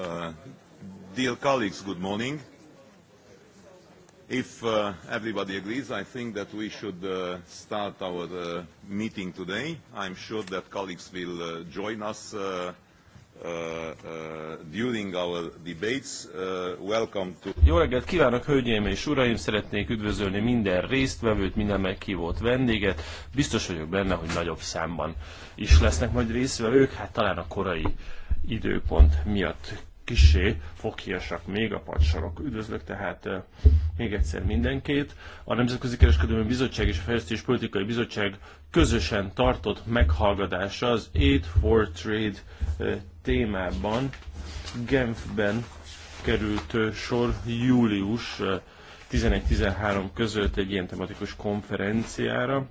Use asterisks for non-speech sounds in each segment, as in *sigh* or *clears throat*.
Uh, dear colleagues, good morning. If uh, everybody agrees, I think that we should uh, start our uh, meeting today. I'm sure that colleagues will uh, join us uh, uh, uh, during our debates. Uh, welcome to... Jó reggelt kívánok, hölgyeim és uraim! Szeretnék üdvözölni minden résztvevőt, minden meghívott vendéget. Biztos vagyok benne, hogy nagyobb számban is lesznek majd résztvevők, hát talán a korai időpont miatt kisé fokhiasak még a padsorok. Üdvözlök tehát eh, még egyszer mindenkét. A Nemzetközi Kereskedelmi Bizottság és a Fejlesztés Politikai Bizottság közösen tartott meghallgatása az Aid for Trade eh, témában Genfben került eh, sor július 11-13 között egy ilyen tematikus konferenciára.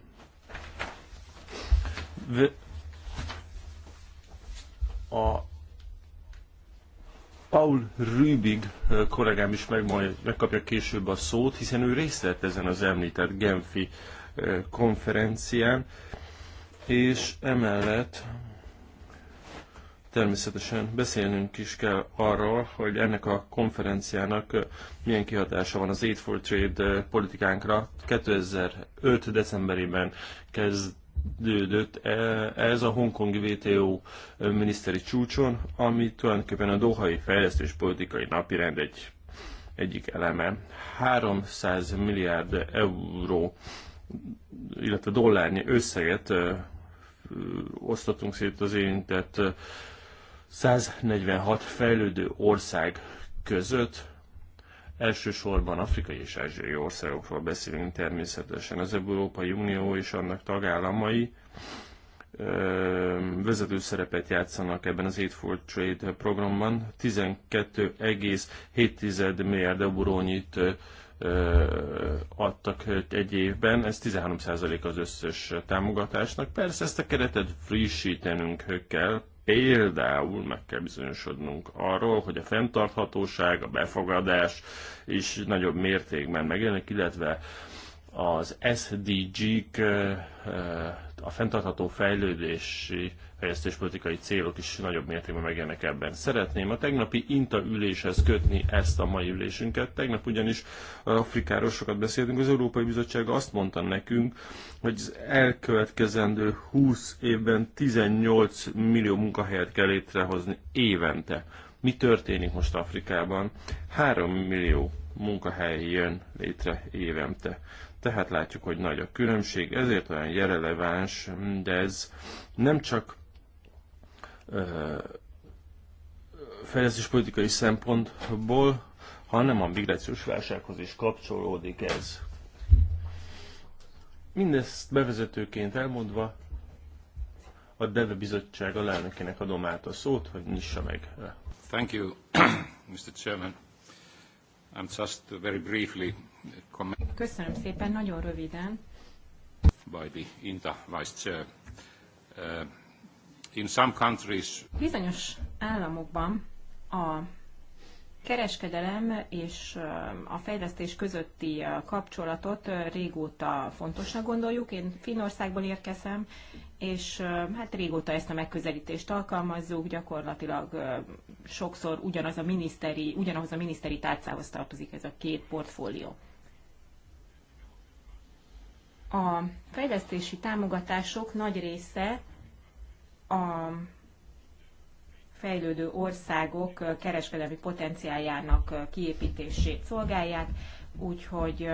A Paul Rübig kollégám is meg majd megkapja később a szót, hiszen ő részt vett ezen az említett Genfi konferencián, és emellett természetesen beszélnünk is kell arról, hogy ennek a konferenciának milyen kihatása van az Aid for Trade politikánkra. 2005. decemberében kezd kezdődött e, ez a hongkongi WTO miniszteri csúcson, ami tulajdonképpen a dohai fejlesztés politikai napirend egy, egyik eleme. 300 milliárd euró, illetve dollárnyi összeget osztatunk szét az érintett 146 fejlődő ország között, Elsősorban afrikai és ázsiai országokról beszélünk természetesen. Az Európai Unió és annak tagállamai vezető szerepet játszanak ebben az Aid for Trade programban. 12,7 milliárd eurónyit adtak egy évben, ez 13% az összes támogatásnak. Persze ezt a keretet frissítenünk kell, Például meg kell bizonyosodnunk arról, hogy a fenntarthatóság, a befogadás is nagyobb mértékben megjelenik, illetve az SDG-k, eh, eh, a fenntartható fejlődési fejlesztéspolitikai célok is nagyobb mértékben megjelennek ebben. Szeretném a tegnapi INTA üléshez kötni ezt a mai ülésünket. Tegnap ugyanis Afrikáról sokat beszéltünk. Az Európai Bizottság azt mondta nekünk, hogy az elkövetkezendő 20 évben 18 millió munkahelyet kell létrehozni évente. Mi történik most Afrikában? 3 millió munkahely jön létre évente. Tehát látjuk, hogy nagy a különbség, ezért olyan releváns, de ez nem csak fejlesztéspolitikai szempontból, hanem a migrációs válsághoz is kapcsolódik ez. Mindezt bevezetőként elmondva, a DEVE bizottság lelnökének adom át a szót, hogy nyissa meg. Thank you, *coughs* Mr. Chairman. I'm just very briefly comment. Köszönöm szépen, nagyon röviden. By the INTA Vice Chair. Uh, in some countries. Bizonyos államokban a kereskedelem és a fejlesztés közötti kapcsolatot régóta fontosnak gondoljuk. Én Finnországból érkezem, és hát régóta ezt a megközelítést alkalmazzuk, gyakorlatilag sokszor ugyanaz a miniszteri, ugyanahoz a miniszteri tárcához tartozik ez a két portfólió. A fejlesztési támogatások nagy része a fejlődő országok kereskedelmi potenciáljának kiépítését szolgálják, úgyhogy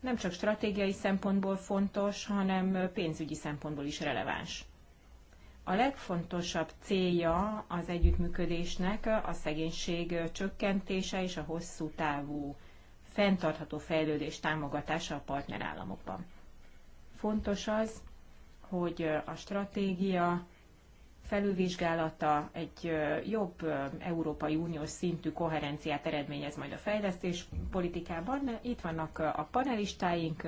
nem csak stratégiai szempontból fontos, hanem pénzügyi szempontból is releváns. A legfontosabb célja az együttműködésnek a szegénység csökkentése és a hosszú távú fenntartható fejlődés támogatása a partnerállamokban. Fontos az, hogy a stratégia felülvizsgálata egy jobb Európai Uniós szintű koherenciát eredményez majd a fejlesztés politikában. Itt vannak a panelistáink,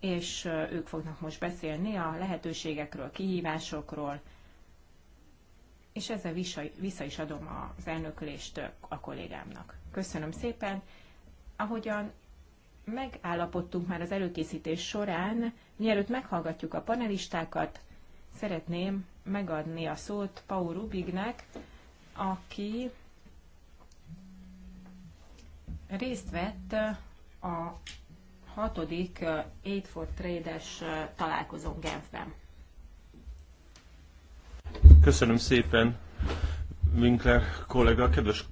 és ők fognak most beszélni a lehetőségekről, kihívásokról, és ezzel vissza, vissza is adom az elnökülést a kollégámnak. Köszönöm szépen. Ahogyan megállapodtunk már az előkészítés során, mielőtt meghallgatjuk a panelistákat, Szeretném megadni a szót Paul Rubignek, aki részt vett a hatodik Aid for Trade-es találkozón Genfben. Köszönöm szépen, Winkler kollega, kedves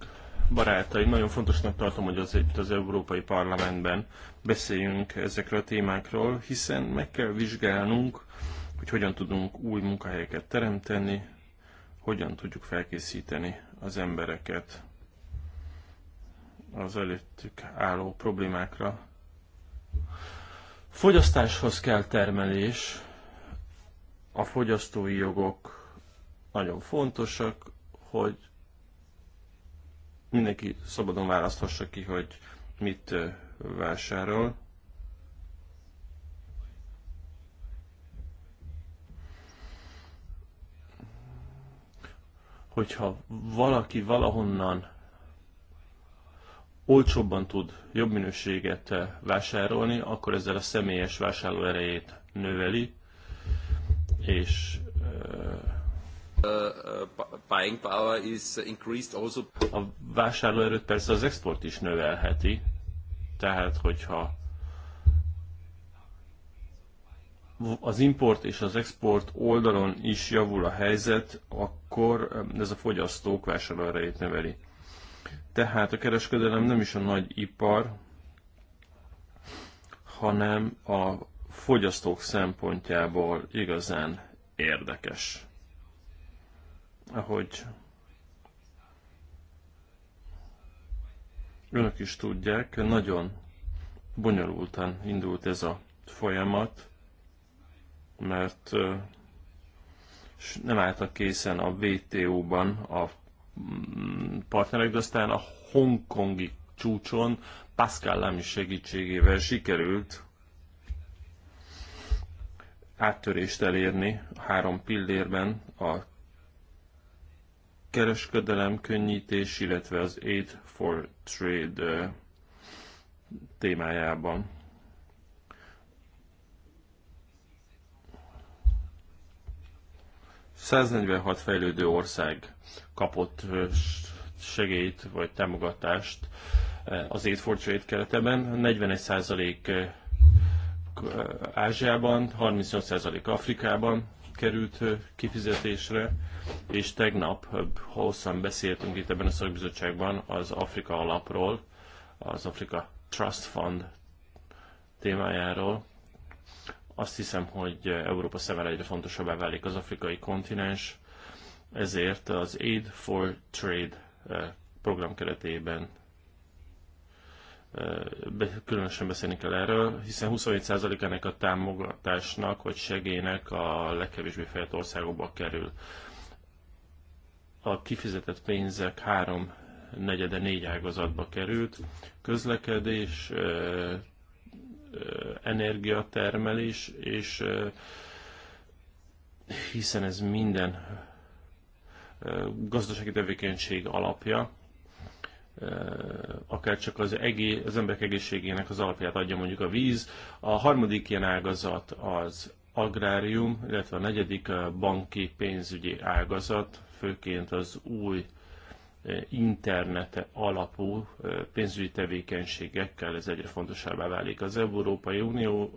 barátai. nagyon fontosnak tartom, hogy az, itt az Európai Parlamentben beszéljünk ezekről a témákról, hiszen meg kell vizsgálnunk hogy hogyan tudunk új munkahelyeket teremteni, hogyan tudjuk felkészíteni az embereket az előttük álló problémákra. Fogyasztáshoz kell termelés, a fogyasztói jogok nagyon fontosak, hogy mindenki szabadon választhassa ki, hogy mit vásárol. hogyha valaki valahonnan olcsóbban tud jobb minőséget eh, vásárolni, akkor ezzel a személyes vásárló erejét növeli, és eh, uh, uh, buying power is increased also. A vásárlóerőt persze az export is növelheti, tehát hogyha az import és az export oldalon is javul a helyzet, akkor ez a fogyasztók vásárlóerejét növeli. Tehát a kereskedelem nem is a nagy ipar, hanem a fogyasztók szempontjából igazán érdekes. Ahogy önök is tudják, nagyon bonyolultan indult ez a folyamat mert nem álltak készen a WTO-ban a mm, partnerek, de aztán a hongkongi csúcson Pascal Lamy segítségével sikerült áttörést elérni a három pillérben a kereskedelem könnyítés, illetve az Aid for Trade témájában. 146 fejlődő ország kapott segélyt vagy támogatást az Aid for keretében, 41% Ázsiában, 38% Afrikában került kifizetésre, és tegnap hosszan beszéltünk itt ebben a szakbizottságban az Afrika alapról, az Afrika Trust Fund témájáról, azt hiszem, hogy Európa szemben egyre fontosabbá válik az afrikai kontinens, ezért az Aid for Trade eh, program keretében eh, különösen beszélni kell erről, hiszen 27% ennek a támogatásnak vagy segélynek a legkevésbé fejlett országokba kerül. A kifizetett pénzek három negyede négy ágazatba került, közlekedés, eh, energiatermelés, és hiszen ez minden gazdasági tevékenység alapja, akár csak az, egész, az emberek egészségének az alapját adja mondjuk a víz. A harmadik ilyen ágazat az agrárium, illetve a negyedik a banki pénzügyi ágazat, főként az új internete alapú pénzügyi tevékenységekkel ez egyre fontosabbá válik. Az Európai Unió,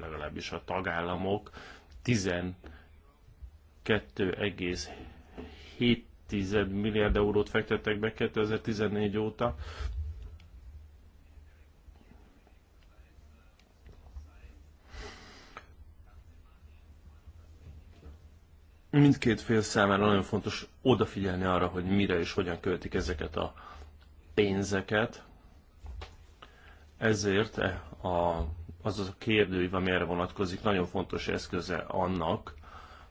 legalábbis a tagállamok 12,7 milliárd eurót fektettek be 2014 óta, mindkét fél számára nagyon fontos odafigyelni arra, hogy mire és hogyan költik ezeket a pénzeket. Ezért e a, az a kérdőív, ami erre vonatkozik, nagyon fontos eszköze annak,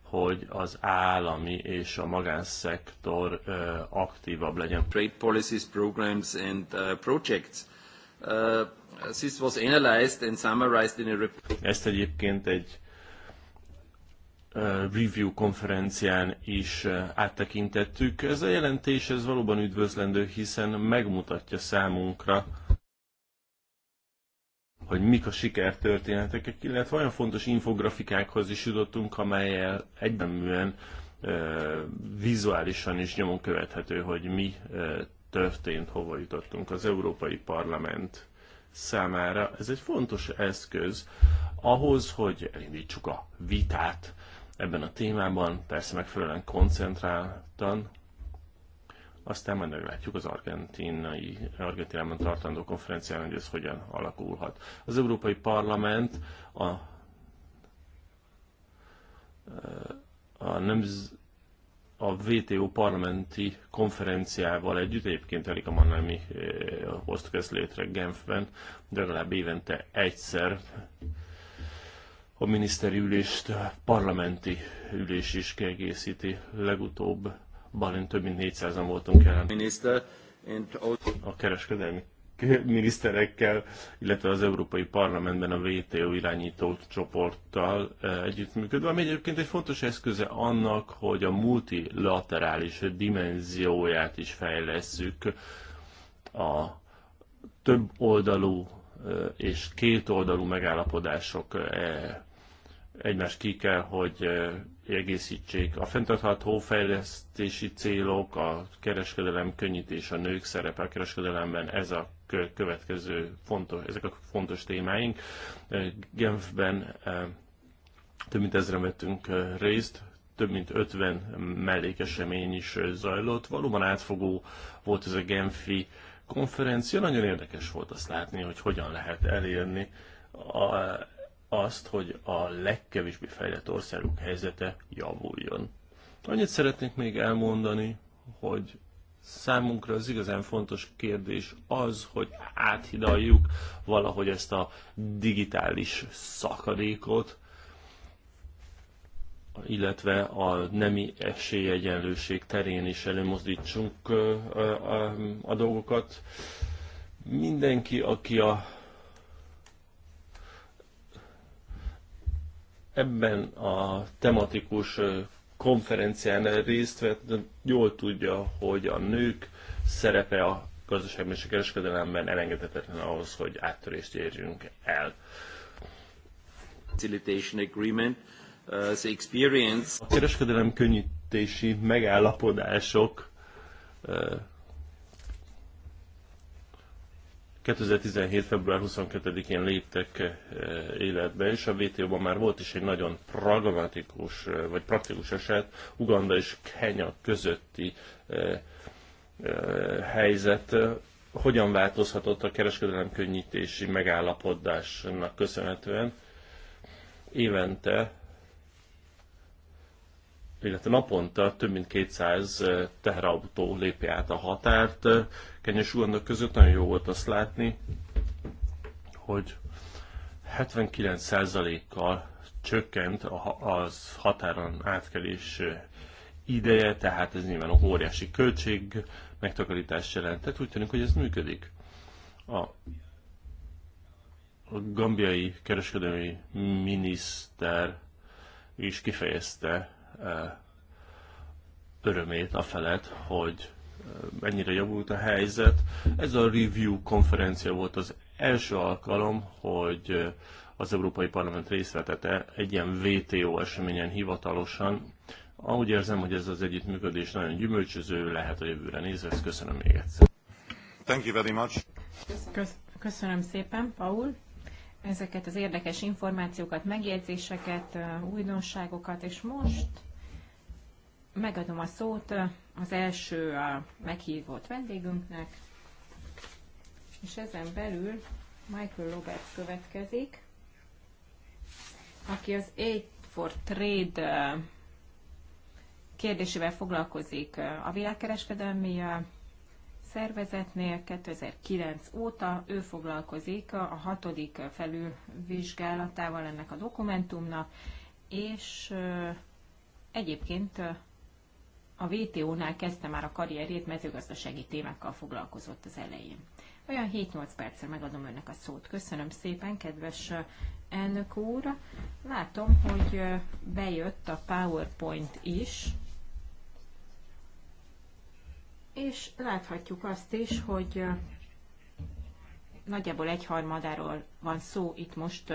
hogy az állami és a magánszektor uh, aktívabb legyen. Trade policies, programs and uh, projects. Uh, this was analyzed and summarized in a report. Ezt egyébként egy review konferencián is áttekintettük. Ez a jelentés ez valóban üdvözlendő, hiszen megmutatja számunkra, hogy mik a sikertörténetek, illetve olyan fontos infografikákhoz is jutottunk, amelyel egyben vizuálisan is nyomon követhető, hogy mi történt, hova jutottunk az Európai Parlament számára. Ez egy fontos eszköz ahhoz, hogy elindítsuk a vitát ebben a témában, persze megfelelően koncentráltan, aztán majd meglátjuk az argentinai, argentinában tartandó konferencián, hogy ez hogyan alakulhat. Az Európai Parlament a, a, nemz, a WTO parlamenti konferenciával együtt, egyébként Erika Mannemi eh, hoztuk ezt létre Genfben, de legalább évente egyszer a miniszteri ülést parlamenti ülés is kiegészíti. Legutóbb Balin több mint 400-an voltunk jelen. Miniszter, a kereskedelmi *laughs* miniszterekkel, illetve az Európai Parlamentben a WTO irányító csoporttal eh, együttműködve, ami egyébként egy fontos eszköze annak, hogy a multilaterális dimenzióját is fejlesszük a több oldalú eh, és két oldalú megállapodások eh, egymás ki kell, hogy eh, egészítsék. A fenntartható fejlesztési célok, a kereskedelem könnyítés, a nők szerepe a kereskedelemben, ez a következő fontos, ezek a fontos témáink. Eh, Genfben eh, több mint ezre vettünk részt, több mint 50 mellékesemény is zajlott. Valóban átfogó volt ez a Genfi konferencia, nagyon érdekes volt azt látni, hogy hogyan lehet elérni a, azt, hogy a legkevésbé fejlett országok helyzete javuljon. Annyit szeretnék még elmondani, hogy számunkra az igazán fontos kérdés az, hogy áthidaljuk valahogy ezt a digitális szakadékot, illetve a nemi esélyegyenlőség terén is előmozdítsunk a dolgokat. Mindenki, aki a ebben a tematikus konferencián részt vett, jól tudja, hogy a nők szerepe a gazdaságban és a kereskedelemben elengedhetetlen ahhoz, hogy áttörést érjünk el. Facilitation Agreement, uh, A kereskedelem könnyítési megállapodások 2017. február 22-én léptek eh, életbe, és a WTO-ban már volt is egy nagyon pragmatikus, eh, vagy praktikus eset, Uganda és Kenya közötti eh, helyzet, hogyan változhatott a kereskedelem könnyítési megállapodásnak köszönhetően. Évente illetve naponta több mint 200 teherautó lépje át a határt. Kenyes Uganda között nagyon jó volt azt látni, hogy 79%-kal csökkent az határon átkelés ideje, tehát ez nyilván óriási költség megtakarítást jelentett. Úgy tűnik, hogy ez működik. A gambiai kereskedelmi miniszter is kifejezte örömét a felett, hogy mennyire javult a helyzet. Ez a review konferencia volt az első alkalom, hogy az Európai Parlament részletete egy ilyen VTO eseményen hivatalosan. Ahogy érzem, hogy ez az együttműködés nagyon gyümölcsöző lehet a jövőre nézve, ezt köszönöm még egyszer. Thank you very much. Köszönöm szépen, Paul. Ezeket az érdekes információkat, megjegyzéseket, újdonságokat, és most megadom a szót az első a meghívott vendégünknek, és ezen belül Michael Roberts következik, aki az Aid for Trade kérdésével foglalkozik a világkereskedelmi szervezetnél 2009 óta. Ő foglalkozik a hatodik felülvizsgálatával ennek a dokumentumnak, és egyébként a VTO-nál kezdte már a karrierét, mezőgazdasági témákkal foglalkozott az elején. Olyan 7-8 percre megadom önnek a szót. Köszönöm szépen, kedves elnök úr. Látom, hogy bejött a PowerPoint is, és láthatjuk azt is, hogy nagyjából egyharmadáról van szó itt most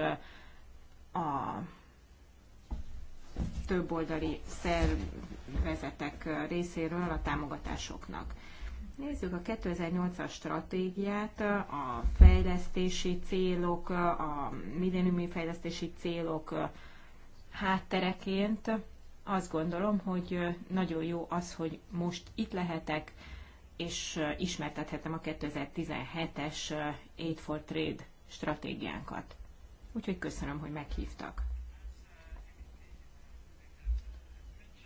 a többoldali szervezetek részéről a támogatásoknak. Nézzük a 2008-as stratégiát, a fejlesztési célok, a milleniumi fejlesztési célok háttereként. Azt gondolom, hogy nagyon jó az, hogy most itt lehetek, és ismertethetem a 2017-es Aid for Trade stratégiánkat. Úgyhogy köszönöm, hogy meghívtak.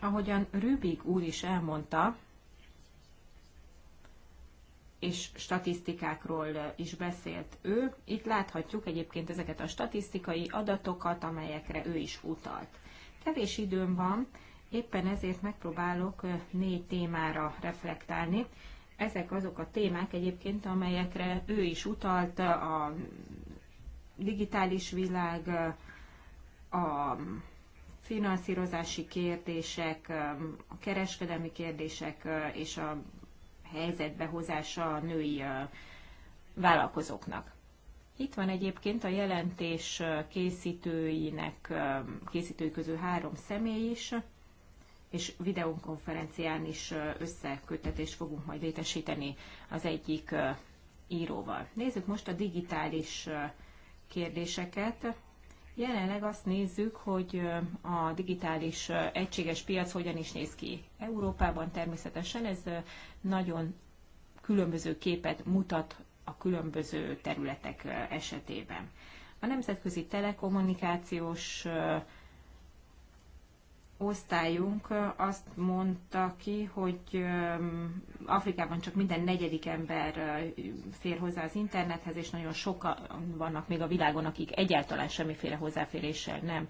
Ahogyan Rübig úr is elmondta, és statisztikákról is beszélt ő. Itt láthatjuk egyébként ezeket a statisztikai adatokat, amelyekre ő is utalt. Kevés időm van, éppen ezért megpróbálok négy témára reflektálni. Ezek azok a témák egyébként, amelyekre ő is utalt, a digitális világ, a finanszírozási kérdések, a kereskedelmi kérdések és a helyzetbehozása a női vállalkozóknak. Itt van egyébként a jelentés készítőinek, készítői közül három személy is, és videokonferencián is összekötetést fogunk majd létesíteni az egyik íróval. Nézzük most a digitális kérdéseket. Jelenleg azt nézzük, hogy a digitális egységes piac hogyan is néz ki Európában. Természetesen ez nagyon különböző képet mutat a különböző területek esetében. A nemzetközi telekommunikációs osztályunk azt mondta ki, hogy Afrikában csak minden negyedik ember fér hozzá az internethez, és nagyon sokan vannak még a világon, akik egyáltalán semmiféle hozzáféréssel nem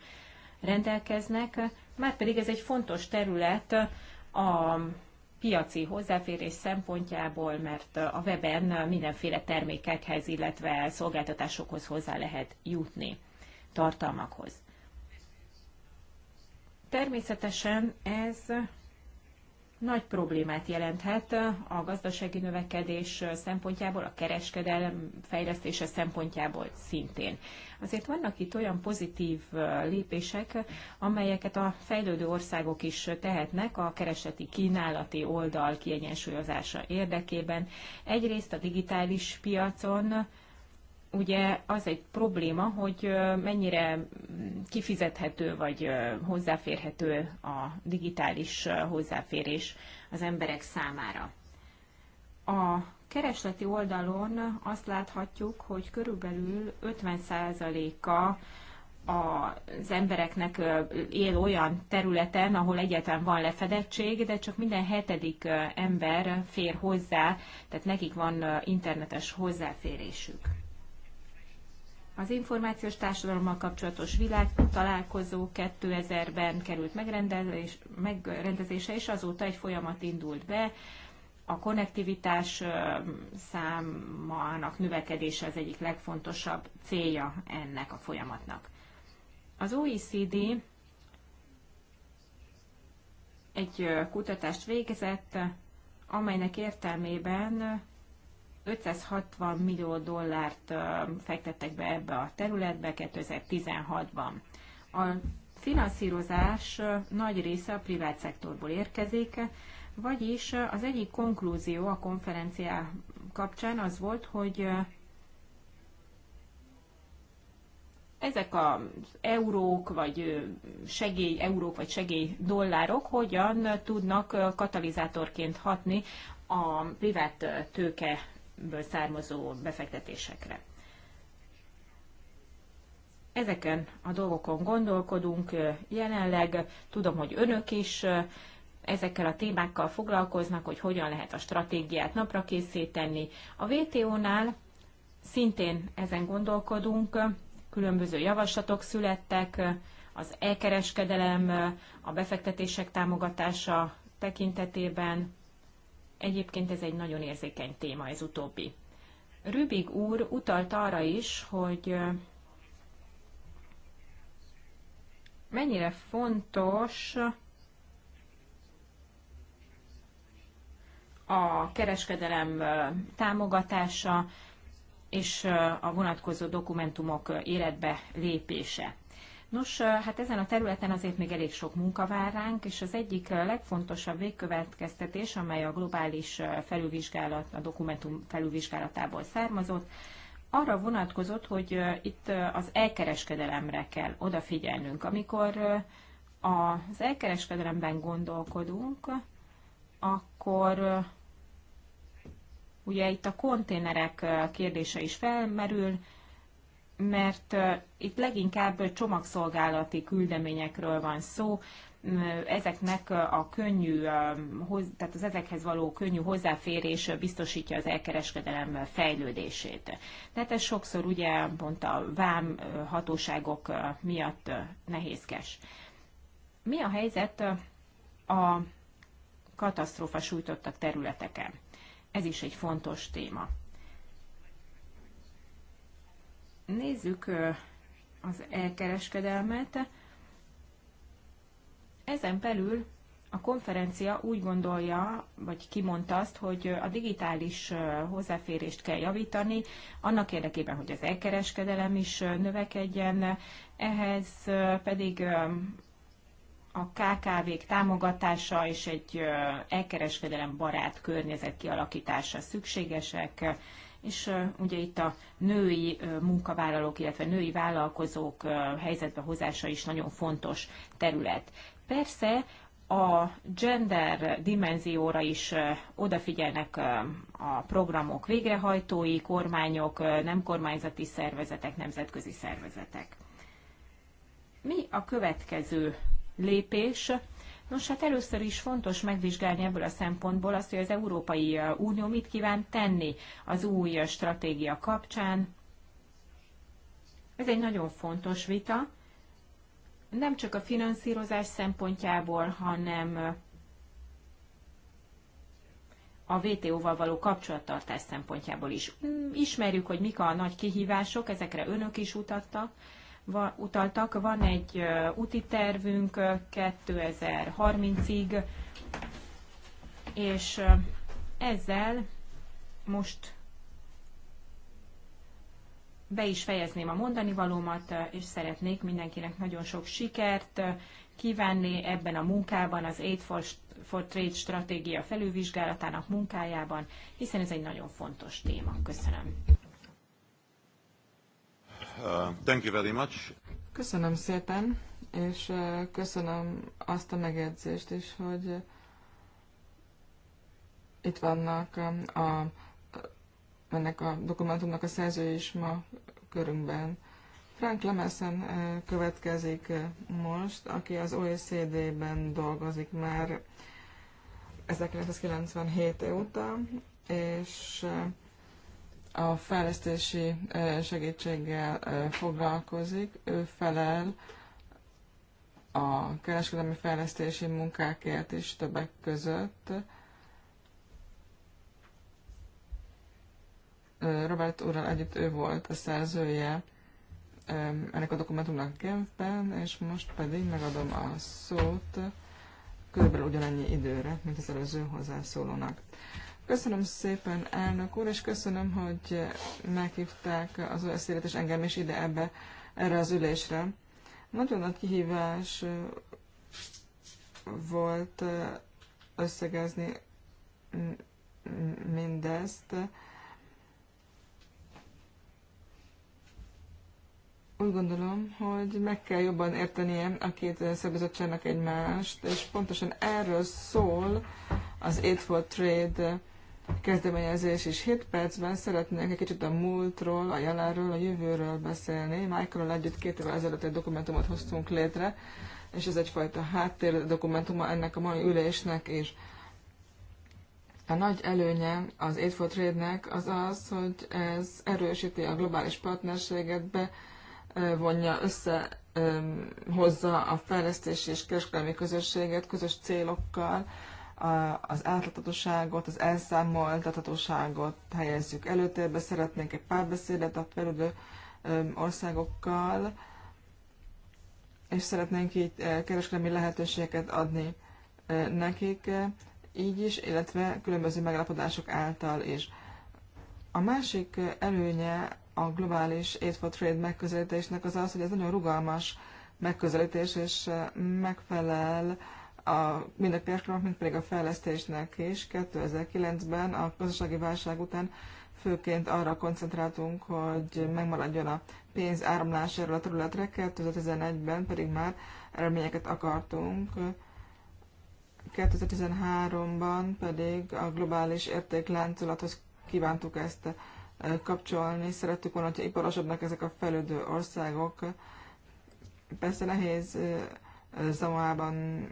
rendelkeznek. Márpedig ez egy fontos terület a piaci hozzáférés szempontjából, mert a weben mindenféle termékekhez, illetve szolgáltatásokhoz hozzá lehet jutni, tartalmakhoz. Természetesen ez nagy problémát jelenthet a gazdasági növekedés szempontjából, a kereskedelem fejlesztése szempontjából szintén. Azért vannak itt olyan pozitív lépések, amelyeket a fejlődő országok is tehetnek a kereseti kínálati oldal kiegyensúlyozása érdekében. Egyrészt a digitális piacon ugye az egy probléma, hogy mennyire mm, kifizethető vagy hozzáférhető a digitális hozzáférés az emberek számára. A keresleti oldalon azt láthatjuk, hogy körülbelül 50%-a az embereknek él olyan területen, ahol egyetlen van lefedettség, de csak minden hetedik ember fér hozzá, tehát nekik van internetes hozzáférésük. Az információs társadalommal kapcsolatos találkozó 2000-ben került megrendezés, megrendezése, és azóta egy folyamat indult be. A konnektivitás számának növekedése az egyik legfontosabb célja ennek a folyamatnak. Az OECD egy kutatást végezett, amelynek értelmében 560 millió dollárt fektettek be ebbe a területbe 2016-ban. A finanszírozás nagy része a privát szektorból érkezik, vagyis az egyik konklúzió a konferenciá kapcsán az volt, hogy ezek az eurók, vagy segély eurók, vagy segély dollárok hogyan tudnak katalizátorként hatni a privát tőke ből származó befektetésekre. Ezeken a dolgokon gondolkodunk jelenleg. Tudom, hogy önök is ezekkel a témákkal foglalkoznak, hogy hogyan lehet a stratégiát napra készíteni. A vto nál szintén ezen gondolkodunk, különböző javaslatok születtek, az elkereskedelem, a befektetések támogatása tekintetében, Egyébként ez egy nagyon érzékeny téma, ez utóbbi. Rübig úr utalt arra is, hogy mennyire fontos a kereskedelem támogatása és a vonatkozó dokumentumok életbe lépése. Nos, hát ezen a területen azért még elég sok munka vár ránk, és az egyik legfontosabb végkövetkeztetés, amely a globális felülvizsgálat, a dokumentum felülvizsgálatából származott, arra vonatkozott, hogy itt az elkereskedelemre kell odafigyelnünk. Amikor az elkereskedelemben gondolkodunk, akkor ugye itt a konténerek kérdése is felmerül, mert itt leginkább csomagszolgálati küldeményekről van szó, ezeknek a könnyű, tehát az ezekhez való könnyű hozzáférés biztosítja az elkereskedelem fejlődését. Tehát ez sokszor ugye pont a vám hatóságok miatt nehézkes. Mi a helyzet a katasztrófa sújtottak területeken? Ez is egy fontos téma. Nézzük az elkereskedelmet. Ezen belül a konferencia úgy gondolja, vagy kimondta azt, hogy a digitális hozzáférést kell javítani, annak érdekében, hogy az elkereskedelem is növekedjen, ehhez pedig a KKV-k támogatása és egy elkereskedelem barát környezet kialakítása szükségesek, és ugye itt a női munkavállalók, illetve női vállalkozók helyzetbe hozása is nagyon fontos terület. Persze a gender dimenzióra is odafigyelnek a programok végrehajtói, kormányok, nem kormányzati szervezetek, nemzetközi szervezetek. Mi a következő lépés? Nos, hát először is fontos megvizsgálni ebből a szempontból azt, hogy az Európai Unió mit kíván tenni az új stratégia kapcsán. Ez egy nagyon fontos vita, nem csak a finanszírozás szempontjából, hanem a VTO-val való kapcsolattartás szempontjából is. Ismerjük, hogy mik a nagy kihívások, ezekre önök is utattak, utaltak. Van egy úti tervünk 2030-ig, és ezzel most be is fejezném a mondani valómat, és szeretnék mindenkinek nagyon sok sikert kívánni ebben a munkában, az Aid for, for Trade stratégia felülvizsgálatának munkájában, hiszen ez egy nagyon fontos téma. Köszönöm. Uh, thank you very much. Köszönöm szépen, és uh, köszönöm azt a megjegyzést is, hogy uh, itt vannak um, a, ennek a dokumentumnak a szerzői is ma körünkben. Frank Lemessen következik most, aki az OECD-ben dolgozik már 1997 óta, és a fejlesztési segítséggel foglalkozik, ő felel a kereskedelmi fejlesztési munkákért is többek között. Robert úrral együtt ő volt a szerzője ennek a dokumentumnak Genfben, és most pedig megadom a szót körülbelül ugyanannyi időre, mint az előző hozzászólónak. Köszönöm szépen, elnök úr, és köszönöm, hogy meghívták az osz és engem is ide ebbe, erre az ülésre. Nagyon nagy kihívás volt összegezni mindezt. Úgy gondolom, hogy meg kell jobban értenie a két szervezetcsának egymást, és pontosan erről szól az Aid for Trade kezdeményezés is. 7 percben szeretnék egy kicsit a múltról, a jelenről, a jövőről beszélni. Michael együtt két évvel ezelőtt egy dokumentumot hoztunk létre, és ez egyfajta háttér dokumentuma ennek a mai ülésnek is. A nagy előnye az Aid for Trade-nek az az, hogy ez erősíti a globális partnerséget, bevonja, össze hozza a fejlesztési és kereskedelmi közösséget közös célokkal, az átláthatóságot, az elszámoltathatóságot helyezzük előtérbe. Szeretnénk egy párbeszédet a felülő országokkal, és szeretnénk így kereskedelmi lehetőségeket adni nekik így is, illetve különböző megállapodások által is. A másik előnye a globális Aid for Trade megközelítésnek az az, hogy ez nagyon rugalmas megközelítés, és megfelel a, mind a piacnak, mind pedig a fejlesztésnek is. 2009-ben a gazdasági válság után főként arra koncentráltunk, hogy megmaradjon a pénz áramlásáról a területre, 2011-ben pedig már eredményeket akartunk. 2013-ban pedig a globális értékláncolathoz kívántuk ezt eh, kapcsolni. Szerettük volna, hogyha iparosabbnak ezek a fejlődő országok. Persze nehéz Zamoában eh,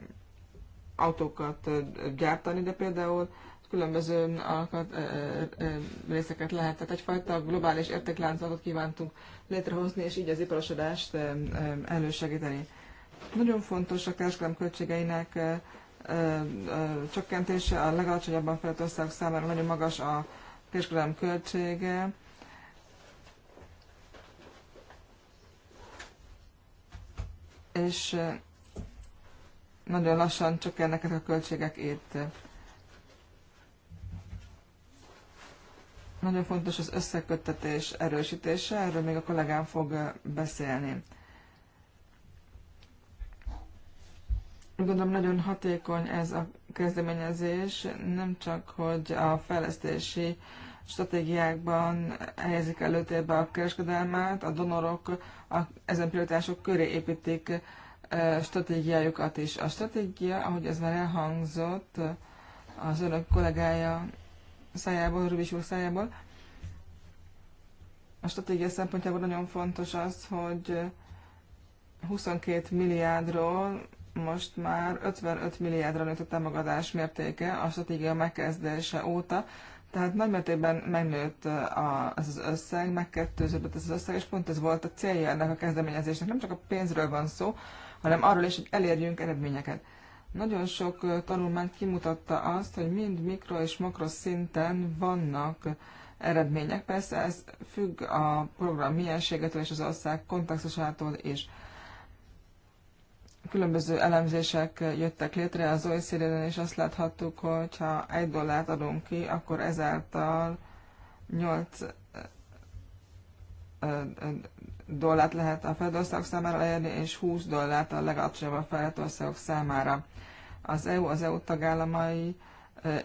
autókat gyártani, de például különböző alkat, részeket lehet. Tehát egyfajta globális értékláncot kívántunk létrehozni, és így az iparosodást elősegíteni. Nagyon fontos a kereskedelem költségeinek csökkentése, a legalacsonyabban felett országok számára nagyon magas a kereskedelem költsége. És nagyon lassan csökkennek ezek a költségek itt. Nagyon fontos az összeköttetés erősítése, erről még a kollégám fog beszélni. Gondolom nagyon hatékony ez a kezdeményezés, nem csak, hogy a fejlesztési stratégiákban helyezik előtérbe a kereskedelmet, a donorok a, ezen prioritások köré építik stratégiájukat is. A stratégia, ahogy ez már elhangzott az önök kollégája szájából, Rubis úr szájából, a stratégia szempontjából nagyon fontos az, hogy 22 milliárdról most már 55 milliárdra nőtt a támogatás mértéke a stratégia megkezdése óta, tehát nagy mértékben megnőtt a, ez az összeg, megkettőződött ez az összeg, és pont ez volt a célja ennek a kezdeményezésnek. Nem csak a pénzről van szó, hanem arról is, hogy elérjünk eredményeket. Nagyon sok tanulmány kimutatta azt, hogy mind mikro és makro szinten vannak eredmények. Persze ez függ a program mienségetől és az ország kontextusától is. Különböző elemzések jöttek létre az oecd és azt láthattuk, hogy ha egy dollárt adunk ki, akkor ezáltal 8 dollárt lehet a fejlett számára elérni, és 20 dollárt a legalacsonyabb a országok számára. Az EU, az EU tagállamai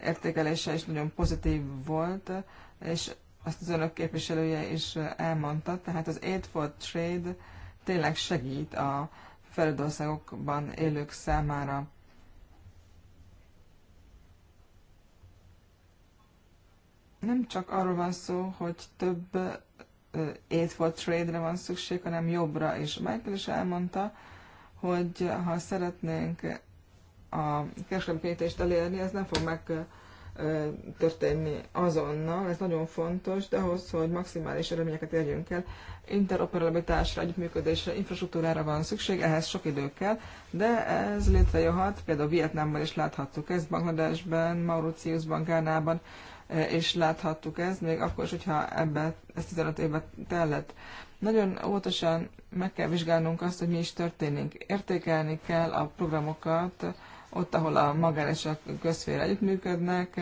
értékelése is nagyon pozitív volt, és azt az önök képviselője is elmondta, tehát az Aid for Trade tényleg segít a fejlődő élők számára. Nem csak arról van szó, hogy több aid for trade-re van szükség, hanem jobbra is. Michael is elmondta, hogy ha szeretnénk a kereskedelmi elérni, ez nem fog meg történni azonnal, ez nagyon fontos, de ahhoz, hogy maximális eredményeket érjünk el, interoperabilitásra, együttműködésre, infrastruktúrára van szükség, ehhez sok idő kell, de ez létrejöhet, például Vietnámban is láthattuk ezt, Bangladesben, Mauritiusban, Gánában, Eh, és láthattuk ezt, még akkor is, hogyha ebbe ezt 15 évet tellett. Nagyon óvatosan meg kell vizsgálnunk azt, hogy mi is történik. Értékelni kell a programokat ott, ahol a magán és a közféle együttműködnek,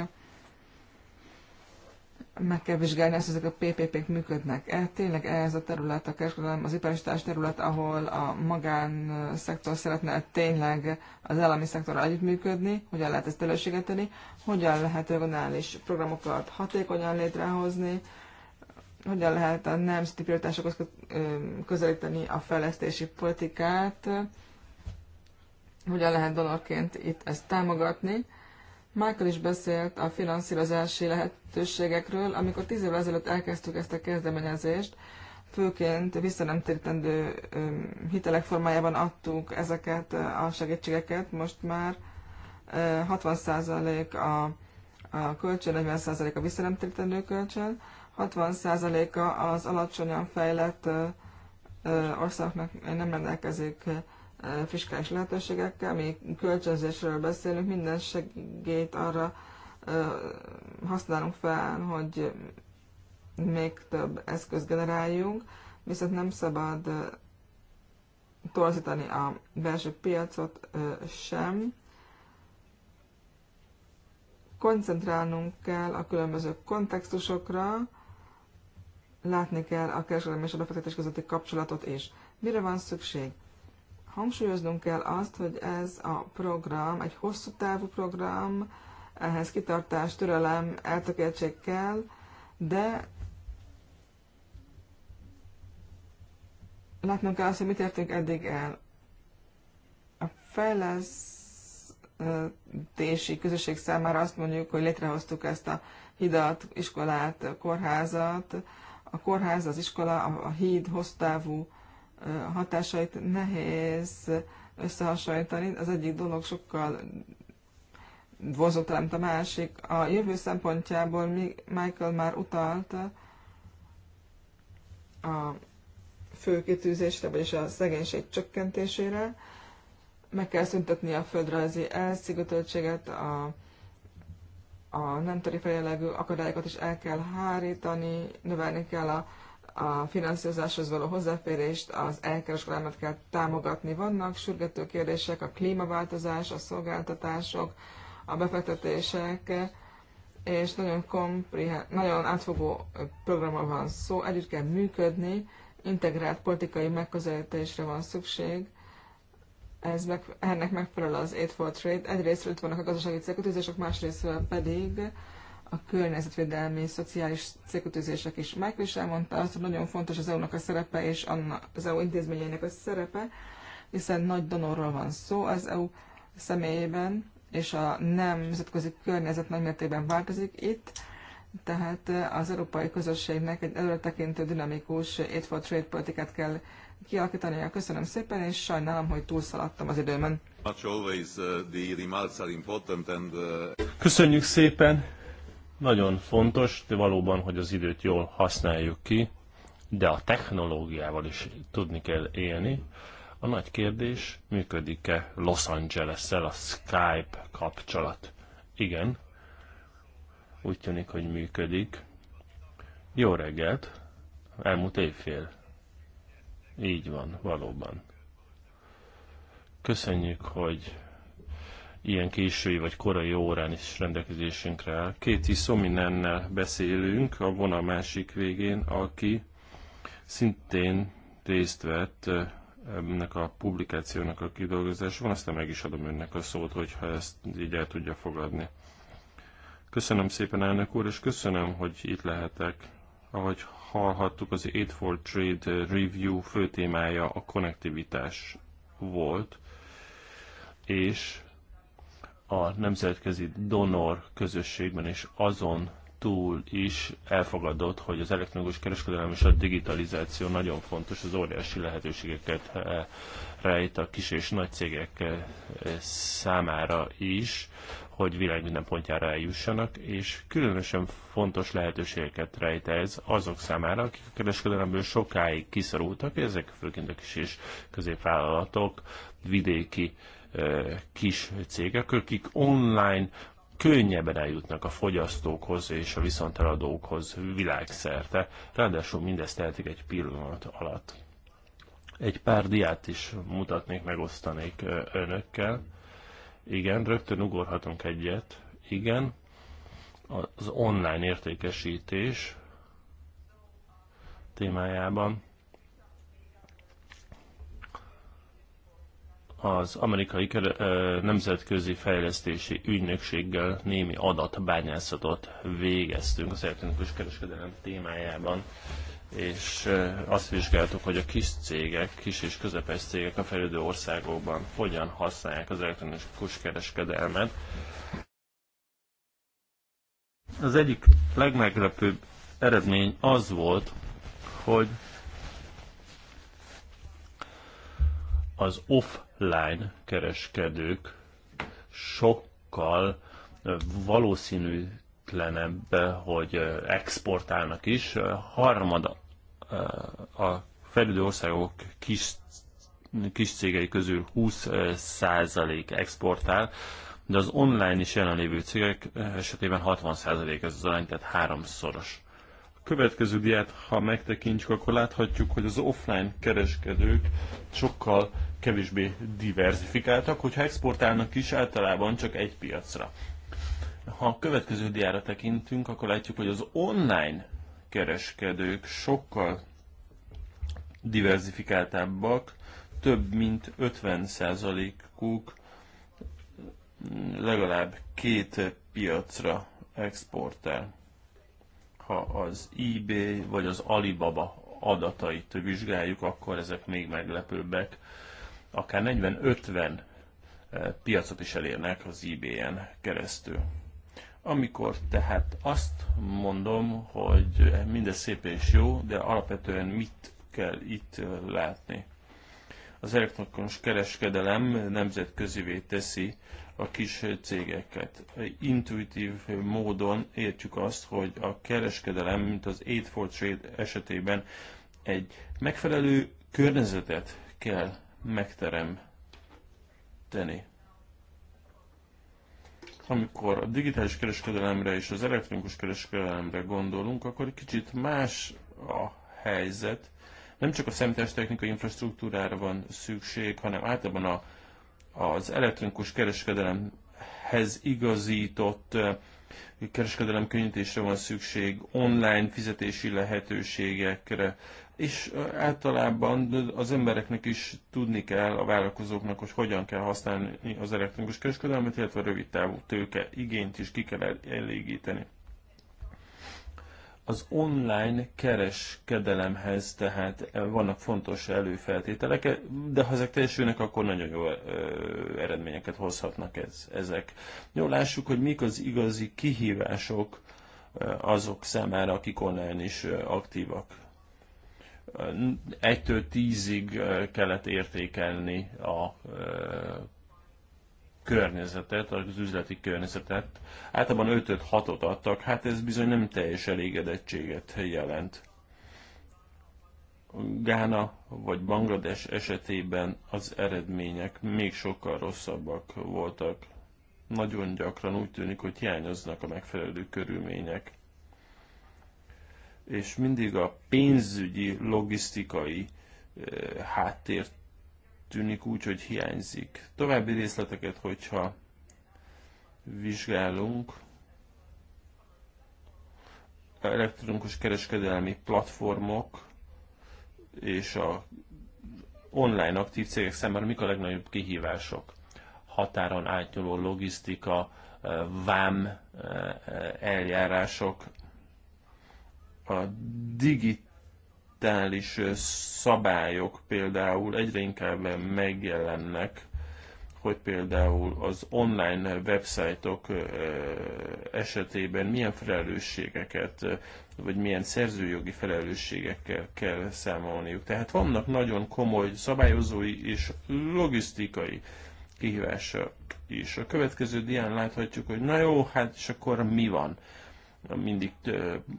meg kell vizsgálni azt, hogy ezek a PPP-k működnek-e. Tényleg ez a terület, a kereskedelem, az iparistás terület, ahol a magánszektor szeretne tényleg az állami szektorral együttműködni, hogyan lehet ezt előségeteni, hogyan lehet regionális programokat hatékonyan létrehozni, hogyan lehet a nemzeti prioritásokhoz közelíteni a fejlesztési politikát, hogyan lehet donorként itt ezt támogatni Michael is beszélt a finanszírozási lehetőségekről, amikor tíz évvel ezelőtt elkezdtük ezt a kezdeményezést, főként visszanemtérítendő hitelek formájában adtuk ezeket a segítségeket, most már 60% a, a kölcsön, 40% a visszanemtérítendő kölcsön, 60%-a az alacsonyan fejlett országoknak nem rendelkezik fiskális lehetőségekkel, mi kölcsönzésről beszélünk, minden segélyt arra használunk fel, hogy még több eszköz generáljunk, viszont nem szabad torzítani a belső piacot sem. Koncentrálnunk kell a különböző kontextusokra, látni kell a kereskedelmi és a befektetés közötti kapcsolatot is. Mire van szükség? hangsúlyoznunk kell azt, hogy ez a program egy hosszú távú program, ehhez kitartás, türelem, eltökéltség kell, de látnunk kell azt, hogy mit értünk eddig el. A fejlesztési közösség számára azt mondjuk, hogy létrehoztuk ezt a hidat, iskolát, kórházat. A kórház, az iskola, a híd hosszú távú hatásait nehéz összehasonlítani. Az egyik dolog sokkal vonzóbb, mint a másik. A jövő szempontjából Michael már utalt a főkitűzésre, vagyis a szegénység csökkentésére. Meg kell szüntetni a földrajzi elszigeteltséget, a, a nem tarifai jellegű akadályokat is el kell hárítani, növelni kell a a finanszírozáshoz való hozzáférést, az elkereskedelmet kell támogatni. Vannak sürgető kérdések, a klímaváltozás, a szolgáltatások, a befektetések, és nagyon, nagyon átfogó programról van szó, együtt kell működni, integrált politikai megközelítésre van szükség, ez meg, ennek megfelel az Aid for Trade. Egyrészt itt vannak a gazdasági célkötőzések, másrészt pedig a környezetvédelmi, szociális célkötőzések is. Michael is elmondta azt, hogy nagyon fontos az EU-nak a szerepe és az EU intézményeinek a szerepe, hiszen nagy donorról van szó az EU személyében, és a nemzetközi környezet nagymértékben változik itt, tehát az európai közösségnek egy előretekintő, dinamikus Aid for Trade politikát kell kialakítani. Köszönöm szépen, és sajnálom, hogy túlszaladtam az időmen. Uh, uh, Köszönjük szépen! Nagyon fontos, de valóban, hogy az időt jól használjuk ki, de a technológiával is tudni kell élni. A nagy kérdés, működik-e Los Angeles-szel a Skype kapcsolat? Igen, úgy tűnik, hogy működik. Jó reggelt! Elmúlt évfél. Így van, valóban. Köszönjük, hogy ilyen késői vagy korai órán is rendelkezésünkre áll. Kéti Szominennel beszélünk a vonal másik végén, aki szintén részt vett ennek a publikációnak a kidolgozásában, aztán meg is adom önnek a szót, hogyha ezt így el tudja fogadni. Köszönöm szépen, elnök úr, és köszönöm, hogy itt lehetek. Ahogy hallhattuk, az 8 for Trade Review fő témája a konnektivitás volt, és a nemzetközi donor közösségben és azon túl is elfogadott, hogy az elektronikus kereskedelem és a digitalizáció nagyon fontos, az óriási lehetőségeket eh, rejt a kis és nagy cégek eh, számára is, hogy világ minden pontjára eljussanak, és különösen fontos lehetőségeket rejt ez azok számára, akik a kereskedelemből sokáig kiszorultak, ezek főként a kis és középvállalatok, vidéki kis cégek, akik online könnyebben eljutnak a fogyasztókhoz és a viszonteladókhoz világszerte, ráadásul mindezt tehetik egy pillanat alatt. Egy pár diát is mutatnék, megosztanék önökkel. Igen, rögtön ugorhatunk egyet. Igen, az online értékesítés témájában az amerikai nemzetközi fejlesztési ügynökséggel némi adatbányászatot végeztünk az elektronikus kereskedelem témájában, és azt vizsgáltuk, hogy a kis cégek, kis és közepes cégek a fejlődő országokban hogyan használják az elektronikus kereskedelmet. Az egyik legmeglepőbb eredmény az volt, hogy az off online kereskedők sokkal valószínűtlenebb, hogy exportálnak is. Harmad eh, a fejlődő országok kis, kis cégei közül 20% exportál, de az online is jelenlévő cégek esetében 60% ez az arány, tehát háromszoros következő diát, ha megtekintjük, akkor láthatjuk, hogy az offline kereskedők sokkal kevésbé diversifikáltak, hogyha exportálnak is, általában csak egy piacra. Ha a következő diára tekintünk, akkor látjuk, hogy az online kereskedők sokkal diversifikáltabbak, több mint 50%-uk legalább két piacra exportál ha az eBay vagy az Alibaba adatait vizsgáljuk, akkor ezek még meglepőbbek. Akár 40-50 eh, piacot is elérnek az eBay-en keresztül. Amikor tehát azt mondom, hogy mindez szép és jó, de alapvetően mit kell itt eh, látni? Az elektronikus kereskedelem nemzetközivé teszi a kis cégeket. Intuitív módon értjük azt, hogy a kereskedelem, mint az Aid for Trade esetében egy megfelelő környezetet kell megteremteni. Amikor a digitális kereskedelemre és az elektronikus kereskedelemre gondolunk, akkor egy kicsit más a helyzet. Nem csak a szemtest technikai infrastruktúrára van szükség, hanem általában a az elektronikus kereskedelemhez igazított eh, kereskedelem könnyítésre van szükség, online fizetési lehetőségekre, és eh, általában az embereknek is tudni kell, a vállalkozóknak, hogy hogyan kell használni az elektronikus kereskedelmet, illetve a rövid távú tőke igényt is ki kell elégíteni. Az online kereskedelemhez tehát eh, vannak fontos előfeltételek, eh, de ha ezek teljesülnek, akkor nagyon jó eh, eredményeket hozhatnak ez, ezek. Jó, lássuk, hogy mik az igazi kihívások azok számára, akik online is aktívak. Egytől tízig kellett értékelni a környezetet, az üzleti környezetet. Általában 5-6-ot adtak, hát ez bizony nem teljes elégedettséget jelent. Gána vagy Banglades esetében az eredmények még sokkal rosszabbak voltak. Nagyon gyakran úgy tűnik, hogy hiányoznak a megfelelő körülmények. És mindig a pénzügyi, logisztikai eh, háttér tűnik úgy, hogy hiányzik. További részleteket, hogyha vizsgálunk, elektronikus kereskedelmi platformok és a online aktív cégek számára mik a legnagyobb kihívások? Határon átnyúló logisztika, eh, vám eh, eh, eljárások, a digit digitális szabályok például egyre inkább megjelennek, hogy például az online websájtok esetében milyen felelősségeket, vagy milyen szerzőjogi felelősségekkel kell számolniuk. Tehát vannak nagyon komoly szabályozói és logisztikai kihívások is. A következő dián láthatjuk, hogy na jó, hát és akkor mi van? mindig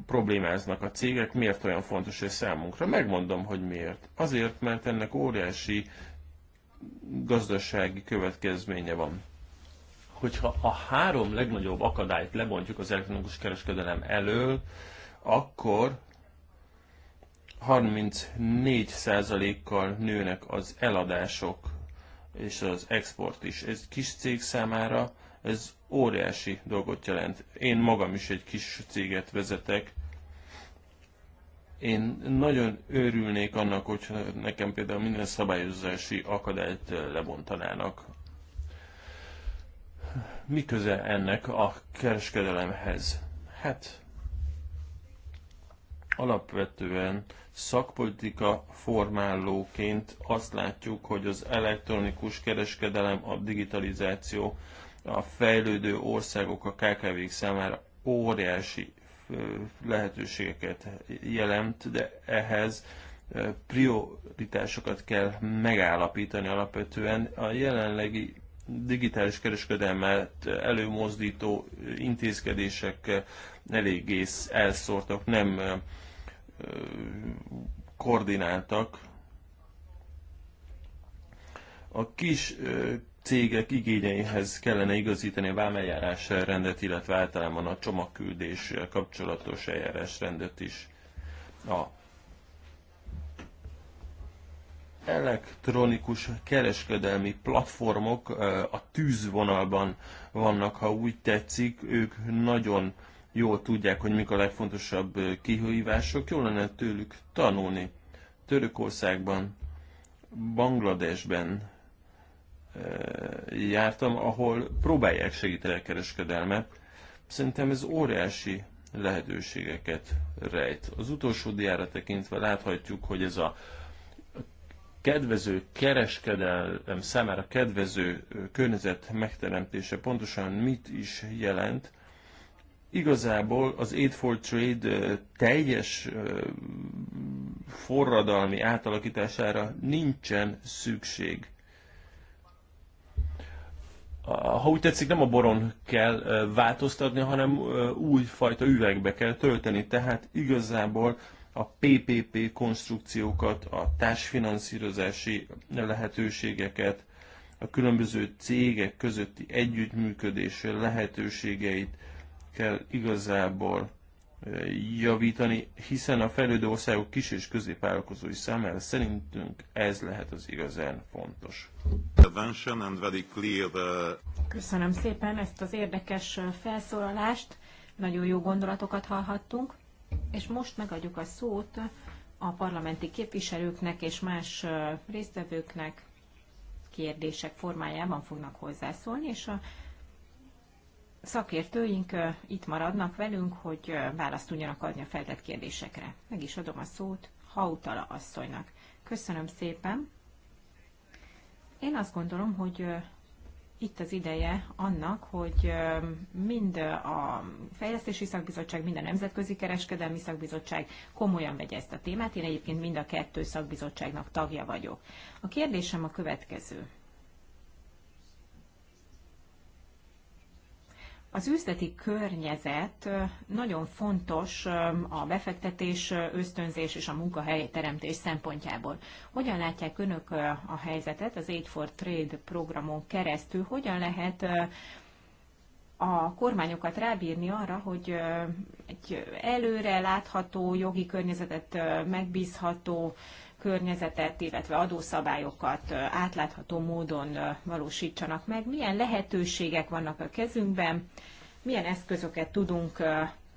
problémáznak a cégek, miért olyan fontos ez számunkra? Megmondom, hogy miért. Azért, mert ennek óriási gazdasági következménye van. Hogyha a három legnagyobb akadályt lebontjuk az elektronikus kereskedelem elől, akkor 34%-kal nőnek az eladások és az export is. Ez kis cég számára ez óriási dolgot jelent. Én magam is egy kis céget vezetek. Én nagyon örülnék annak, hogyha nekem például minden szabályozási akadályt lebontanának. Mi köze ennek a kereskedelemhez? Hát alapvetően szakpolitika formálóként azt látjuk, hogy az elektronikus kereskedelem, a digitalizáció a fejlődő országok a kkv számára óriási lehetőségeket jelent, de ehhez prioritásokat kell megállapítani alapvetően. A jelenlegi digitális kereskedelmet előmozdító intézkedések eléggé elszórtak, nem koordináltak. A kis cégek igényeihez kellene igazítani a vámeljárás rendet, illetve általában a csomagküldés kapcsolatos eljárás rendet is. A elektronikus kereskedelmi platformok a tűzvonalban vannak, ha úgy tetszik, ők nagyon jól tudják, hogy mik a legfontosabb kihívások, jól lenne tőlük tanulni. Törökországban, Bangladesben, jártam, ahol próbálják segíteni a kereskedelmet. Szerintem ez óriási lehetőségeket rejt. Az utolsó diára tekintve láthatjuk, hogy ez a kedvező kereskedelem számára kedvező környezet megteremtése pontosan mit is jelent. Igazából az Aid for Trade teljes forradalmi átalakítására nincsen szükség ha úgy tetszik, nem a boron kell változtatni, hanem újfajta üvegbe kell tölteni. Tehát igazából a PPP konstrukciókat, a társfinanszírozási lehetőségeket, a különböző cégek közötti együttműködés lehetőségeit kell igazából javítani, hiszen a fejlődő országok kis és középvállalkozói számára szerintünk ez lehet az igazán fontos. Uh, Köszönöm szépen ezt az érdekes uh, felszólalást, nagyon jó gondolatokat hallhattunk, és most megadjuk a szót a parlamenti képviselőknek és más uh, résztvevőknek kérdések formájában fognak hozzászólni, és a szakértőink itt maradnak velünk, hogy választ tudjanak adni a feltett kérdésekre. Meg is adom a szót Hautala asszonynak. Köszönöm szépen. Én azt gondolom, hogy itt az ideje annak, hogy mind a Fejlesztési Szakbizottság, mind a Nemzetközi Kereskedelmi Szakbizottság komolyan vegye ezt a témát. Én egyébként mind a kettő szakbizottságnak tagja vagyok. A kérdésem a következő. Az üzleti környezet nagyon fontos a befektetés, ösztönzés és a munkahely teremtés szempontjából. Hogyan látják önök a helyzetet az Aid for Trade programon keresztül? Hogyan lehet a kormányokat rábírni arra, hogy egy előre látható jogi környezetet, megbízható környezetet, illetve adószabályokat átlátható módon valósítsanak meg. Milyen lehetőségek vannak a kezünkben, milyen eszközöket tudunk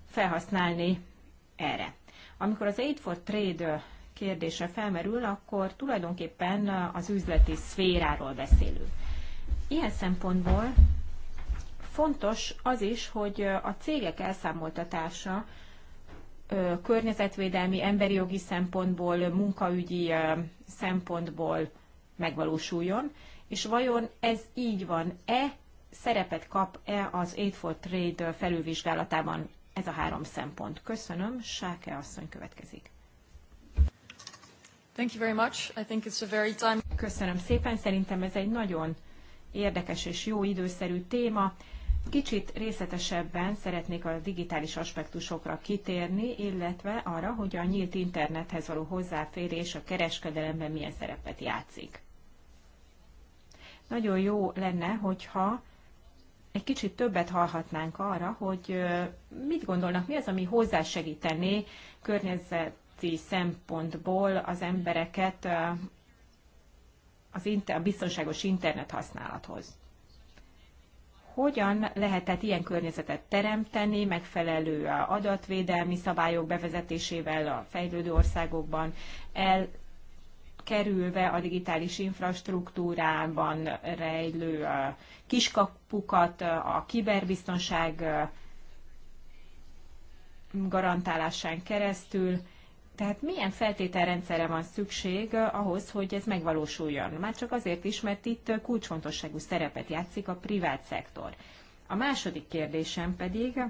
felhasználni erre. Amikor az Aid for Trade kérdése felmerül, akkor tulajdonképpen az üzleti szféráról beszélünk. Ilyen szempontból fontos az is, hogy a cégek elszámoltatása környezetvédelmi, emberi jogi szempontból, munkaügyi szempontból megvalósuljon. És vajon ez így van-e, szerepet kap-e az Aid for Trade felülvizsgálatában ez a három szempont? Köszönöm, Sáke asszony következik. Thank you very much. I think it's a very time... Köszönöm szépen, szerintem ez egy nagyon érdekes és jó időszerű téma. Kicsit részletesebben szeretnék a digitális aspektusokra kitérni, illetve arra, hogy a nyílt internethez való hozzáférés a kereskedelemben milyen szerepet játszik. Nagyon jó lenne, hogyha egy kicsit többet hallhatnánk arra, hogy mit gondolnak, mi az, ami hozzásegítené környezeti szempontból az embereket az inter, a biztonságos internet használathoz hogyan lehetett ilyen környezetet teremteni, megfelelő adatvédelmi szabályok bevezetésével a fejlődő országokban, elkerülve a digitális infrastruktúrában rejlő kiskapukat, a kiberbiztonság garantálásán keresztül, tehát milyen feltételrendszerre van szükség eh, ahhoz, hogy ez megvalósuljon? Már csak azért is, mert itt eh, kulcsfontosságú szerepet játszik a privát szektor. A második kérdésem pedig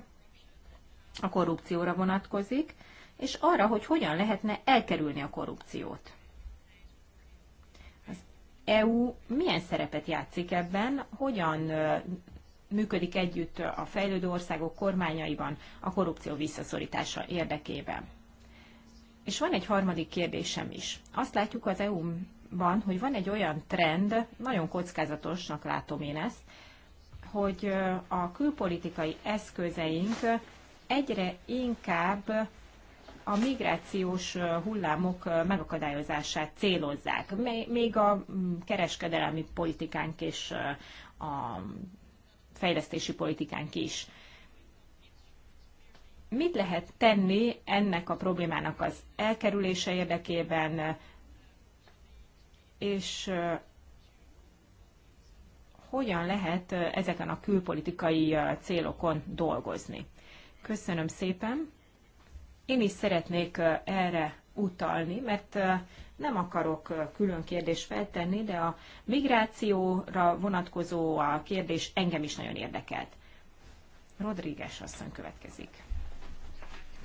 a korrupcióra vonatkozik, és arra, hogy hogyan lehetne elkerülni a korrupciót. Az EU milyen szerepet játszik ebben, hogyan eh, működik együtt a fejlődő országok kormányaiban a korrupció visszaszorítása érdekében? És van egy harmadik kérdésem is. Azt látjuk az EU-ban, hogy van egy olyan trend, nagyon kockázatosnak látom én ezt, hogy a külpolitikai eszközeink egyre inkább a migrációs hullámok megakadályozását célozzák. Még a mm, kereskedelmi politikánk és a fejlesztési politikánk is mit lehet tenni ennek a problémának az elkerülése érdekében, és hogyan lehet ezeken a külpolitikai célokon dolgozni. Köszönöm szépen. Én is szeretnék erre utalni, mert nem akarok külön kérdést feltenni, de a migrációra vonatkozó a kérdés engem is nagyon érdekelt. Rodríguez asszony következik.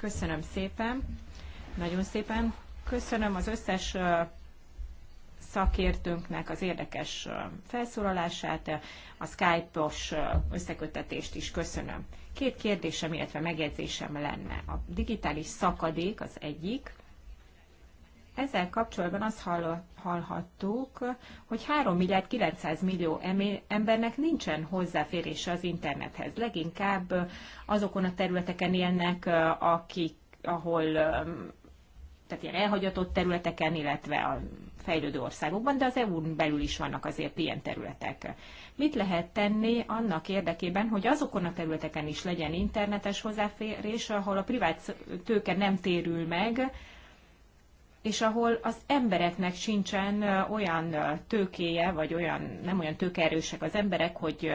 Köszönöm szépen, nagyon szépen. Köszönöm az összes szakértőnknek az érdekes felszólalását, a Skype-os összekötetést is köszönöm. Két kérdésem, illetve megjegyzésem lenne. A digitális szakadék az egyik, ezzel kapcsolatban azt hallhattuk, hogy 3 milliárd 900 millió embernek nincsen hozzáférése az internethez. Leginkább azokon a területeken élnek, akik, ahol tehát ilyen elhagyatott területeken, illetve a fejlődő országokban, de az EU-n belül is vannak azért ilyen területek. Mit lehet tenni annak érdekében, hogy azokon a területeken is legyen internetes hozzáférés, ahol a privát tőke nem térül meg, és ahol az embereknek sincsen olyan tőkéje, vagy olyan, nem olyan tőkerősek az emberek, hogy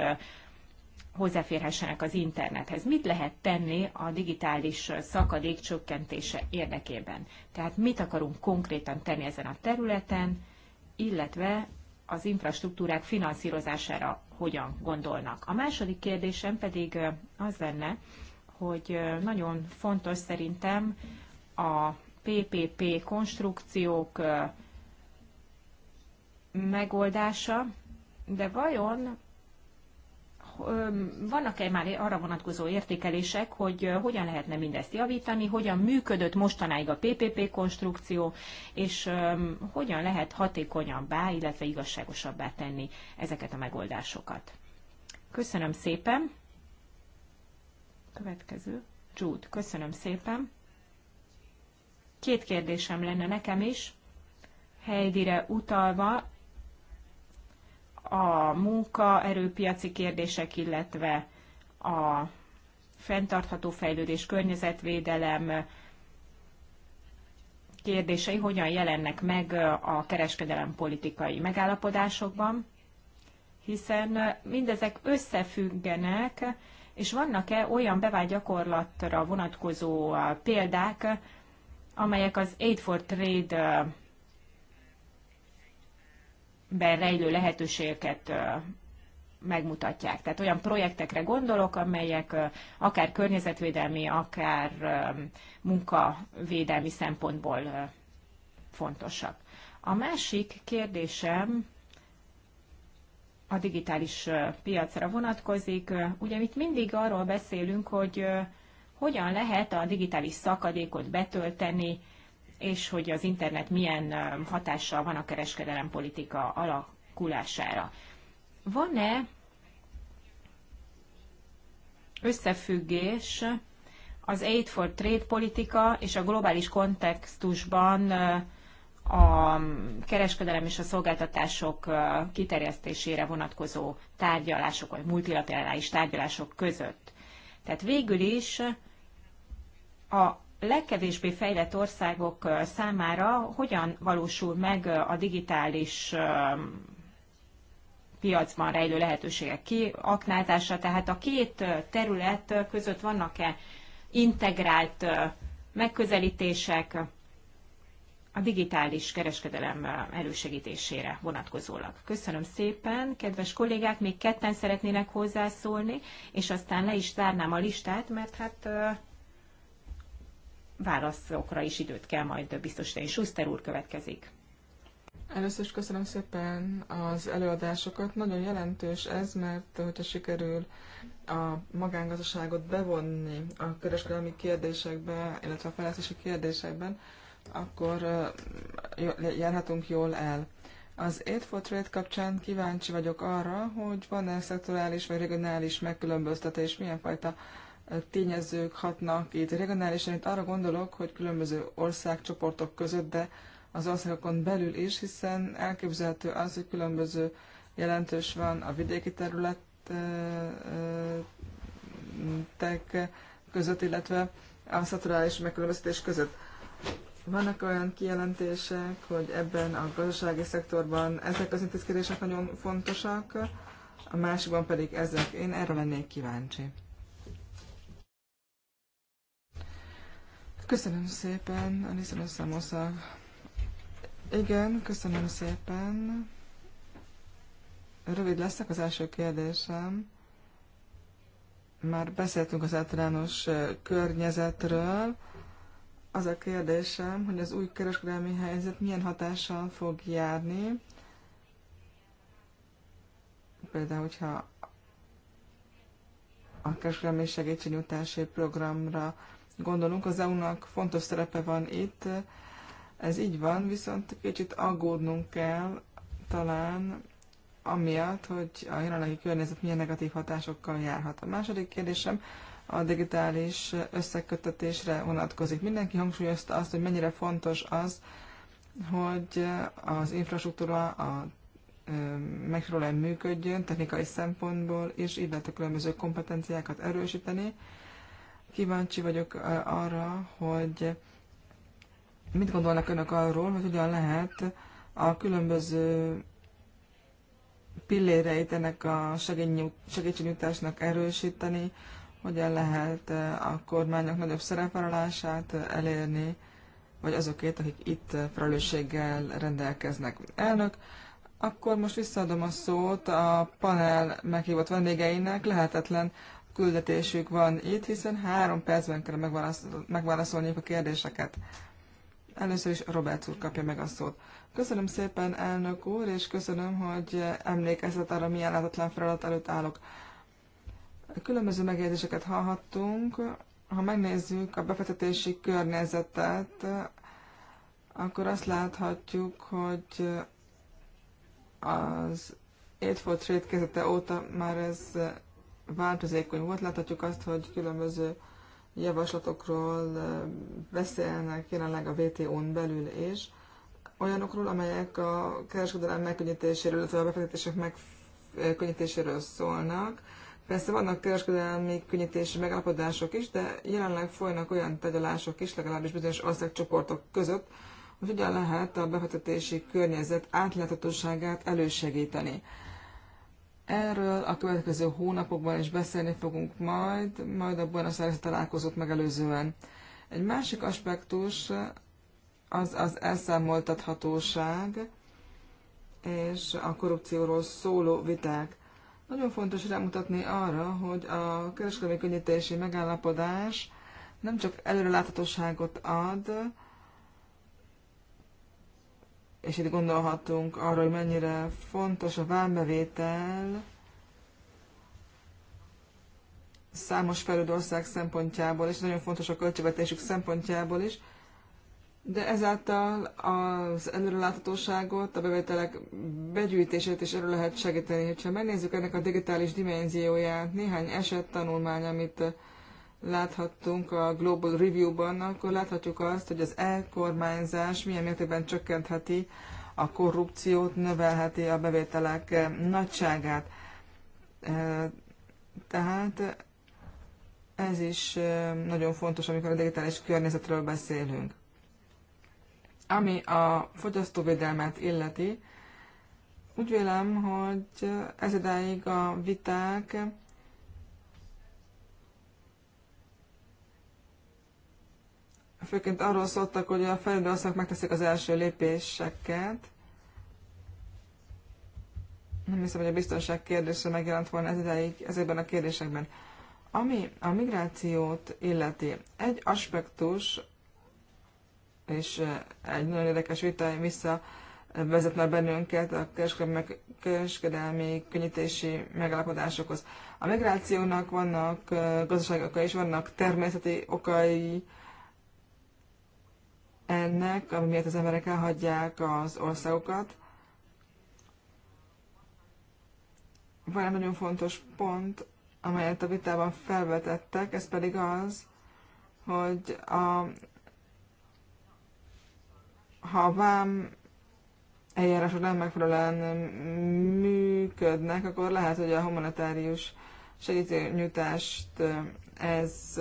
hozzáférhessenek az internethez. Mit lehet tenni a digitális szakadék csökkentése érdekében? Tehát mit akarunk konkrétan tenni ezen a területen, illetve az infrastruktúrák finanszírozására hogyan gondolnak. A második kérdésem pedig az lenne, hogy nagyon fontos szerintem a PPP konstrukciók megoldása, de vajon vannak-e már arra vonatkozó értékelések, hogy hogyan lehetne mindezt javítani, hogyan működött mostanáig a PPP konstrukció, és hogyan lehet hatékonyabbá, illetve igazságosabbá tenni ezeket a megoldásokat. Köszönöm szépen. Következő. Jude, köszönöm szépen. Két kérdésem lenne nekem is, Heidire utalva a munkaerőpiaci kérdések, illetve a fenntartható fejlődés, környezetvédelem kérdései hogyan jelennek meg a kereskedelem politikai megállapodásokban, hiszen mindezek összefüggenek, és vannak-e olyan bevált gyakorlatra vonatkozó példák, amelyek az Aid for Trade ben rejlő lehetőségeket megmutatják. Tehát olyan projektekre gondolok, amelyek akár környezetvédelmi, akár munkavédelmi szempontból fontosak. A másik kérdésem a digitális piacra vonatkozik. Ugye itt mindig arról beszélünk, hogy hogyan lehet a digitális szakadékot betölteni, és hogy az internet milyen hatással van a kereskedelem politika alakulására. Van-e összefüggés az Aid for Trade politika és a globális kontextusban a kereskedelem és a szolgáltatások kiterjesztésére vonatkozó tárgyalások, vagy multilaterális tárgyalások között. Tehát végül is a legkevésbé fejlett országok számára hogyan valósul meg a digitális piacban rejlő lehetőségek kiaknázása, tehát a két terület között vannak-e integrált megközelítések a digitális kereskedelem elősegítésére vonatkozólag. Köszönöm szépen, kedves kollégák, még ketten szeretnének hozzászólni, és aztán le is zárnám a listát, mert hát válaszokra is időt kell majd biztosítani. Schuster úr következik. Először is köszönöm szépen az előadásokat. Nagyon jelentős ez, mert hogyha sikerül a magángazdaságot bevonni a kereskedelmi kérdésekbe, illetve a fejlesztési kérdésekben, akkor járhatunk jól el. Az Aid for Trade kapcsán kíváncsi vagyok arra, hogy van-e szektorális vagy regionális megkülönböztetés, milyen fajta uh, tényezők hatnak itt regionálisan. Itt arra gondolok, hogy különböző országcsoportok között, de az országokon belül is, hiszen elképzelhető az, hogy különböző jelentős van a vidéki területek között, illetve a szaturális megkülönböztetés között. Vannak olyan kijelentések, hogy ebben a gazdasági szektorban ezek az intézkedések nagyon fontosak, a másikban pedig ezek. Én erre lennék kíváncsi. Köszönöm szépen, Aniszon Szamoszág. Igen, köszönöm szépen. Rövid leszek az első kérdésem. Már beszéltünk az általános környezetről. Az a kérdésem, hogy az új kereskedelmi helyzet milyen hatással fog járni. Például, hogyha a kereskedelmi segítségnyújtási programra gondolunk, az EU-nak fontos szerepe van itt, ez így van, viszont kicsit aggódnunk kell talán amiatt, hogy a jelenlegi környezet milyen negatív hatásokkal járhat. A második kérdésem a digitális összekötetésre vonatkozik. Mindenki hangsúlyozta azt, hogy mennyire fontos az, hogy az infrastruktúra a megfelelően működjön technikai szempontból, és illetve különböző kompetenciákat erősíteni, Kíváncsi vagyok arra, hogy mit gondolnak önök arról, hogy hogyan lehet a különböző pilléreit ennek a segítségnyújtásnak erősíteni, hogyan lehet a kormányok nagyobb szerepvállalását elérni, vagy azokét, akik itt felelősséggel rendelkeznek. Elnök, akkor most visszaadom a szót a panel meghívott vendégeinek. Lehetetlen küldetésük van itt, hiszen három percben kell megválaszol, megválaszolniuk a kérdéseket. Először is Robert úr kapja meg a szót. Köszönöm szépen, elnök úr, és köszönöm, hogy emlékezett arra, milyen láthatatlan feladat előtt állok. Különböző megjegyzéseket hallhattunk. Ha megnézzük a befektetési környezetet, akkor azt láthatjuk, hogy az 8 for Trade kezdete óta már ez változékony volt. Láthatjuk azt, hogy különböző javaslatokról beszélnek jelenleg a WTO-n belül is, olyanokról, amelyek a kereskedelem megkönnyítéséről, illetve a befektetések megkönnyítéséről szólnak. Persze vannak kereskedelmi könnyítési megállapodások is, de jelenleg folynak olyan tegyalások is, legalábbis bizonyos országcsoportok között, hogy hogyan lehet a befektetési környezet átláthatóságát elősegíteni. Erről a következő hónapokban is beszélni fogunk majd, majd a Buenos Aires találkozót megelőzően. Egy másik aspektus az az elszámoltathatóság és a korrupcióról szóló viták. Nagyon fontos rámutatni arra, hogy a kereskedelmi könnyítési megállapodás nem csak előreláthatóságot ad, és itt gondolhatunk arra, hogy mennyire fontos a vámbevétel számos fejlődő ország szempontjából, és nagyon fontos a költségvetésük szempontjából is, de ezáltal az előreláthatóságot, a bevételek begyűjtését is elő lehet segíteni. Ha megnézzük ennek a digitális dimenzióját, néhány esettanulmány, amit láthattunk a Global Review-ban, akkor láthatjuk azt, hogy az elkormányzás milyen mértékben csökkentheti a korrupciót, növelheti a bevételek eh, nagyságát. Eh, tehát ez is eh, nagyon fontos, amikor a digitális környezetről beszélünk. Ami a fogyasztóvédelmet illeti, úgy vélem, hogy ez idáig a viták főként arról szóltak, hogy a fejlődő országok megteszik az első lépéseket. Nem hiszem, hogy a biztonság kérdése megjelent volna ez ideig ezekben a kérdésekben. Ami a migrációt illeti, egy aspektus, és eh, egy nagyon érdekes vita vissza vezetne bennünket a kereskedelmi könnyítési megállapodásokhoz. A migrációnak vannak eh, gazdasági okai és vannak természeti okai, ennek, ami miatt az emberek elhagyják az országokat. Van egy nagyon fontos pont, amelyet a vitában felvetettek, ez pedig az, hogy a, ha a vám eljárások nem megfelelően működnek, akkor lehet, hogy a humanitárius segítőnyújtást ez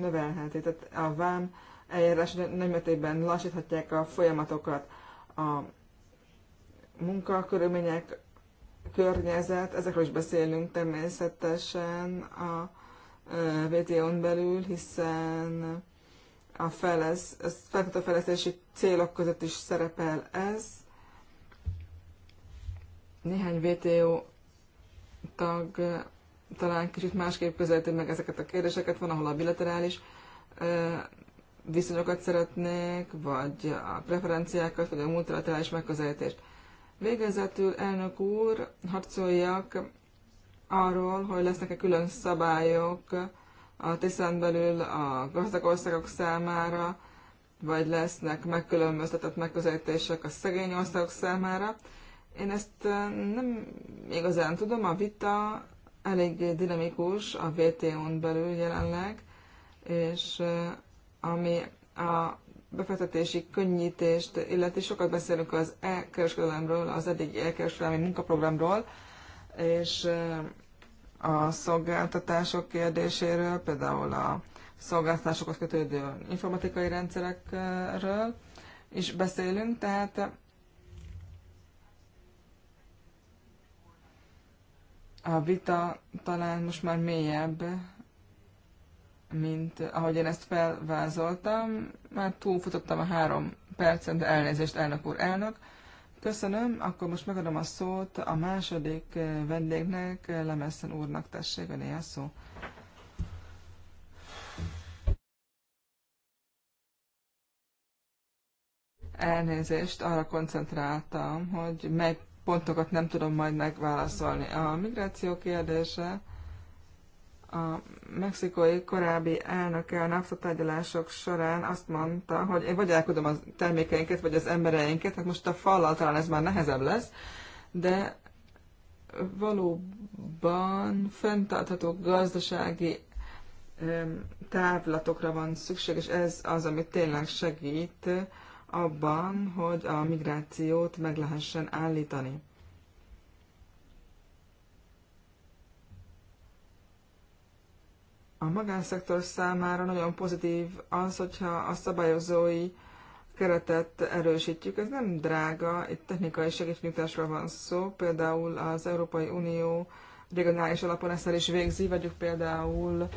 növelheti. Tehát a vám eljárás nagymértékben lassíthatják a folyamatokat. A munkakörülmények, környezet, ezekről is beszélünk természetesen a vto n belül, hiszen a fejlesz, feltartó fejlesztési célok között is szerepel ez. Néhány VTO tag talán kicsit másképp közelíti meg ezeket a kérdéseket, van, ahol a bilaterális viszonyokat szeretnék, vagy a preferenciákat, vagy a multilaterális megközelítést. Végezetül, elnök úr, harcoljak arról, hogy lesznek-e külön szabályok a tisztán belül a gazdag országok számára, vagy lesznek megkülönböztetett megközelítések a szegény országok számára. Én ezt eh, nem igazán tudom, a vita elég dinamikus a WTO-n belül jelenleg, és eh, ami a befektetési könnyítést illeti. Sokat beszélünk az e-kereskedelemről, az eddig e-kereskedelmi munkaprogramról, és eh, a szolgáltatások kérdéséről, például a szolgáltatásokat kötődő informatikai rendszerekről is beszélünk, tehát eh, a vita talán most már mélyebb, mint ahogy én ezt felvázoltam. Már túlfutottam a három percen, de elnézést, elnök úr, elnök. Köszönöm, akkor most megadom a szót a második vendégnek, Lemeszen úrnak, tessék, öné a szó. Elnézést, arra koncentráltam, hogy mely pontokat nem tudom majd megválaszolni. A migráció kérdése a mexikói korábbi elnöke a NAFTA során azt mondta, hogy én vagy elkodom a termékeinket, vagy az embereinket, hát most a fallal talán ez már nehezebb lesz, de valóban fenntartható gazdasági távlatokra van szükség, és ez az, amit tényleg segít abban, hogy a migrációt meg lehessen állítani. A magánszektor számára nagyon pozitív az, hogyha a szabályozói keretet erősítjük. Ez nem drága, itt technikai segítségnyújtásról van szó, például az Európai Unió regionális alapon ezt el is végzi, vagyok például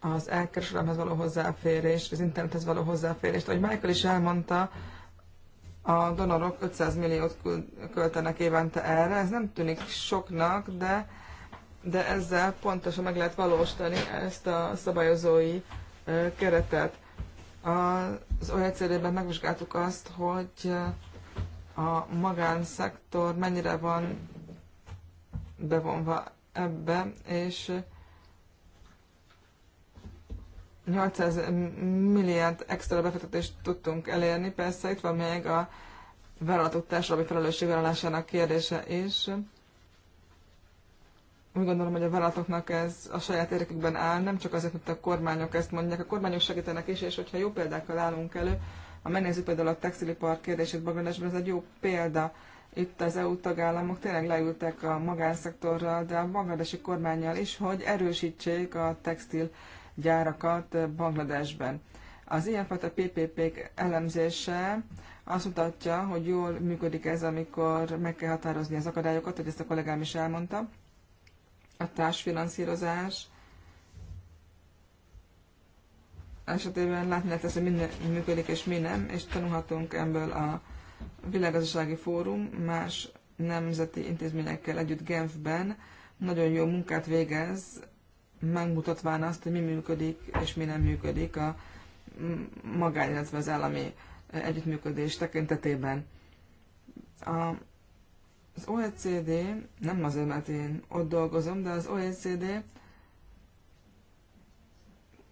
az elkereskedelemhez való hozzáférés, az internethez való hozzáférést. Ahogy Michael is elmondta, a donorok 500 milliót költenek évente erre. Ez nem tűnik soknak, de de ezzel pontosan meg lehet valósítani ezt a szabályozói keretet. Az OECD-ben megvizsgáltuk azt, hogy a magánszektor mennyire van bevonva ebbe, és 800 milliárd extra befektetést tudtunk elérni. Persze itt van még a vállalatok társadalmi felelősségvállalásának kérdése is úgy gondolom, hogy a vállalatoknak ez a saját érdekükben áll, nem csak azért, mert a kormányok ezt mondják, a kormányok segítenek is, és hogyha jó példákkal állunk elő, a megnézzük például a textilipar kérdését Bangladesben, ez egy jó példa. Itt az EU tagállamok tényleg leültek a magánszektorral, de a bangladesi kormányjal is, hogy erősítsék a textil gyárakat Bangladesben. Az ilyenfajta PPP-k elemzése azt mutatja, hogy jól működik ez, amikor meg kell határozni az akadályokat, hogy ezt a kollégám is elmondta a társfinanszírozás esetében látni lehet ezt, hogy minden működik és mi nem, és tanulhatunk ebből a világgazdasági fórum más nemzeti intézményekkel együtt Genfben nagyon jó munkát végez, megmutatván azt, hogy mi működik és mi nem működik a magán, illetve az állami együttműködés tekintetében. A az OECD, nem azért, mert én ott dolgozom, de az OECD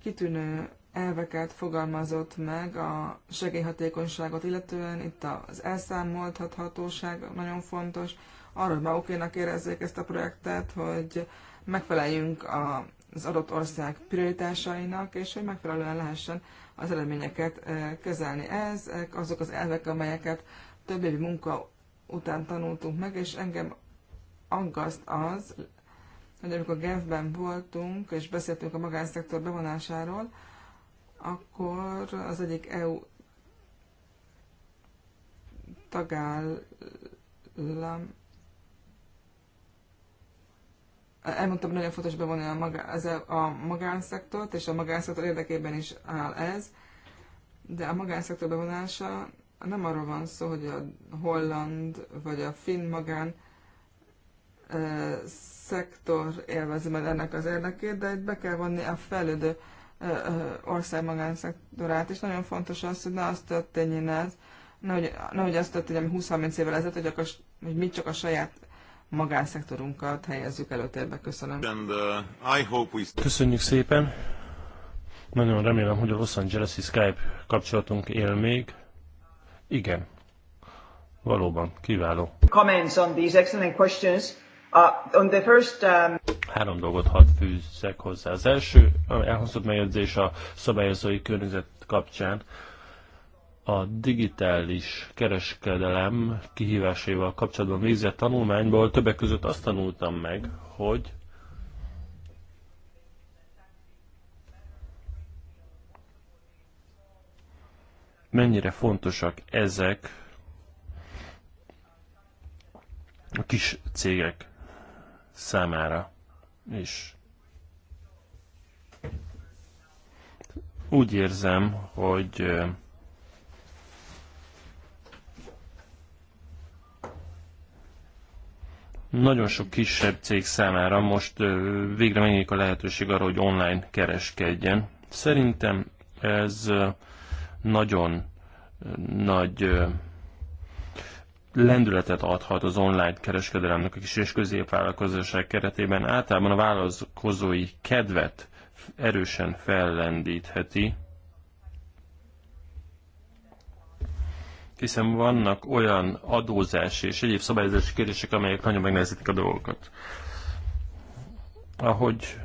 kitűnő elveket fogalmazott meg a segélyhatékonyságot, illetően itt az elszámolthatóság nagyon fontos, arra, hogy magukénak érezzék ezt a projektet, hogy megfeleljünk a, az adott ország prioritásainak, és hogy megfelelően lehessen az eredményeket eh, kezelni. Ezek eh, azok az elvek, amelyeket több évi munka után tanultunk meg, és engem aggaszt az, hogy amikor Genfben voltunk, és beszéltünk a magánszektor bevonásáról, akkor az egyik EU tagállam elmondtam, nagyon fontos bevonni a, magá, e- a magánszektort, és a magánszektor érdekében is áll ez, de a magánszektor bevonása nem arról van szó, hogy a holland vagy a finn magán ö, szektor élvezi meg ennek az érdekét, de itt be kell vonni a fejlődő ország magánszektorát, és nagyon fontos az, hogy ne az történjen ez, nehogy, nehogy az történjen, ami 20-30 évvel ezelőtt, hogy, hogy mi csak a saját magánszektorunkat helyezzük előtérbe. Köszönöm. And, uh, I hope we... Köszönjük szépen. Nagyon remélem, hogy a Los Angeles-i Skype kapcsolatunk él még. Igen, valóban kiváló. Comments on these excellent questions. Uh, on the first, um... Három dolgot hadd fűzzek hozzá. Az első elhangzott megjegyzés a szabályozói környezet kapcsán a digitális kereskedelem kihívásaival kapcsolatban végzett tanulmányból többek között azt tanultam meg, hogy mennyire fontosak ezek a kis cégek számára is. Úgy érzem, hogy nagyon sok kisebb cég számára most végre megnyílik a lehetőség arra, hogy online kereskedjen. Szerintem ez nagyon nagy lendületet adhat az online kereskedelemnek a kis és középvállalkozások keretében. Általában a vállalkozói kedvet erősen fellendítheti, hiszen vannak olyan adózási és egyéb szabályozási kérdések, amelyek nagyon megnehezítik a dolgokat. Ahogy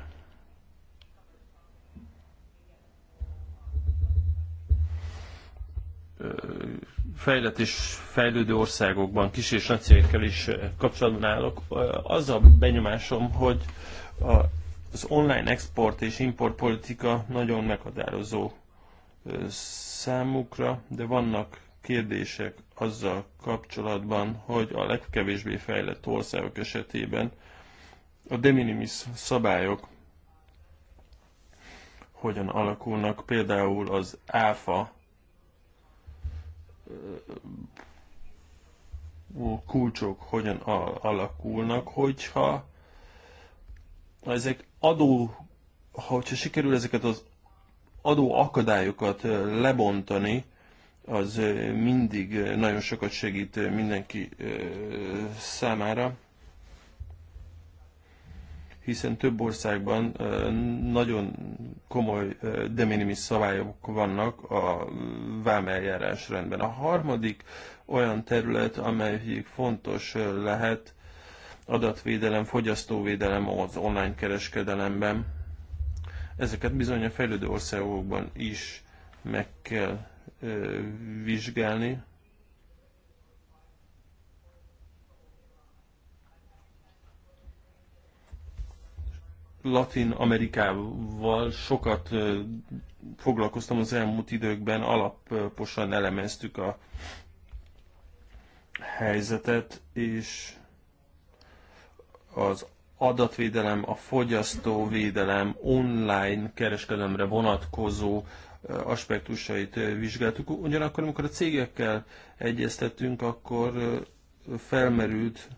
fejlett és fejlődő országokban kis és nagy cégekkel is kapcsolatban állok. Az a benyomásom, hogy az online export és import politika nagyon meghatározó számukra, de vannak kérdések azzal kapcsolatban, hogy a legkevésbé fejlett országok esetében a de minimis szabályok hogyan alakulnak, például az áfa kulcsok hogyan alakulnak, hogyha ezek adó, hogyha sikerül ezeket az adó akadályokat lebontani, az mindig nagyon sokat segít mindenki számára hiszen több országban nagyon komoly de minimis szabályok vannak a vámeljárás rendben. A harmadik olyan terület, amelyik fontos lehet adatvédelem, fogyasztóvédelem az online kereskedelemben. Ezeket bizony a fejlődő országokban is meg kell vizsgálni, Latin Amerikával sokat foglalkoztam az elmúlt időkben, alaposan elemeztük a helyzetet, és az adatvédelem, a fogyasztóvédelem, online kereskedelemre vonatkozó aspektusait vizsgáltuk. Ugyanakkor, amikor a cégekkel egyeztettünk, akkor felmerült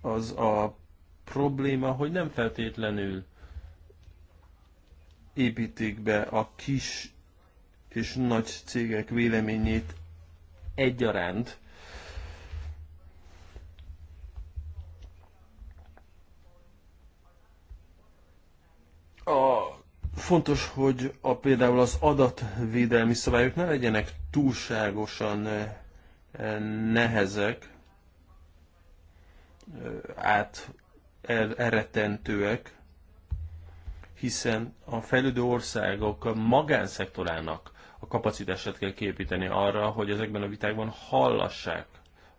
az a probléma, hogy nem feltétlenül építik be a kis és nagy cégek véleményét egyaránt. A, fontos, hogy a, például az adatvédelmi szabályok ne legyenek túlságosan eh, eh, nehezek, eh, át elrettentőek, hiszen a fejlődő országok magánszektorának a kapacitását kell képíteni arra, hogy ezekben a vitákban hallassák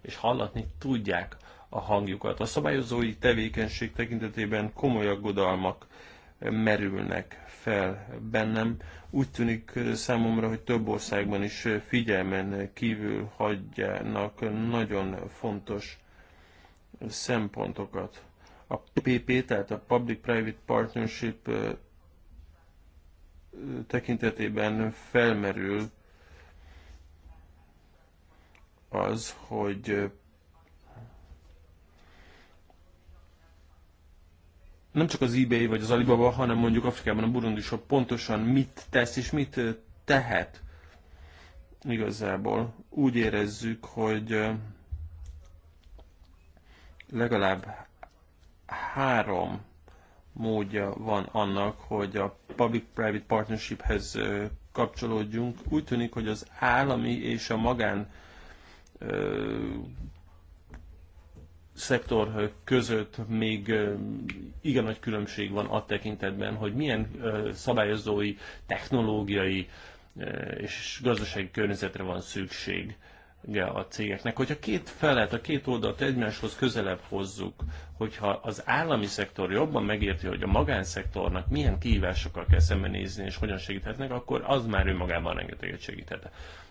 és hallatni tudják a hangjukat. A szabályozói tevékenység tekintetében komoly aggodalmak merülnek fel bennem. Úgy tűnik számomra, hogy több országban is figyelmen kívül hagyjának nagyon fontos szempontokat a PPP, tehát a Public-Private Partnership tekintetében felmerül az, hogy nem csak az eBay vagy az Alibaba, hanem mondjuk Afrikában a Burundi shop pontosan mit tesz és mit tehet igazából. Úgy érezzük, hogy legalább három módja van annak, hogy a public-private partnershiphez kapcsolódjunk. Úgy tűnik, hogy az állami és a magán ö, szektor között még ö, igen nagy különbség van a tekintetben, hogy milyen ö, szabályozói, technológiai ö, és gazdasági környezetre van szükség a cégeknek. Hogyha két felet, a két oldalt egymáshoz közelebb hozzuk, hogyha az állami szektor jobban megérti, hogy a magánszektornak milyen kihívásokkal kell szembenézni, és hogyan segíthetnek, akkor az már önmagában rengeteget segíthet.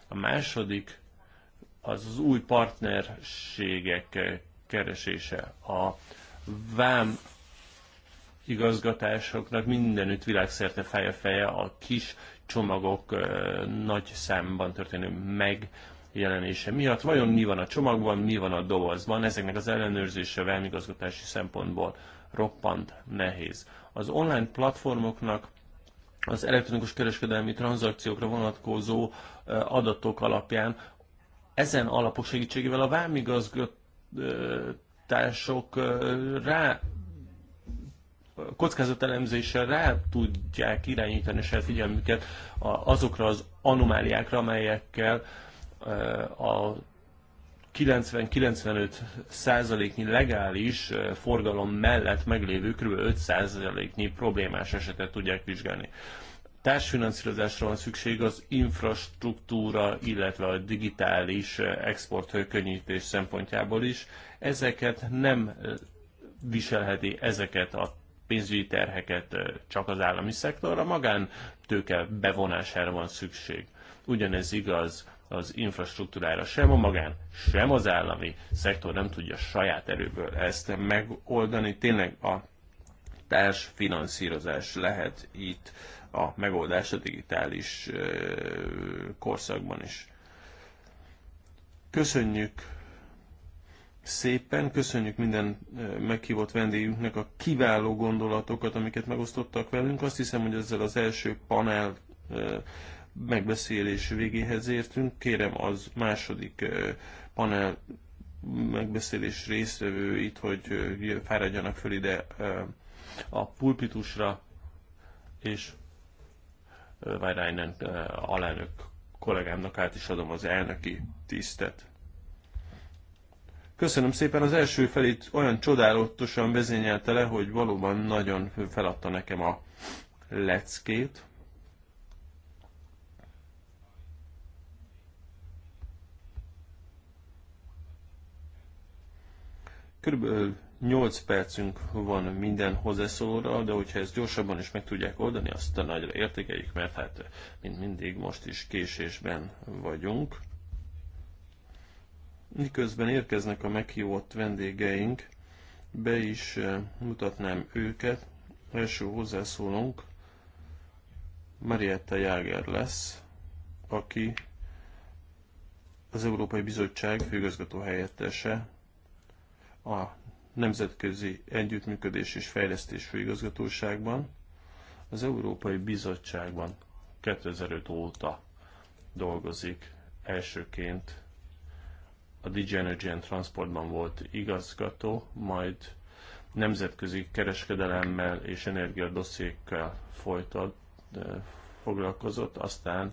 A második az az új partnerségek keresése. A vám igazgatásoknak mindenütt világszerte feje feje a kis csomagok nagy számban történő meg jelenése miatt. Vajon mi van a csomagban, mi van a dobozban? Ezeknek az ellenőrzése vámigazgatási szempontból roppant nehéz. Az online platformoknak az elektronikus kereskedelmi tranzakciókra vonatkozó eh, adatok alapján ezen alapok segítségével a vámigazgatások eh, rá kockázatelemzéssel rá tudják irányítani a saját figyelmüket azokra az anomáliákra, amelyekkel a 90-95 százaléknyi legális forgalom mellett meglévő kb. 5 százaléknyi problémás esetet tudják vizsgálni. Társfinanszírozásra van szükség az infrastruktúra, illetve a digitális export könnyítés szempontjából is. Ezeket nem viselheti ezeket a pénzügyi terheket csak az állami szektor, a tőke bevonására van szükség. Ugyanez igaz az infrastruktúrára, sem a magán, sem az állami szektor nem tudja saját erőből ezt megoldani. Tényleg a társfinanszírozás lehet itt a megoldás a digitális korszakban is. Köszönjük szépen, köszönjük minden meghívott vendégünknek a kiváló gondolatokat, amiket megosztottak velünk. Azt hiszem, hogy ezzel az első panel megbeszélés végéhez értünk. Kérem az második panel megbeszélés résztvevőit, hogy fáradjanak föl ide a pulpitusra, és Vajrájnen alelnök kollégámnak át is adom az elnöki tisztet. Köszönöm szépen, az első felét olyan csodálatosan vezényelte le, hogy valóban nagyon feladta nekem a leckét. kb. 8 percünk van minden hozzászólóra, de hogyha ezt gyorsabban is meg tudják oldani, azt a nagyra értékeljük, mert hát, mint mindig, most is késésben vagyunk. Miközben érkeznek a meghívott vendégeink, be is eh, mutatnám őket. Első hozzászólónk Marietta Jáger lesz, aki az Európai Bizottság főgazgató helyettese a Nemzetközi Együttműködés és Fejlesztés Főigazgatóságban, az Európai Bizottságban 2005 óta dolgozik elsőként a DG Energy and Transportban volt igazgató, majd nemzetközi kereskedelemmel és energiadosszékkal folytat, foglalkozott, aztán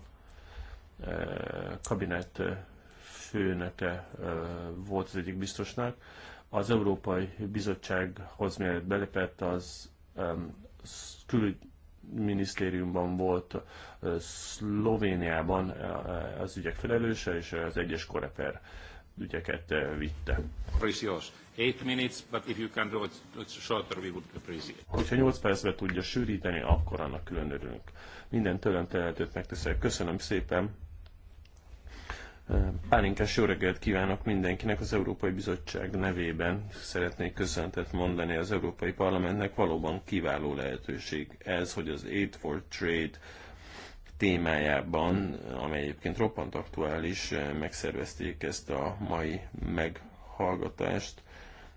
kabinet főnöke volt az egyik biztosnak, az Európai Bizottsághoz mielőtt belépett, az külügyminisztériumban volt Szlovéniában az ügyek felelőse, és az egyes koreper ügyeket vitte. Precious. Eight minutes, but if you can do it shorter, we would appreciate. Hogyha 8 percbe tudja sűríteni, akkor annak külön örülünk. Minden tőlem telhetőt megteszek. Köszönöm szépen. Pálinkás jó reggelt kívánok mindenkinek az Európai Bizottság nevében. Szeretnék köszöntet mondani az Európai Parlamentnek. Valóban kiváló lehetőség ez, hogy az Aid for Trade témájában, amely egyébként roppant aktuális, megszervezték ezt a mai meghallgatást.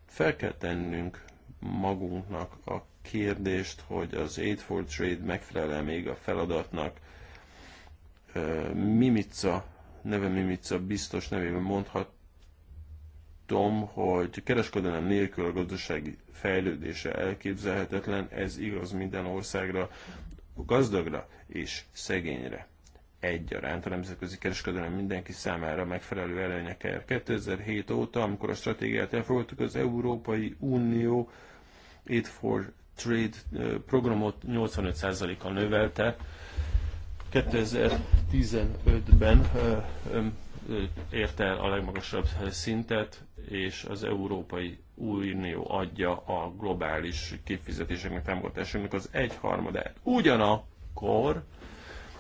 Fel kell tennünk magunknak a kérdést, hogy az Aid for Trade megfelel -e még a feladatnak. Mimica Neve Mimica biztos nevében mondhatom, hogy kereskedelem nélkül a gazdasági fejlődése elképzelhetetlen, ez igaz minden országra, gazdagra és szegényre egyaránt a nemzetközi kereskedelem mindenki számára megfelelő előnyekkel 2007 óta, amikor a stratégiát elfogadtuk, az Európai Unió Aid for Trade eh, programot 85%-kal növelte, 2015-ben érte el a legmagasabb szintet, és az Európai Unió adja a globális kifizetéseknek, támogatásoknak az egyharmadát. Ugyanakkor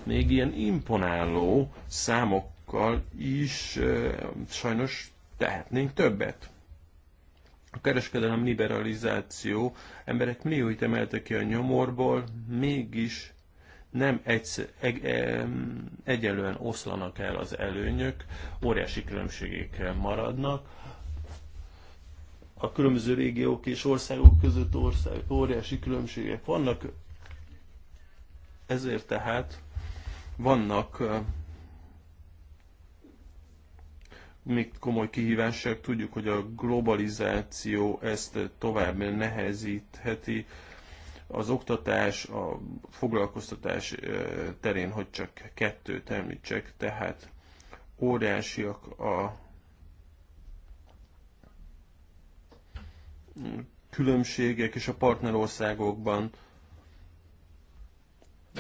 még ilyen imponáló számokkal is sajnos tehetnénk többet. A kereskedelem liberalizáció emberek millióit emeltek ki a nyomorból, mégis nem egy, egy, egyelően oszlanak el az előnyök, óriási különbségek maradnak. A különböző régiók és országok között ország, óriási különbségek vannak, ezért tehát vannak még komoly kihívások, tudjuk, hogy a globalizáció ezt tovább nehezítheti, az oktatás, a foglalkoztatás terén, hogy csak kettőt említsek, tehát óriásiak a különbségek, és a partnerországokban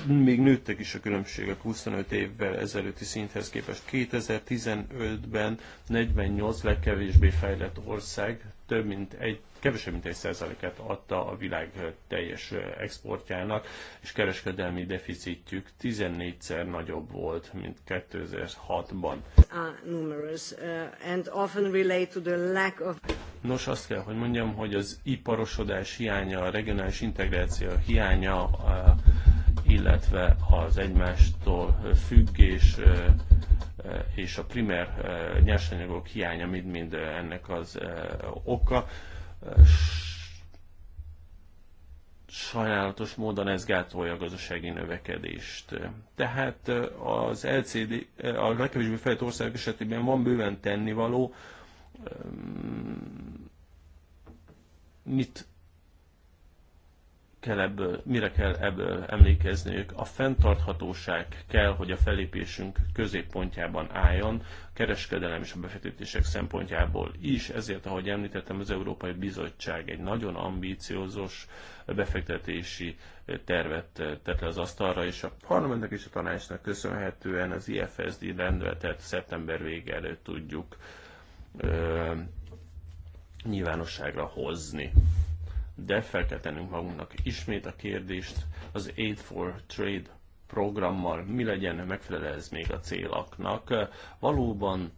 még nőttek is a különbségek 25 évvel ezelőtti szinthez képest. 2015-ben 48 legkevésbé fejlett ország több mint egy kevesebb mint egy át adta a világ teljes exportjának, és kereskedelmi deficitjük 14-szer nagyobb volt, mint 2006-ban. Uh, Nos, azt kell, hogy mondjam, hogy az iparosodás hiánya, a regionális integráció hiánya, uh, illetve az egymástól függés uh, és a primer nyersanyagok hiánya mind-mind ennek az oka sajnálatos módon ez gátolja a gazdasági növekedést. Tehát az LCD, a legkevésbé fejlett országok esetében van bőven tennivaló, mit kell ebből, mire kell ebből emlékezniük. A fenntarthatóság kell, hogy a felépésünk középpontjában álljon, a kereskedelem és a befektetések szempontjából is. Ezért, ahogy említettem, az Európai Bizottság egy nagyon ambíciózos befektetési tervet tett le az asztalra, és a parlamentnek és a tanácsnak köszönhetően az IFSD rendeletet szeptember vége előtt tudjuk ö, nyilvánosságra hozni de fel kell tennünk magunknak ismét a kérdést az Aid for Trade programmal mi legyen, megfelel ez még a célaknak. Valóban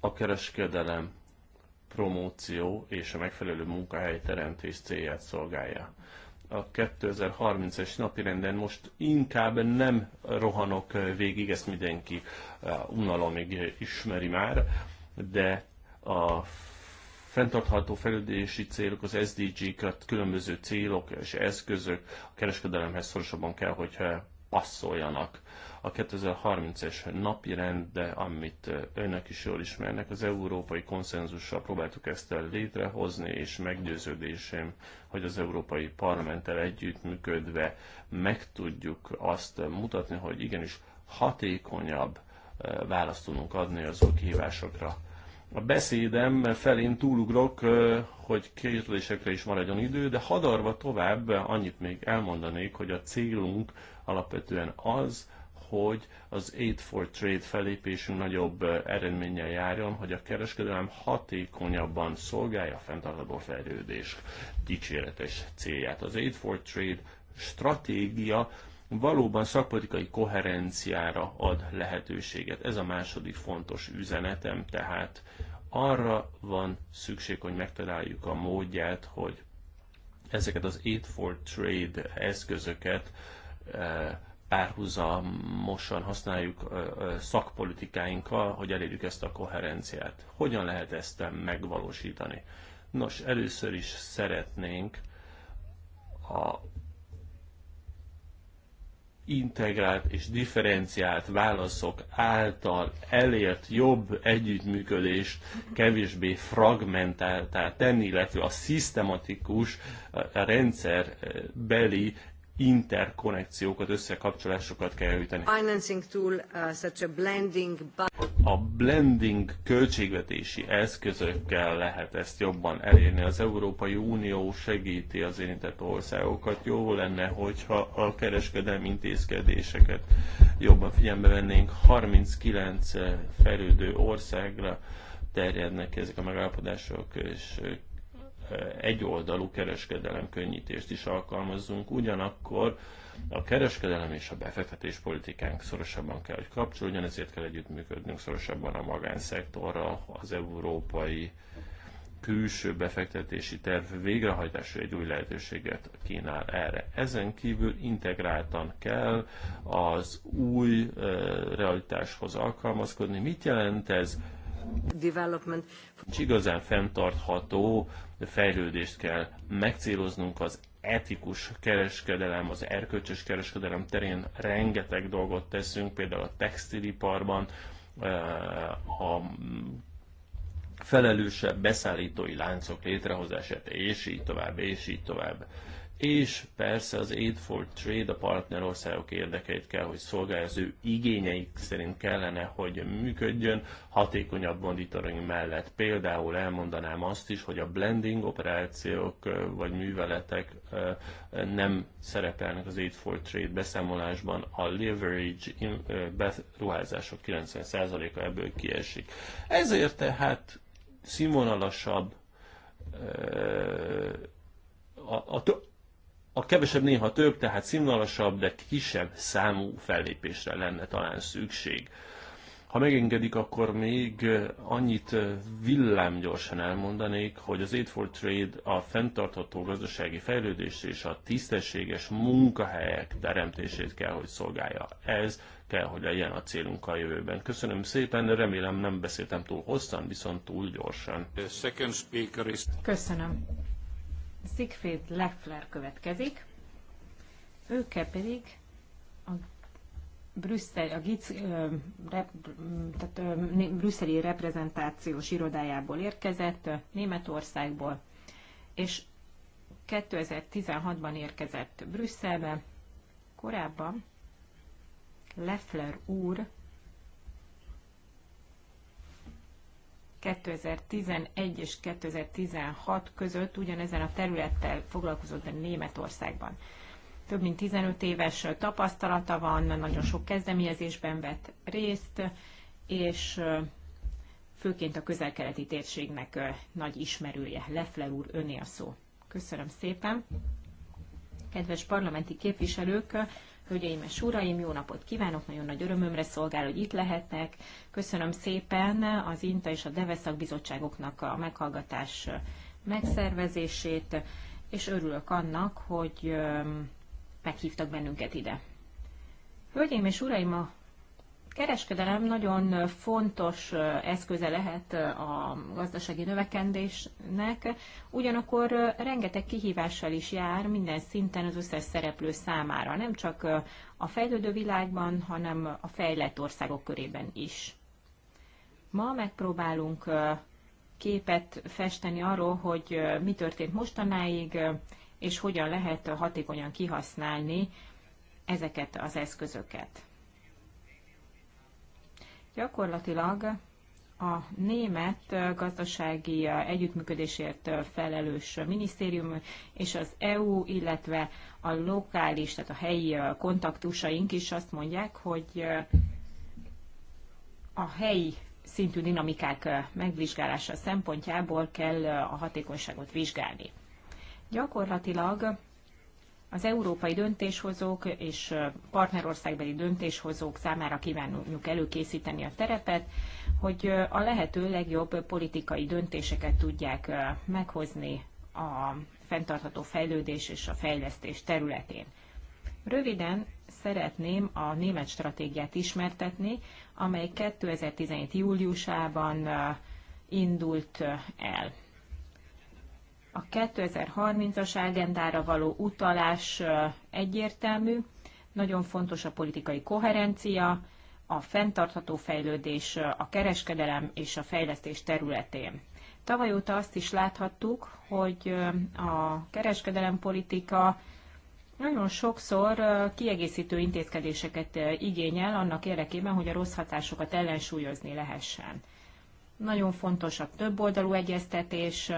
a kereskedelem promóció és a megfelelő munkahelyteremtés célját szolgálja. A 2030-es napirenden most inkább nem rohanok végig, ezt mindenki eh, unalomig ismeri már de a fenntartható fejlődési célok, az sdg kat különböző célok és eszközök a kereskedelemhez szorosabban kell, hogyha passzoljanak. A 2030-es napi rendbe, amit önök is jól ismernek, az európai konszenzussal próbáltuk ezt el létrehozni, és meggyőződésem, hogy az Európai Parlamenttel együttműködve meg tudjuk azt mutatni, hogy igenis hatékonyabb választ tudunk adni az új kihívásokra. A beszédem felén túlugrok, hogy kérdésekre is maradjon idő, de hadarva tovább annyit még elmondanék, hogy a célunk alapvetően az, hogy az 8 for Trade felépésünk nagyobb eredménnyel járjon, hogy a kereskedelem hatékonyabban szolgálja a fenntartható fejlődés dicséretes célját. Az 8 for Trade stratégia valóban szakpolitikai koherenciára ad lehetőséget. Ez a második fontos üzenetem, tehát arra van szükség, hogy megtaláljuk a módját, hogy ezeket az Aid for Trade eszközöket eh, párhuzamosan használjuk eh, eh, szakpolitikáinkkal, hogy elérjük ezt a koherenciát. Hogyan lehet ezt megvalósítani? Nos, először is szeretnénk a integrált és differenciált válaszok által elért jobb együttműködést kevésbé fragmentáltá tenni, illetve a szisztematikus a eh, rendszer eh, beli interkonnekciókat, összekapcsolásokat kell javítani. Uh, a blending költségvetési eszközökkel lehet ezt jobban elérni. Az Európai Unió segíti az érintett országokat. Jó lenne, hogyha a kereskedelmi intézkedéseket jobban figyelembe vennénk. 39 eh, fejlődő országra terjednek ezek a megállapodások, és eh, egyoldalú kereskedelem könnyítést is alkalmazzunk, ugyanakkor a kereskedelem és a befektetés politikánk szorosabban kell, hogy kapcsolódjon, ezért kell együttműködnünk szorosabban a magánszektorra, az európai külső befektetési terv végrehajtása egy új lehetőséget kínál erre. Ezen kívül integráltan kell az új eh, realitáshoz alkalmazkodni. Mit jelent ez? development. És igazán fenntartható fejlődést kell megcéloznunk az etikus kereskedelem, az erkölcsös kereskedelem terén rengeteg dolgot teszünk, például a textiliparban, a felelősebb beszállítói láncok létrehozását, és így tovább, és így tovább és persze az Aid for Trade a partnerországok érdekeit kell, hogy szolgálja, az ő igényeik szerint kellene, hogy működjön, hatékonyabb monitoring mellett. Például elmondanám azt is, hogy a blending operációk vagy műveletek nem szerepelnek az Aid for Trade beszámolásban, a leverage beruházások 90%-a ebből kiesik. Ezért tehát színvonalasabb a, a, a kevesebb néha több, tehát színvonalasabb, de kisebb számú fellépésre lenne talán szükség. Ha megengedik, akkor még annyit villámgyorsan elmondanék, hogy az Aid for Trade a fenntartható gazdasági fejlődés és a tisztességes munkahelyek teremtését kell, hogy szolgálja. Ez kell, hogy legyen a célunk a jövőben. Köszönöm szépen, remélem nem beszéltem túl hosszan, viszont túl gyorsan. Köszönöm. Siegfried Leffler következik, őke pedig a Brüsszel, a GIC, ö, rep, tehát, ö, brüsszeli reprezentációs irodájából érkezett, Németországból, és 2016-ban érkezett Brüsszelbe. Korábban Leffler úr 2011 és 2016 között ugyanezen a területtel foglalkozott Németországban. Több mint 15 éves tapasztalata van, nagyon sok kezdeményezésben vett részt, és főként a közelkeleti térségnek nagy ismerője. Leffler úr, öné a szó. Köszönöm szépen. Kedves parlamenti képviselők, Hölgyeim és uraim, jó napot kívánok, nagyon nagy örömömre szolgál, hogy itt lehetnek. Köszönöm szépen az INTA és a Deveszak bizottságoknak a meghallgatás megszervezését, és örülök annak, hogy meghívtak bennünket ide. Hölgyeim és uraim, a kereskedelem nagyon fontos eszköze lehet a gazdasági növekedésnek, ugyanakkor rengeteg kihívással is jár minden szinten az összes szereplő számára, nem csak a fejlődő világban, hanem a fejlett országok körében is. Ma megpróbálunk képet festeni arról, hogy mi történt mostanáig, és hogyan lehet hatékonyan kihasználni ezeket az eszközöket. Gyakorlatilag a német gazdasági együttműködésért felelős minisztérium és az EU, illetve a lokális, tehát a helyi kontaktusaink is azt mondják, hogy a helyi szintű dinamikák megvizsgálása szempontjából kell a hatékonyságot vizsgálni. Gyakorlatilag az európai döntéshozók és partnerországbeli döntéshozók számára kívánjuk előkészíteni a terepet, hogy a lehető legjobb politikai döntéseket tudják meghozni a fenntartható fejlődés és a fejlesztés területén. Röviden szeretném a német stratégiát ismertetni, amely 2017. júliusában indult el. A 2030-as agendára való utalás egyértelmű, nagyon fontos a politikai koherencia, a fenntartható fejlődés a kereskedelem és a fejlesztés területén. Tavaly óta azt is láthattuk, hogy a politika nagyon sokszor kiegészítő intézkedéseket igényel annak érdekében, hogy a rossz hatásokat ellensúlyozni lehessen. Nagyon fontos a többoldalú egyeztetés,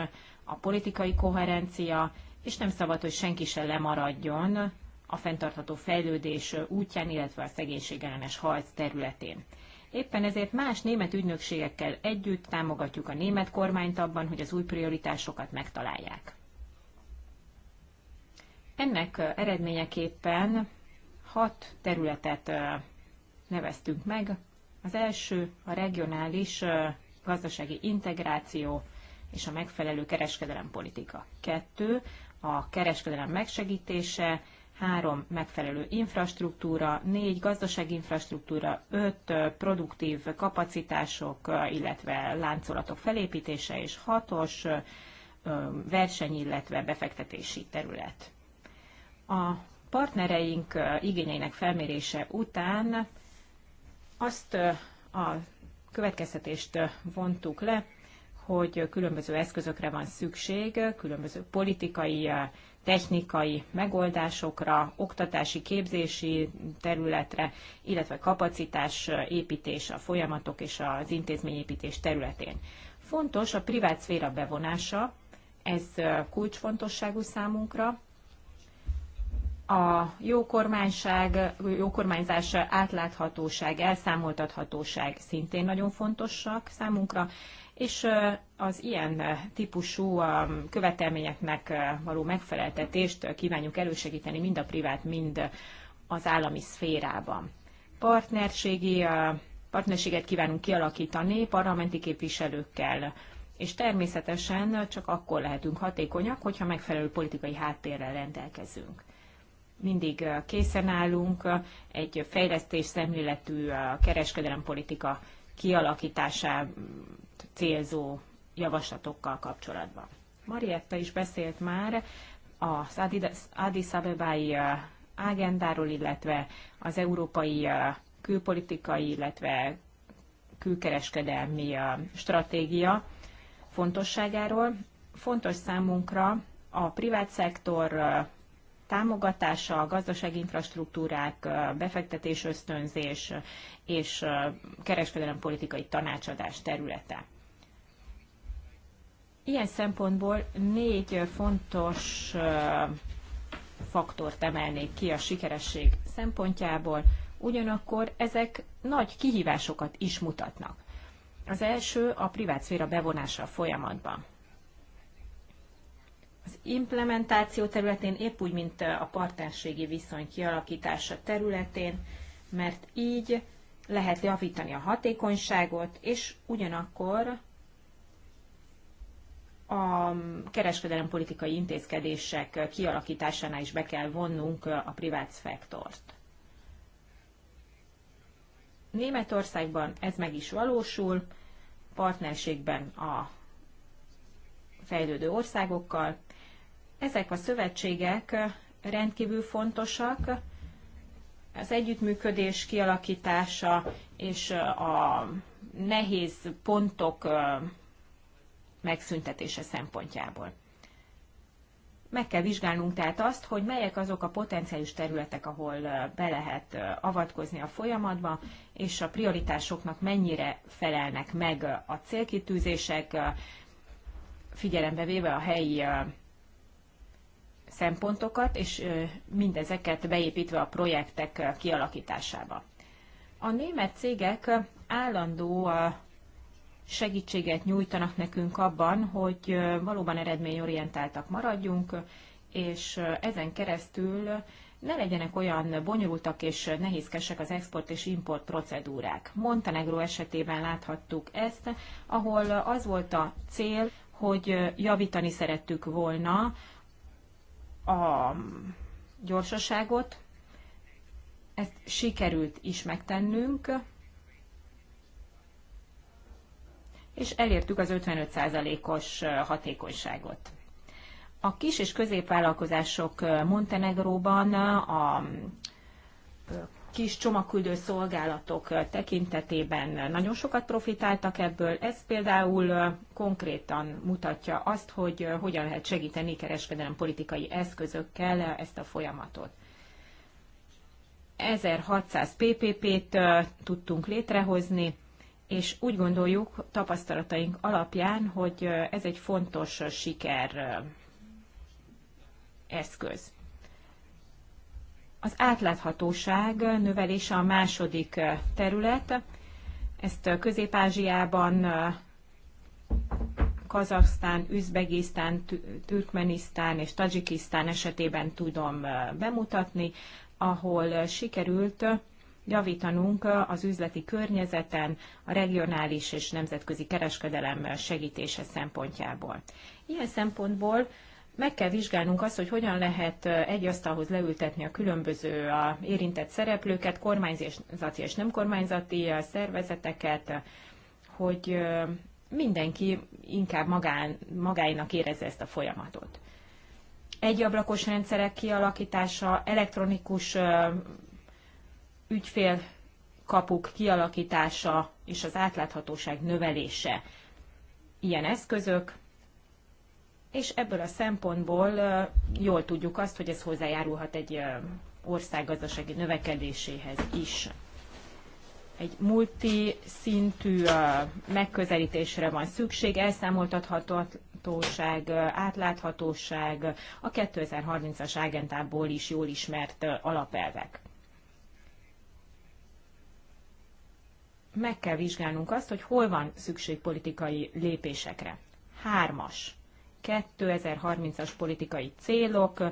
a politikai koherencia, és nem szabad, hogy senki se lemaradjon a fenntartható fejlődés útján, illetve a szegénység ellenes harc területén. Éppen ezért más német ügynökségekkel együtt támogatjuk a német kormányt abban, hogy az új prioritásokat megtalálják. Ennek eredményeképpen hat területet neveztünk meg. Az első a regionális gazdasági integráció, és a megfelelő kereskedelem politika. Kettő, a kereskedelem megsegítése, három megfelelő infrastruktúra, négy gazdasági infrastruktúra, öt produktív kapacitások, illetve láncolatok felépítése, és hatos verseny, illetve befektetési terület. A partnereink igényeinek felmérése után azt a következtetést vontuk le, hogy különböző eszközökre van szükség, különböző politikai, eh, technikai megoldásokra, oktatási, képzési területre, illetve kapacitás eh, építés a folyamatok és az intézményépítés területén. Fontos a privát szféra bevonása, ez eh, kulcsfontosságú számunkra. A jó, kormányság, jó kormányzás átláthatóság, elszámoltathatóság szintén nagyon fontosak számunkra, és az ilyen típusú követelményeknek való megfeleltetést kívánjuk elősegíteni mind a privát, mind az állami szférában. Partnerségi, partnerséget kívánunk kialakítani parlamenti képviselőkkel, és természetesen csak akkor lehetünk hatékonyak, hogyha megfelelő politikai háttérrel rendelkezünk. Mindig készen állunk egy fejlesztés szemléletű kereskedelempolitika kialakítására célzó javaslatokkal kapcsolatban. Marietta is beszélt már az Addis Abebai ágendáról, uh, illetve az európai uh, külpolitikai, illetve külkereskedelmi uh, stratégia fontosságáról. Fontos számunkra a privát szektor támogatása, a gazdasági infrastruktúrák, befektetés ösztönzés és kereskedelempolitikai tanácsadás területe. Ilyen szempontból négy fontos faktort emelnék ki a sikeresség szempontjából, ugyanakkor ezek nagy kihívásokat is mutatnak. Az első a szféra bevonása a folyamatban. Az implementáció területén épp úgy, mint a partnerségi viszony kialakítása területén, mert így lehet javítani a hatékonyságot, és ugyanakkor a kereskedelem politikai intézkedések kialakításánál is be kell vonnunk a privát szektort. Németországban ez meg is valósul, partnerségben a fejlődő országokkal. Ezek a szövetségek rendkívül fontosak, az együttműködés kialakítása és a nehéz pontok megszüntetése szempontjából. Meg kell vizsgálnunk tehát azt, hogy melyek azok a potenciális területek, ahol be lehet avatkozni a folyamatba, és a prioritásoknak mennyire felelnek meg a célkitűzések, figyelembe véve a helyi szempontokat, és mindezeket beépítve a projektek kialakításába. A német cégek állandó segítséget nyújtanak nekünk abban, hogy valóban eredményorientáltak maradjunk, és ezen keresztül ne legyenek olyan bonyolultak és nehézkesek az export és import procedúrák. Montenegro esetében láthattuk ezt, ahol az volt a cél, hogy javítani szerettük volna a gyorsaságot. Ezt sikerült is megtennünk, és elértük az 55%-os hatékonyságot. A kis és középvállalkozások Montenegróban a kis csomagküldő szolgálatok tekintetében nagyon sokat profitáltak ebből. Ez például konkrétan mutatja azt, hogy hogyan lehet segíteni kereskedelem politikai eszközökkel ezt a folyamatot. 1600 PPP-t tudtunk létrehozni, és úgy gondoljuk tapasztalataink alapján, hogy ez egy fontos siker eszköz. Az átláthatóság növelése a második terület. Ezt Közép-Ázsiában, Kazaksztán, Üzbegisztán, Türkmenisztán és Tajikisztán esetében tudom bemutatni, ahol sikerült javítanunk az üzleti környezeten, a regionális és nemzetközi kereskedelem segítése szempontjából. Ilyen szempontból meg kell vizsgálnunk azt, hogy hogyan lehet egy asztalhoz leültetni a különböző a érintett szereplőket, kormányzati és nem kormányzati szervezeteket, hogy mindenki inkább magán, magáinak érezze ezt a folyamatot egyablakos rendszerek kialakítása, elektronikus ügyfél kapuk kialakítása és az átláthatóság növelése ilyen eszközök, és ebből a szempontból jól tudjuk azt, hogy ez hozzájárulhat egy ország gazdasági növekedéséhez is. Egy multiszintű megközelítésre van szükség, elszámoltathatóság, átláthatóság, a 2030-as ágentából is jól ismert alapelvek. meg kell vizsgálnunk azt, hogy hol van szükség politikai lépésekre. Hármas. 2030-as politikai célok,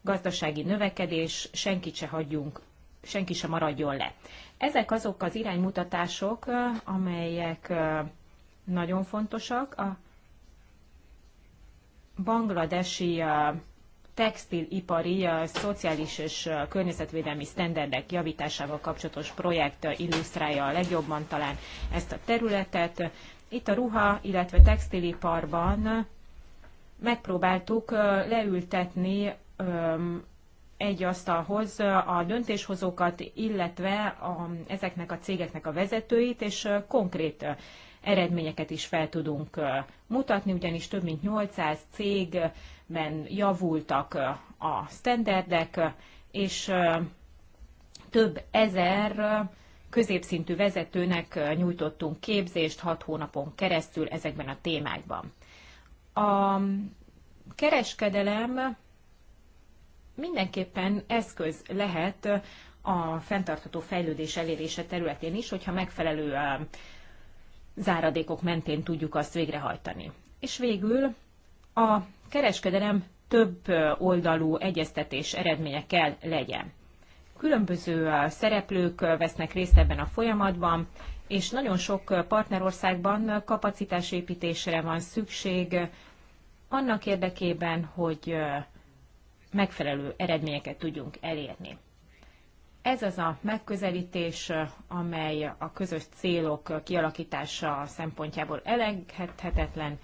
gazdasági növekedés, senkit se hagyjunk, senki se maradjon le. Ezek azok az iránymutatások, amelyek nagyon fontosak. A bangladesi textilipari, szociális és környezetvédelmi sztenderdek javításával kapcsolatos projekt illusztrálja a legjobban talán ezt a területet. Itt a ruha, illetve textiliparban megpróbáltuk leültetni egy asztalhoz a döntéshozókat, illetve a, ezeknek a cégeknek a vezetőit, és konkrét eredményeket is fel tudunk mutatni, ugyanis több mint 800 cég ben javultak a standardek, és több ezer középszintű vezetőnek nyújtottunk képzést hat hónapon keresztül ezekben a témákban. A kereskedelem mindenképpen eszköz lehet a fenntartható fejlődés elérése területén is, hogyha megfelelő záradékok mentén tudjuk azt végrehajtani. És végül a kereskedelem több oldalú egyeztetés eredménye kell legyen. Különböző szereplők vesznek részt ebben a folyamatban, és nagyon sok partnerországban kapacitásépítésre van szükség annak érdekében, hogy megfelelő eredményeket tudjunk elérni. Ez az a megközelítés, amely a közös célok kialakítása szempontjából elengedhetetlen,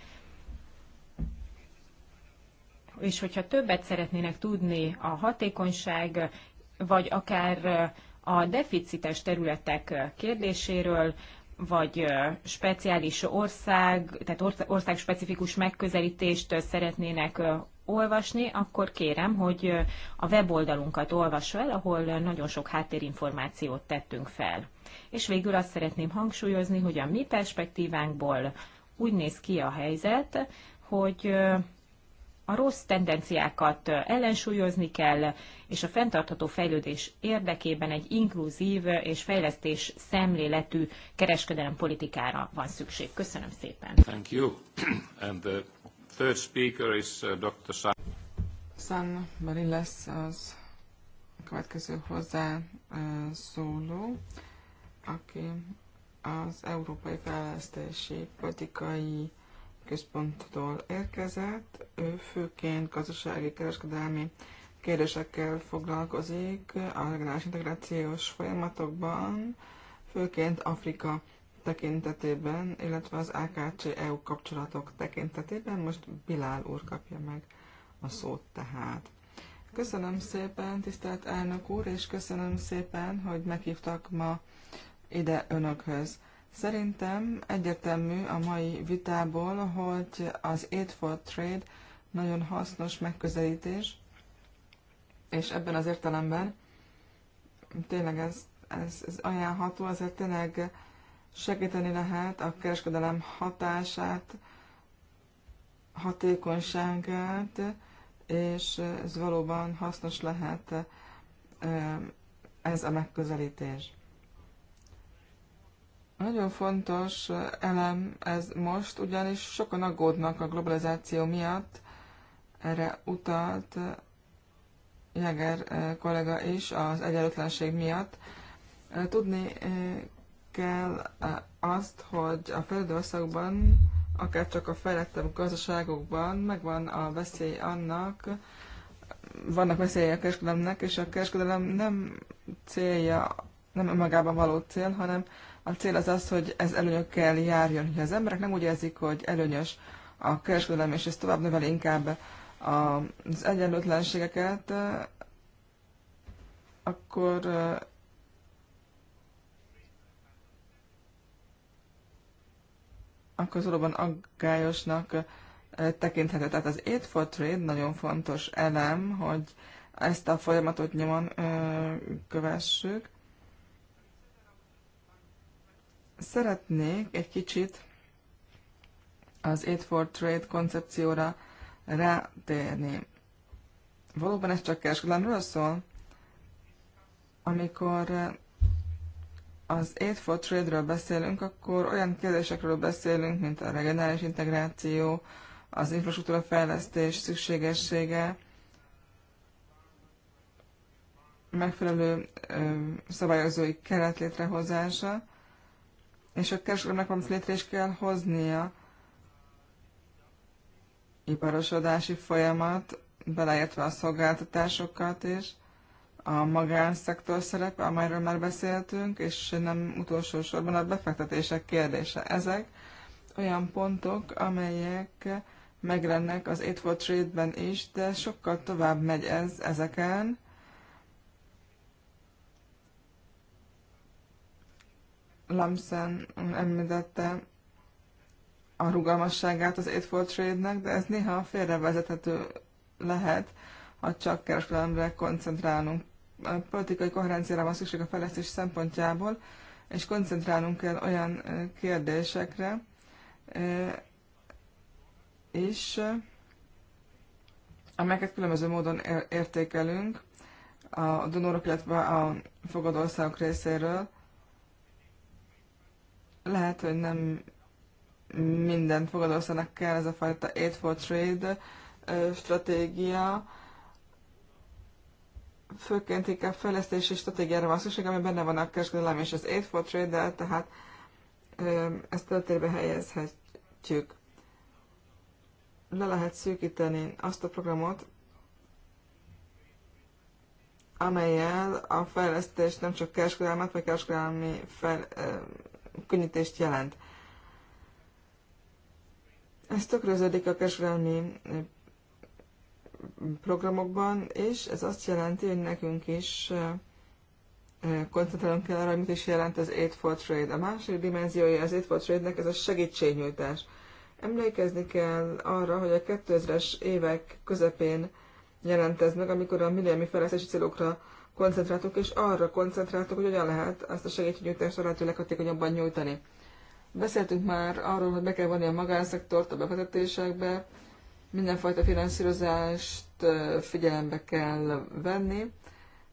és hogyha többet szeretnének tudni a hatékonyság, vagy akár a deficites területek kérdéséről, vagy speciális ország, tehát ország specifikus megközelítést szeretnének olvasni, akkor kérem, hogy a weboldalunkat olvass el, ahol nagyon sok háttérinformációt tettünk fel. És végül azt szeretném hangsúlyozni, hogy a mi perspektívánkból úgy néz ki a helyzet, hogy a rossz tendenciákat ellensúlyozni kell, és a fenntartható fejlődés érdekében egy inkluzív és fejlesztés szemléletű kereskedelem politikára van szükség. Köszönöm szépen. Thank you. *clears throat* And the third speaker is uh, Dr. San. San Marin lesz az a következő hozzá uh, szóló, aki az európai fejlesztési politikai központtól érkezett. Ő főként gazdasági, kereskedelmi kérdésekkel foglalkozik a regionális integrációs folyamatokban, főként Afrika tekintetében, illetve az AKC-EU kapcsolatok tekintetében. Most Bilál úr kapja meg a szót tehát. Köszönöm szépen, tisztelt elnök úr, és köszönöm szépen, hogy meghívtak ma ide önökhöz. Szerintem egyértelmű a mai vitából, hogy az Aid for Trade nagyon hasznos megközelítés, és ebben az értelemben tényleg ez, ez, ez ajánlható, azért tényleg segíteni lehet a kereskedelem hatását, hatékonyságát, és ez valóban hasznos lehet ez a megközelítés. Nagyon fontos elem ez most, ugyanis sokan aggódnak a globalizáció miatt, erre utalt Jeger kollega is az egyenlőtlenség miatt. Tudni kell azt, hogy a fejlődő országokban, akár csak a fejlettebb gazdaságokban megvan a veszély annak, vannak veszélye a kereskedelemnek, és a kereskedelem nem célja, nem önmagában való cél, hanem a cél az az, hogy ez előnyökkel járjon, hogy az emberek nem úgy érzik, hogy előnyös a kereskedelem, és ez tovább növeli inkább az egyenlőtlenségeket, akkor akkor valóban aggályosnak tekinthető. Tehát az Aid for Trade nagyon fontos elem, hogy ezt a folyamatot nyomon kövessük. Szeretnék egy kicsit az Aid for Trade koncepcióra rátérni. Valóban ez csak kereskedelemről szól? Amikor az Aid for Trade-ről beszélünk, akkor olyan kérdésekről beszélünk, mint a regionális integráció, az infrastruktúra fejlesztés szükségessége, megfelelő szabályozói keret létrehozása, és a kereskedelmek valamit létre is kell hoznia. Iparosodási folyamat, beleértve a szolgáltatásokat is, a magánszektor szerepe, amelyről már beszéltünk, és nem utolsó sorban a befektetések kérdése. Ezek olyan pontok, amelyek meglennek az Aid for Trade-ben is, de sokkal tovább megy ez ezeken. Lamsen említette a rugalmasságát az Aid Trade-nek, de ez néha félrevezethető lehet, ha csak kereskedelemre koncentrálunk. A politikai koherenciára van szükség a fejlesztés szempontjából, és koncentrálnunk kell olyan kérdésekre, és amelyeket különböző módon értékelünk a donorok, illetve a fogadó országok részéről, lehet, hogy nem mindent fogadószanak kell ez a fajta 8 for trade stratégia, főként inkább fejlesztési stratégiára van szükség, ami benne van a kereskedelem és az 8 for trade tehát ezt töltérbe helyezhetjük. Le lehet szűkíteni azt a programot, amelyel a fejlesztés nem csak kereskedelmet vagy kereskedelmi fejl- könnyítést jelent. Ez tökröződik a kereskedelmi eh, programokban, és ez azt jelenti, hogy nekünk is eh, eh, koncentrálunk kell arra, mit is jelent az Aid for Trade. A második dimenziója az Aid for Trade-nek ez a segítségnyújtás. Emlékezni kell arra, hogy a 2000-es évek közepén jelent ez meg, amikor a milleniumi fejlesztési célokra koncentráltok, és arra koncentráltok, hogy hogyan lehet ezt a segítségnyújtást a lehető leghatékonyabban nyújtani. Beszéltünk már arról, hogy be kell vonni a magánszektort a befektetésekbe, mindenfajta finanszírozást figyelembe kell venni.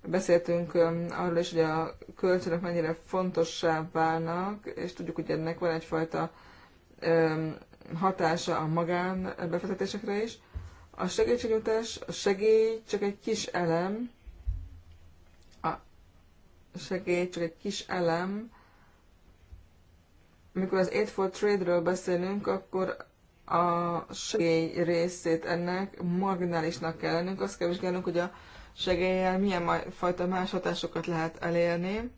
Beszéltünk arról is, hogy a kölcsönök mennyire fontossá válnak, és tudjuk, hogy ennek van egyfajta hatása a magánbefektetésekre is. A segítségnyújtás, a segély csak egy kis elem, segély csak egy kis elem. Amikor az Aid for Trade-ről beszélünk, akkor a segély részét ennek marginálisnak kell lennünk. Azt kell vizsgálnunk, hogy a segélyel milyen fajta más hatásokat lehet elérni.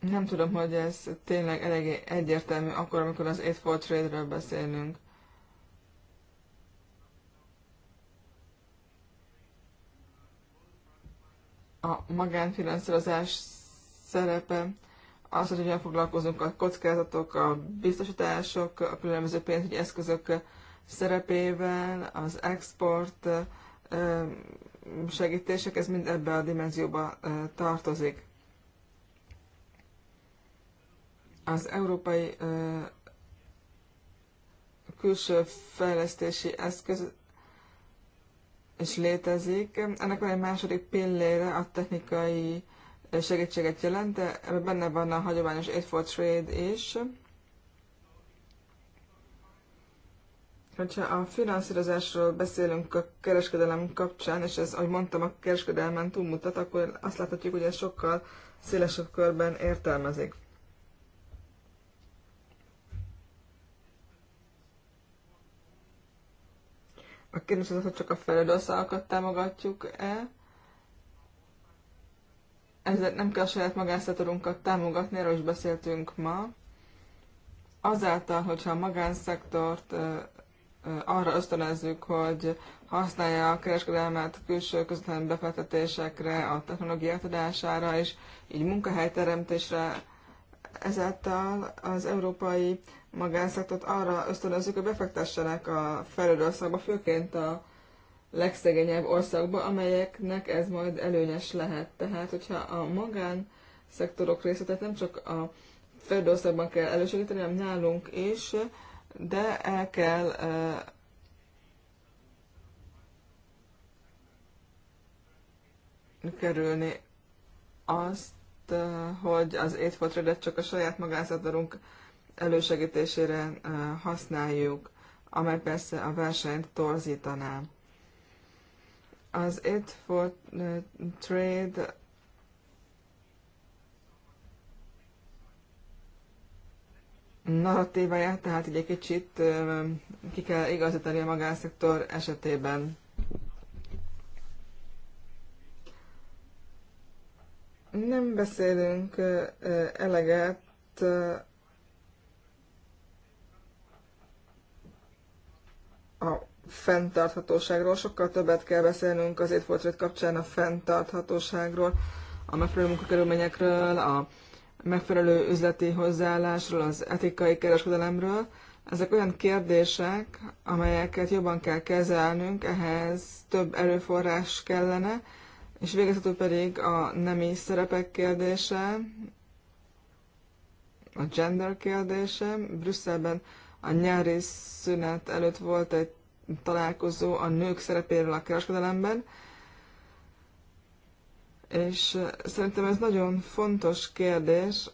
Nem tudom, hogy ez tényleg elég egyértelmű akkor, amikor az Aid for Trade-ről beszélünk. a magánfinanszírozás szerepe, az, hogy hogyan foglalkozunk a kockázatok, a biztosítások, a különböző pénzügyi eszközök szerepével, az export segítések, ez mind ebbe a dimenzióba tartozik. Az európai külső fejlesztési eszköz is létezik. Ennek van egy második pillére, a technikai segítséget jelent, de ebben benne van a hagyományos Aid for Trade is. Hogyha a finanszírozásról beszélünk a kereskedelem kapcsán, és ez, ahogy mondtam, a kereskedelmen túlmutat, akkor azt láthatjuk, hogy ez sokkal szélesebb körben értelmezik. a kérdés az, hogy csak a fejlődő támogatjuk-e. Ezzel nem kell a saját magánszektorunkat támogatni, erről is beszéltünk ma. Azáltal, hogyha a magánszektort arra ösztönözzük, hogy használja a kereskedelmet külső közvetlen befektetésekre, a technológia átadására és így munkahelyteremtésre, ezáltal az európai magánszektort arra ösztönözzük, hogy befektessenek a fejlődő országba, főként a legszegényebb országba, amelyeknek ez majd előnyes lehet. Tehát, hogyha a magánszektorok részletet nem csak a fejlődő országban kell elősegíteni, hanem nálunk is, de el kell kerülni azt, Eh, hogy az étfotrödet csak a saját magánzatorunk elősegítésére eh, használjuk, amely persze a versenyt torzítaná. Az It for Trade narratíváját, tehát egy kicsit eh, ki kell igazítani a magánszektor esetében. Nem beszélünk eleget a fenntarthatóságról, sokkal többet kell beszélnünk az étfoltrét kapcsán a fenntarthatóságról, a megfelelő munkakörülményekről, a megfelelő üzleti hozzáállásról, az etikai kereskedelemről. Ezek olyan kérdések, amelyeket jobban kell kezelnünk, ehhez több erőforrás kellene, és végezetül pedig a nemi szerepek kérdése, a gender kérdése. Brüsszelben a nyári szünet előtt volt egy találkozó a nők szerepéről a kereskedelemben, és szerintem ez nagyon fontos kérdés,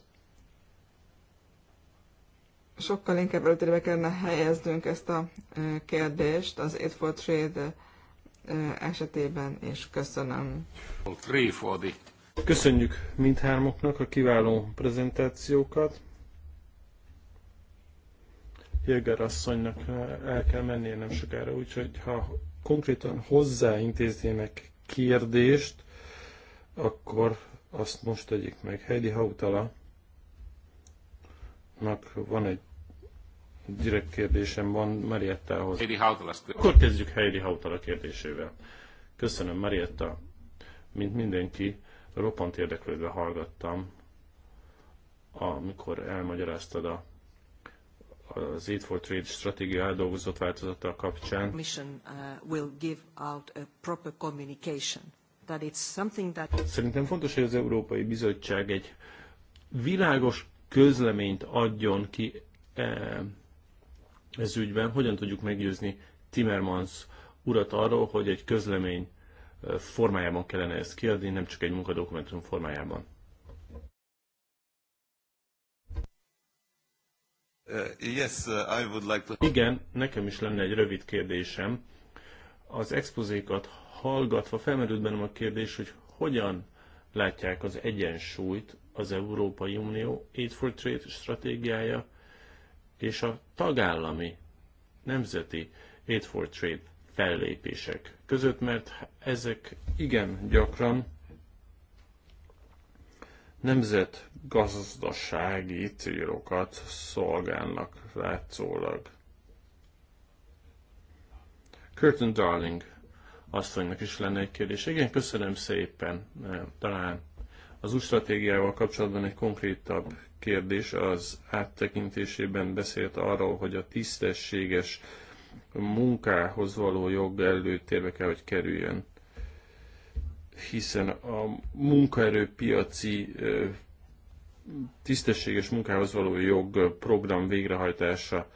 sokkal inkább előtérbe kellene helyeznünk ezt a kérdést az Aid for Trade esetében, és köszönöm. Köszönjük mindhármoknak a kiváló prezentációkat. Jöger asszonynak el kell mennie nem sokára, úgyhogy ha konkrétan hozzáintéznének kérdést, akkor azt most tegyék meg. Heidi Hautala van egy direkt kérdésem van Mariettához. Heidi Hautala. Akkor kezdjük Heidi Hautala kérdésével. Köszönöm, Marietta. Mint mindenki, roppant érdeklődve hallgattam, amikor elmagyaráztad a az Aid for Trade stratégia eldolgozott változata kapcsán. Mission uh, will give out a proper communication. That it's something that... Szerintem fontos, hogy az Európai Bizottság egy világos közleményt adjon ki eh, ez ügyben, hogyan tudjuk meggyőzni Timmermans urat arról, hogy egy közlemény formájában kellene ezt kiadni, nem csak egy munkadokumentum formájában. Uh, yes, uh, I would like to... Igen, nekem is lenne egy rövid kérdésem. Az expozékat hallgatva felmerült bennem a kérdés, hogy hogyan látják az egyensúlyt az Európai Unió Aid for Trade stratégiája és a tagállami nemzeti Aid for Trade fellépések között, mert ezek igen gyakran nemzetgazdasági célokat szolgálnak látszólag. Curtin Darling asszonynak is lenne egy kérdés. Igen, köszönöm szépen, eh, talán az új stratégiával kapcsolatban egy konkrétabb kérdés az áttekintésében beszélt arról, hogy a tisztességes munkához való jog előtérbe kell, hogy kerüljön. Hiszen a munkaerőpiaci tisztességes munkához való jog program végrehajtása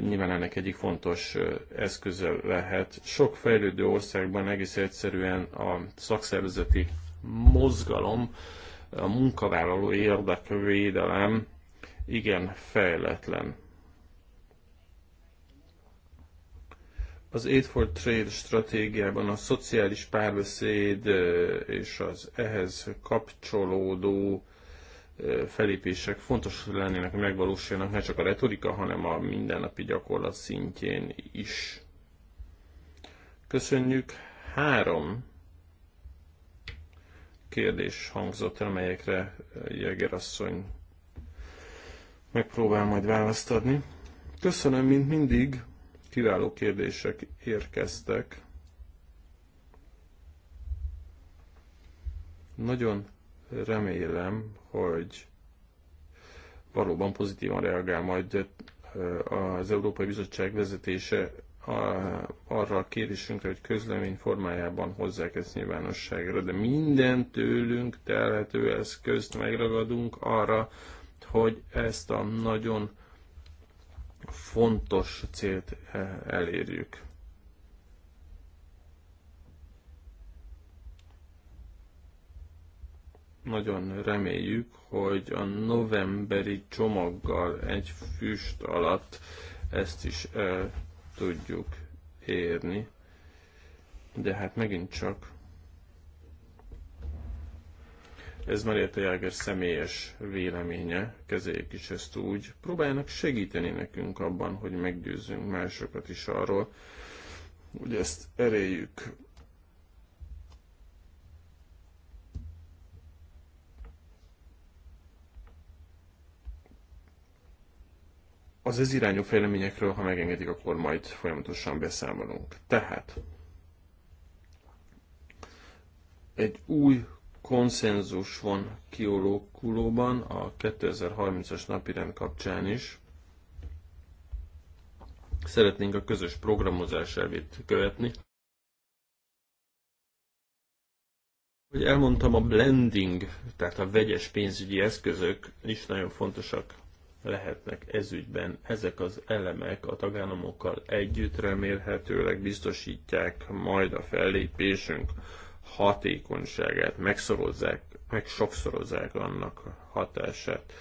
nyilván ennek egyik fontos eszköze lehet. Sok fejlődő országban egész egyszerűen a szakszervezeti mozgalom, a munkavállaló érdekvédelem igen fejletlen. Az Aid for Trade stratégiában a szociális párbeszéd és az ehhez kapcsolódó felépések fontos lennének, hogy megvalósuljanak ne csak a retorika, hanem a mindennapi gyakorlat szintjén is. Köszönjük! Három kérdés hangzott el, melyekre Jeger asszony megpróbál majd választ adni. Köszönöm, mint mindig, kiváló kérdések érkeztek. Nagyon remélem, hogy valóban pozitívan reagál majd az Európai Bizottság vezetése arra a kérésünkre, hogy közlemény formájában hozzák ezt nyilvánosságra, de minden tőlünk telhető eszközt megragadunk arra, hogy ezt a nagyon fontos célt eh, elérjük. Nagyon reméljük, hogy a novemberi csomaggal egy füst alatt ezt is eh, tudjuk érni, de hát megint csak ez Marietta Jáger személyes véleménye, kezeljék is ezt úgy, próbálnak segíteni nekünk abban, hogy meggyőzzünk másokat is arról, hogy ezt eréljük az ez irányú fejleményekről, ha megengedik, akkor majd folyamatosan beszámolunk. Tehát egy új konszenzus van kiolókulóban a 2030-as napirend kapcsán is. Szeretnénk a közös programozás elvét követni. Hogy elmondtam, a blending, tehát a vegyes pénzügyi eszközök is nagyon fontosak lehetnek ezügyben. Ezek az elemek a tagállamokkal együtt remélhetőleg biztosítják majd a fellépésünk hatékonyságát, megszorozzák, meg sokszorozzák annak hatását.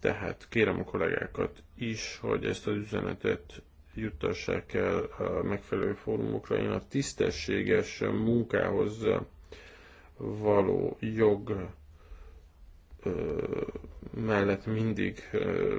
Tehát kérem a kollégákat is, hogy ezt az üzenetet juttassák el a megfelelő fórumokra. Én a tisztességes munkához való jog mellett mindig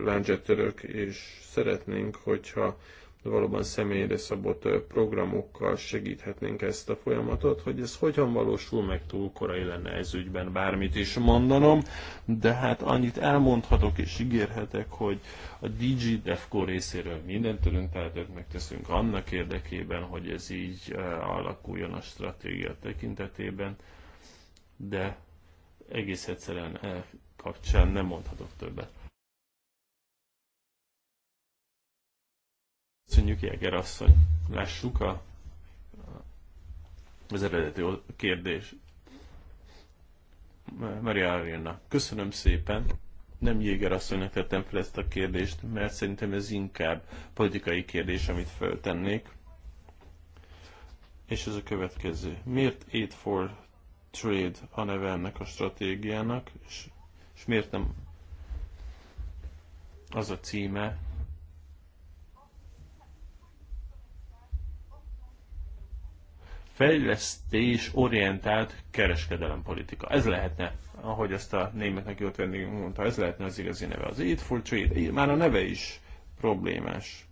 lándzsetörök, és szeretnénk, hogyha valóban személyre szabott programokkal segíthetnénk ezt a folyamatot, hogy ez hogyan valósul meg túl korai lenne ez ügyben bármit is mondanom, de hát annyit elmondhatok és ígérhetek, hogy a DG Defco részéről mindent tőlünk tehetőt megteszünk annak érdekében, hogy ez így alakuljon a stratégia tekintetében, de egész egyszerűen e kapcsán nem mondhatok többet. Köszönjük, Jäger asszony. Lássuk a, az eredeti kérdés. Maria Arena, köszönöm szépen. Nem Jéger asszonynak tettem fel ezt a kérdést, mert szerintem ez inkább politikai kérdés, amit föltennék. És ez a következő. Miért 8 for Trade a neve ennek a stratégiának, és, és miért nem az a címe, fejlesztés orientált kereskedelempolitika. Ez lehetne, ahogy ezt a németnek jött vendégünk mondta, ez lehetne az igazi neve. Az Eat for Trade, már a neve is problémás.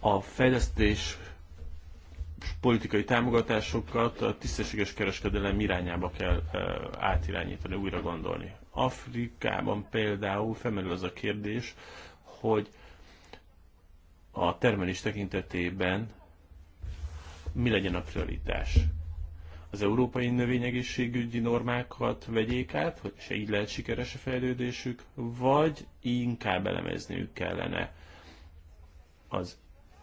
A fejlesztés politikai támogatásokat a tisztességes kereskedelem irányába kell eh, átirányítani, újra gondolni. Afrikában például felmerül az a kérdés, hogy a termelés tekintetében mi legyen a prioritás. Az európai növényegészségügyi normákat vegyék át, hogy se így lehet sikeres a fejlődésük, vagy inkább elemezniük kellene az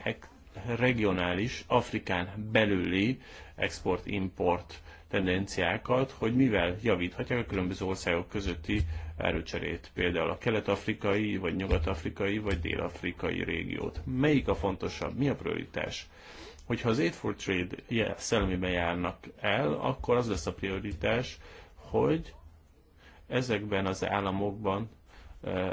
ekt regionális, Afrikán belüli export-import tendenciákat, hogy mivel javíthatják a különböző országok közötti erőcserét, például a kelet-afrikai, vagy nyugat-afrikai, vagy dél-afrikai régiót. Melyik a fontosabb? Mi a prioritás? Hogyha az Aid for Trade szellemében járnak el, akkor az lesz a prioritás, hogy ezekben az államokban eh,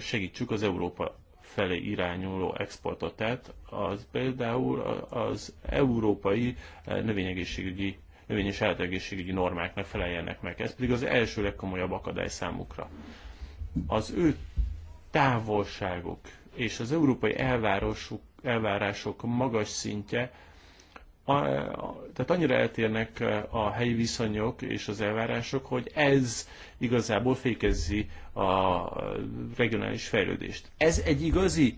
segítsük az Európa felé irányuló exportot tett, az például az európai eh, növényegészségügyi növény és állategészségügyi normáknak feleljenek meg. Ez pedig az első legkomolyabb akadály számukra. Az ő távolságok és az európai elvárások magas szintje a, tehát annyira eltérnek a helyi viszonyok és az elvárások, hogy ez igazából fékezzi a regionális fejlődést. Ez egy igazi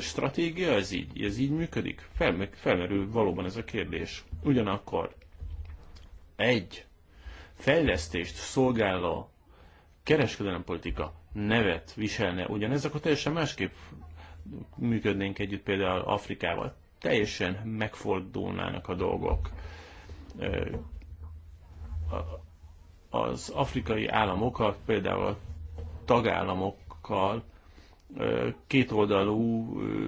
stratégia, ez így, ez így működik? Fel, felmerül valóban ez a kérdés. Ugyanakkor egy fejlesztést szolgáló kereskedelempolitika nevet viselne ugyanez, akkor teljesen másképp működnénk együtt például Afrikával teljesen megfordulnának a dolgok. Az afrikai államokat, például a tagállamokkal kétoldalú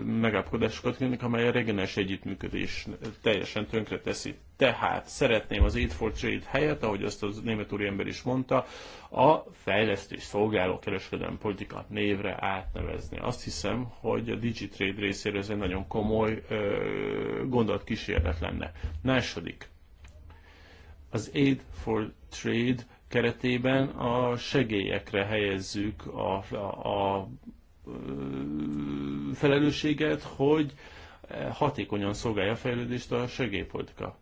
megállapodásokat kérnek, amely a regionális együttműködés teljesen tönkre teszi. Tehát szeretném az Aid for Trade helyett, ahogy azt az német úriember is mondta, a fejlesztés szolgáló kereskedelmi politika névre átnevezni. Azt hiszem, hogy a Digitrade részéről ez egy nagyon komoly ö, gondolatkísérlet lenne. Második. Az Aid for Trade keretében a segélyekre helyezzük a, a, a felelősséget, hogy hatékonyan szolgálja a fejlődést a segélypolitika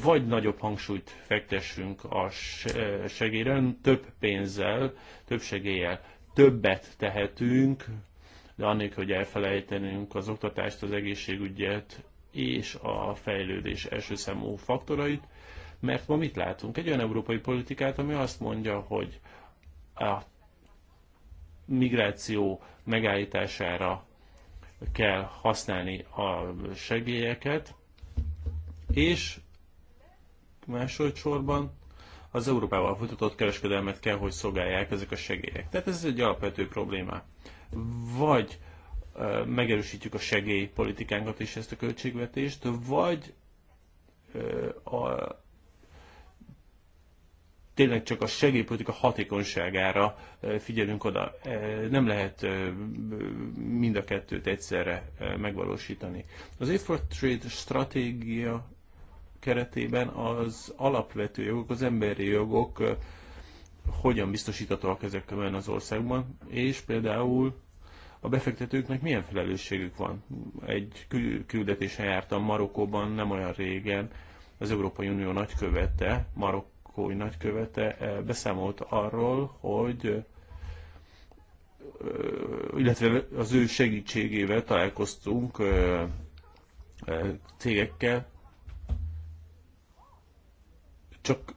vagy nagyobb hangsúlyt fektessünk a segélyre, több pénzzel, több segéllyel többet tehetünk, de annélkül, hogy elfelejtenünk az oktatást, az egészségügyet és a fejlődés elsőszámú faktorait, mert ma mit látunk? Egy olyan európai politikát, ami azt mondja, hogy a migráció megállítására kell használni a segélyeket, és másodszorban az Európával folytatott kereskedelmet kell, hogy szolgálják ezek a segélyek. Tehát ez egy alapvető probléma. Vagy megerősítjük a segélypolitikánkat és ezt a költségvetést, vagy a, tényleg csak a segélypolitika hatékonyságára figyelünk oda. Nem lehet mind a kettőt egyszerre megvalósítani. Az Effort Trade stratégia keretében az alapvető jogok, az emberi jogok hogyan biztosíthatóak ezekben az országban, és például a befektetőknek milyen felelősségük van. Egy küldetésen jártam Marokkóban nem olyan régen, az Európai Unió nagykövete, marokkói nagykövete beszámolt arról, hogy illetve az ő segítségével találkoztunk cégekkel, csak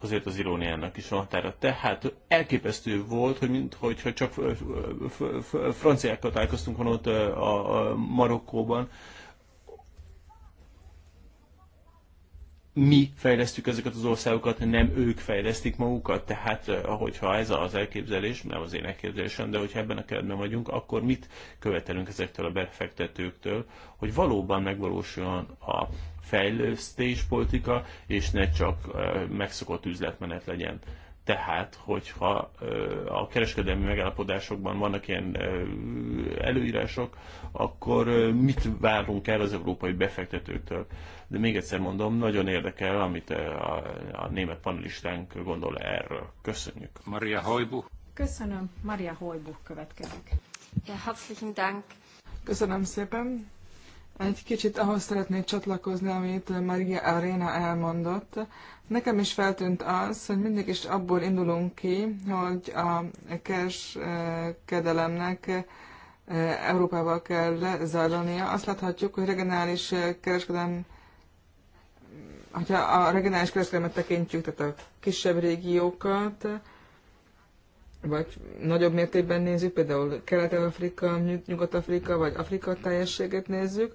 azért az iróniának is van határa. Tehát elképesztő volt, hogy mintha csak franciákkal találkoztunk volna ott a, a Marokkóban, mi fejlesztjük ezeket az országokat, nem ők fejlesztik magukat. Tehát eh, ahogyha ez az elképzelés, nem az én elképzelésem, de hogyha ebben a keretben vagyunk, akkor mit követelünk ezektől a befektetőktől, hogy valóban megvalósuljon a fejlesztéspolitika, és ne csak eh, megszokott üzletmenet legyen. Tehát, hogyha a kereskedelmi megállapodásokban vannak ilyen előírások, akkor mit várunk el az európai befektetőktől? De még egyszer mondom, nagyon érdekel, amit a, a német panelistánk gondol erről. Köszönjük. Maria Hojbu. Köszönöm. Maria Hojbu következik. Ja, herzlichen Dank. Köszönöm szépen. Egy kicsit ahhoz szeretnék csatlakozni, amit Maria Arena elmondott. Nekem is feltűnt az, hogy mindig is abból indulunk ki, hogy a kedelemnek e, Európával kell lezajlania. Azt láthatjuk, hogy regionális kereskedelem, hogyha a regionális kereskedelmet tekintjük, tehát a kisebb régiókat, vagy nagyobb mértékben nézzük, például Kelet-Afrika, Nyugat-Afrika, vagy Afrika teljességet nézzük,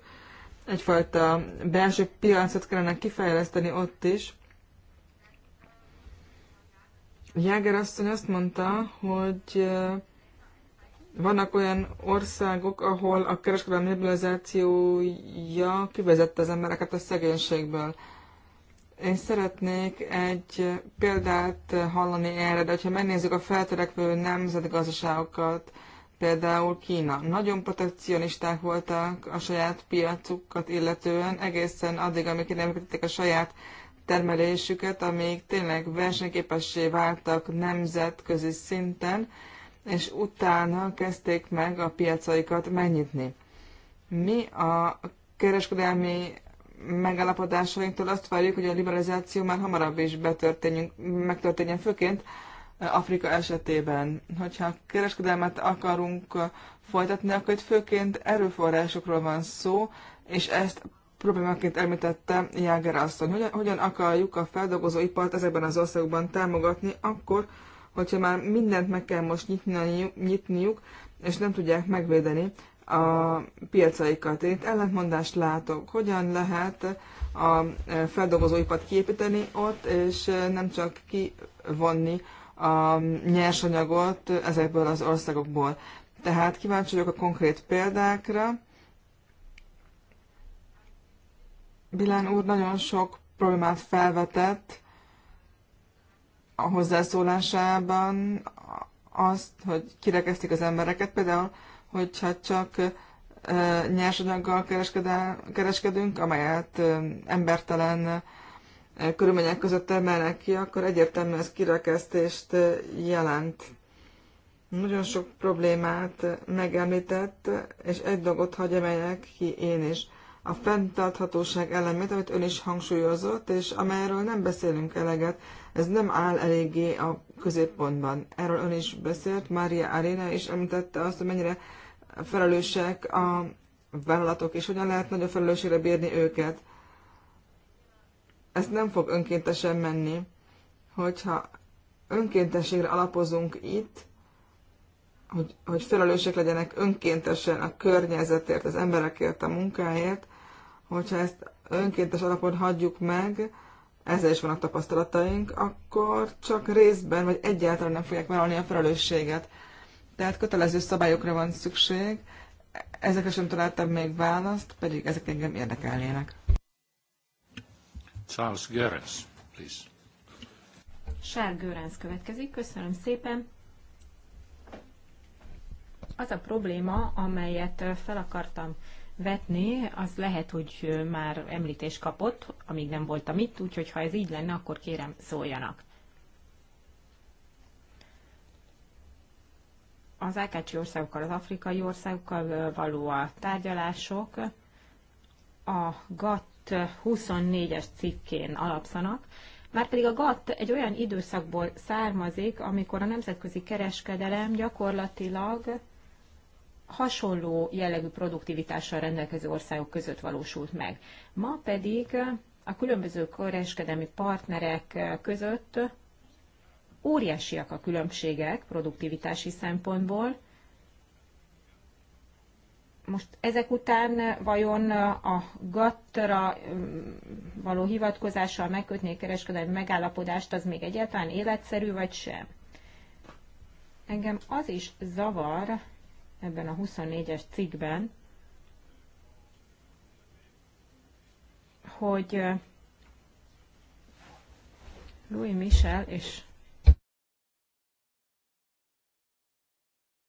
egyfajta belső piacot kellene kifejleszteni ott is. Jáger asszony azt mondta, hogy vannak olyan országok, ahol a kereskedelmi liberalizációja kivezette az embereket a szegénységből. Én szeretnék egy példát hallani erre, de ha megnézzük a feltörekvő nemzetgazdaságokat, például Kína. Nagyon protekcionisták voltak a saját piacukat illetően, egészen addig, amíg kinemítették a saját termelésüket, amíg tényleg versenyképessé váltak nemzetközi szinten, és utána kezdték meg a piacaikat megnyitni. Mi a kereskedelmi megállapodásainktól azt várjuk, hogy a liberalizáció már hamarabb is betörténjünk, megtörténjen, főként eh, Afrika esetében. Hogyha kereskedelmet akarunk eh, folytatni, akkor itt főként erőforrásokról van szó, és ezt problémaként említette Jáger asszony. Hogyan, hogyan akarjuk a feldolgozóipart ezekben az országokban támogatni, akkor, hogyha már mindent meg kell most nyitni, nyitniuk, és nem tudják megvédeni a piacaikat. Én itt ellentmondást látok. Hogyan lehet a feldolgozóipat kiépíteni ott, és nem csak kivonni a nyersanyagot ezekből az országokból. Tehát kíváncsi vagyok a konkrét példákra. Bilán úr nagyon sok problémát felvetett a hozzászólásában, azt, hogy kirekezték az embereket, például hogyha csak nyersanyaggal kereskedünk, amelyet embertelen körülmények között termelnek ki, akkor egyértelmű ez kirekesztést jelent. Nagyon sok problémát megemlített, és egy dolgot hagy emeljek ki én is a fenntarthatóság elemét, amit ön is hangsúlyozott, és amelyről nem beszélünk eleget, ez nem áll eléggé a középpontban. Erről ön is beszélt, Mária Arena is említette azt, hogy mennyire felelősek a vállalatok, és hogyan lehet nagyobb felelősségre bírni őket. Ez nem fog önkéntesen menni. Hogyha önkéntességre alapozunk itt, hogy, hogy felelősek legyenek önkéntesen a környezetért, az emberekért, a munkáért, hogyha ezt önkéntes alapon hagyjuk meg, ezzel is vannak tapasztalataink, akkor csak részben, vagy egyáltalán nem fogják vállalni a felelősséget. Tehát kötelező szabályokra van szükség, ezekre sem találtam még választ, pedig ezek engem érdekelnének. Charles Görens, please. Charles Görens következik, köszönöm szépen az a probléma, amelyet fel akartam vetni, az lehet, hogy már említés kapott, amíg nem voltam itt, úgyhogy ha ez így lenne, akkor kérem szóljanak. Az Ákácsi országokkal, az afrikai országokkal való a tárgyalások a GATT 24-es cikkén alapszanak, Már pedig a GATT egy olyan időszakból származik, amikor a nemzetközi kereskedelem gyakorlatilag hasonló jellegű produktivitással rendelkező országok között valósult meg. Ma pedig a különböző kereskedelmi partnerek között óriásiak a különbségek produktivitási szempontból. Most ezek után vajon a GATT-ra mm, való hivatkozással megkötni kereskedelmi megállapodást, az még egyáltalán életszerű, vagy sem? Engem az is zavar, ebben a 24-es cikkben, hogy Louis Michel és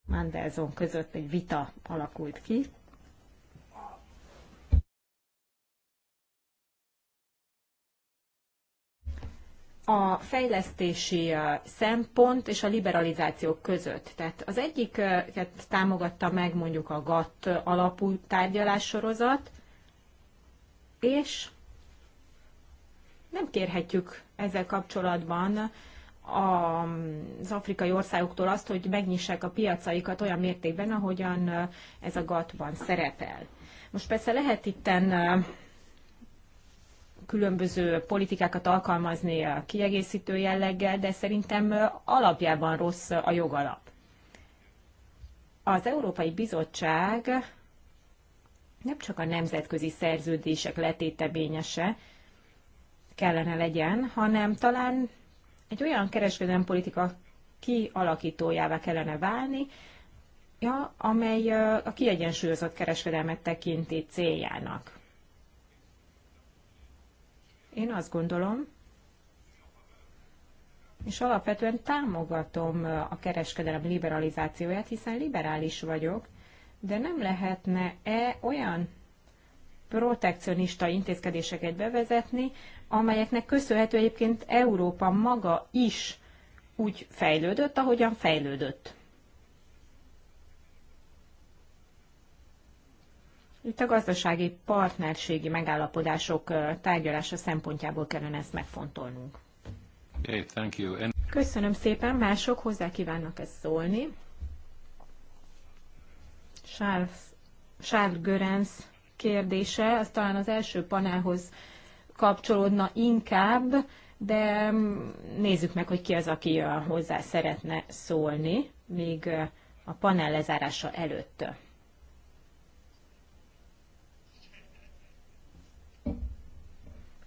Mandelson között egy vita alakult ki, a fejlesztési szempont és a liberalizáció között. Tehát az egyiket támogatta meg mondjuk a GATT alapú tárgyalássorozat, és nem kérhetjük ezzel kapcsolatban az afrikai országoktól azt, hogy megnyissák a piacaikat olyan mértékben, ahogyan ez a GATT-ban szerepel. Most persze lehet itten különböző politikákat alkalmazni a kiegészítő jelleggel, de szerintem alapjában rossz a jogalap. Az Európai Bizottság nem csak a nemzetközi szerződések letéteményese kellene legyen, hanem talán egy olyan kereskedelmi politika kialakítójává kellene válni, ja, amely a kiegyensúlyozott kereskedelmet tekinti céljának. Én azt gondolom, és alapvetően támogatom a kereskedelem liberalizációját, hiszen liberális vagyok, de nem lehetne-e olyan protekcionista intézkedéseket bevezetni, amelyeknek köszönhető egyébként Európa maga is úgy fejlődött, ahogyan fejlődött. Itt a gazdasági partnerségi megállapodások tárgyalása szempontjából kellene ezt megfontolnunk. Okay, thank you. And... Köszönöm szépen, mások hozzá kívánnak ezt szólni. Charles, Charles Görens kérdése, az talán az első panelhoz kapcsolódna inkább, de mm, nézzük meg, hogy ki az, aki hozzá szeretne szólni, még a panel lezárása előtt.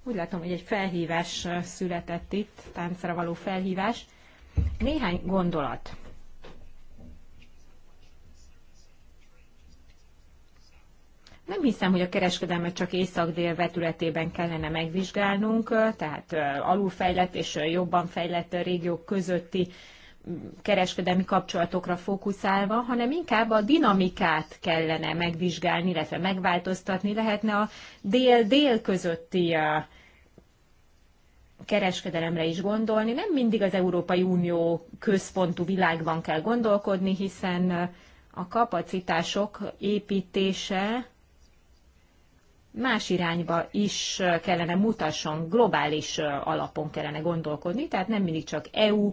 Úgy látom, hogy egy felhívás született itt, táncra való felhívás. Néhány gondolat. Nem hiszem, hogy a kereskedelmet csak észak-dél vetületében kellene megvizsgálnunk, tehát alulfejlett és jobban fejlett régiók közötti kereskedelmi kapcsolatokra fókuszálva, hanem inkább a dinamikát kellene megvizsgálni, illetve megváltoztatni lehetne a dél-dél közötti uh, kereskedelemre is gondolni. Nem mindig az Európai Unió központú világban kell gondolkodni, hiszen uh, a kapacitások építése más irányba is uh, kellene mutasson, globális alapon kellene gondolkodni, tehát nem mindig csak EU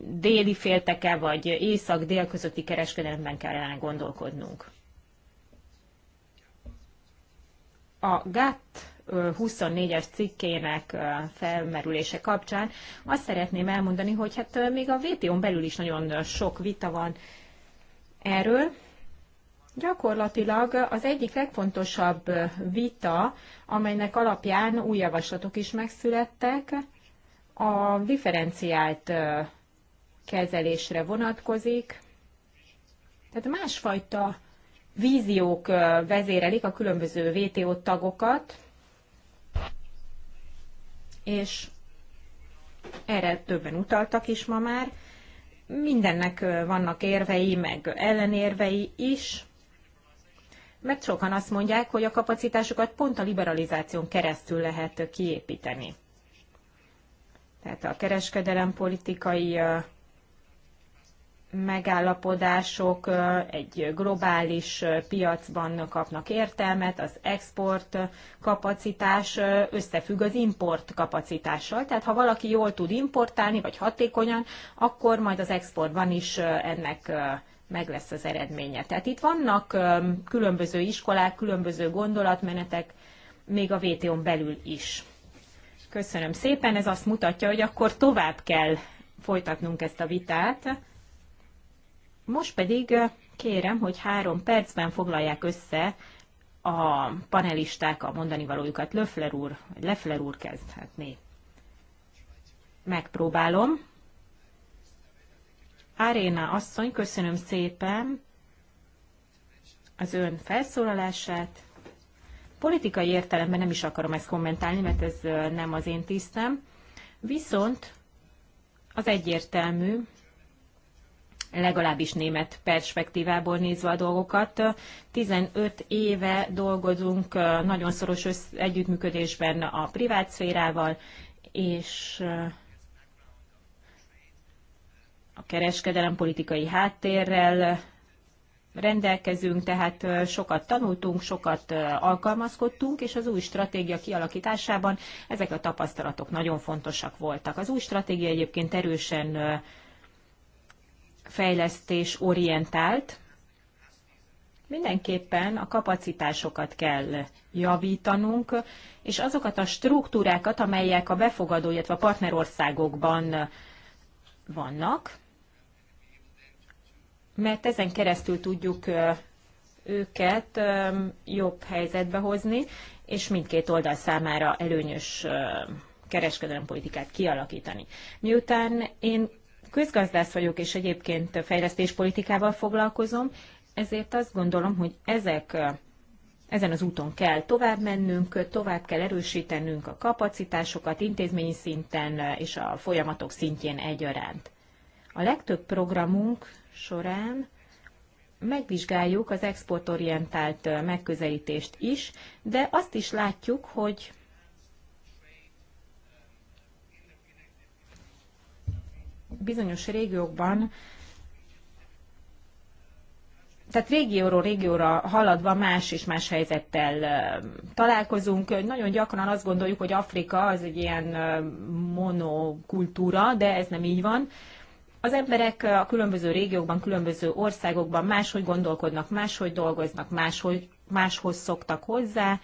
déli félteke vagy észak-dél közötti kereskedelemben kellene gondolkodnunk. A GATT 24-es cikkének felmerülése kapcsán azt szeretném elmondani, hogy hát még a WTO-n belül is nagyon sok vita van erről. Gyakorlatilag az egyik legfontosabb vita, amelynek alapján új javaslatok is megszülettek, a differenciált kezelésre vonatkozik, tehát másfajta víziók vezérelik a különböző VTO tagokat, és erre többen utaltak is ma már. Mindennek vannak érvei, meg ellenérvei is, mert sokan azt mondják, hogy a kapacitásokat pont a liberalizáción keresztül lehet kiépíteni tehát a kereskedelempolitikai megállapodások egy globális piacban kapnak értelmet, az export kapacitás összefügg az import kapacitással. Tehát ha valaki jól tud importálni, vagy hatékonyan, akkor majd az exportban is ennek meg lesz az eredménye. Tehát itt vannak különböző iskolák, különböző gondolatmenetek, még a wto n belül is. Köszönöm szépen, ez azt mutatja, hogy akkor tovább kell folytatnunk ezt a vitát. Most pedig kérem, hogy három percben foglalják össze a panelisták a mondani valójukat. Löffler úr, Leffler úr kezdhetné. Megpróbálom. Aréna asszony, köszönöm szépen az ön felszólalását. Politikai értelemben nem is akarom ezt kommentálni, mert ez nem az én tisztem. Viszont az egyértelmű, legalábbis német perspektívából nézve a dolgokat. 15 éve dolgozunk nagyon szoros együttműködésben a privát szférával, és a kereskedelem politikai háttérrel rendelkezünk, tehát sokat tanultunk, sokat alkalmazkodtunk, és az új stratégia kialakításában ezek a tapasztalatok nagyon fontosak voltak. Az új stratégia egyébként erősen fejlesztés orientált, Mindenképpen a kapacitásokat kell javítanunk, és azokat a struktúrákat, amelyek a befogadó, illetve a partnerországokban vannak, mert ezen keresztül tudjuk őket jobb helyzetbe hozni, és mindkét oldal számára előnyös kereskedelempolitikát kialakítani. Miután én közgazdász vagyok, és egyébként fejlesztéspolitikával foglalkozom, ezért azt gondolom, hogy ezek ezen az úton kell tovább mennünk, tovább kell erősítenünk a kapacitásokat intézményi szinten és a folyamatok szintjén egyaránt. A legtöbb programunk során megvizsgáljuk az exportorientált megközelítést is, de azt is látjuk, hogy bizonyos régiókban, tehát régióról régióra haladva más és más helyzettel találkozunk. Nagyon gyakran azt gondoljuk, hogy Afrika az egy ilyen monokultúra, de ez nem így van. Az emberek eh, a különböző régiókban, különböző országokban máshogy gondolkodnak, máshogy dolgoznak, máshogy, máshoz szoktak hozzá,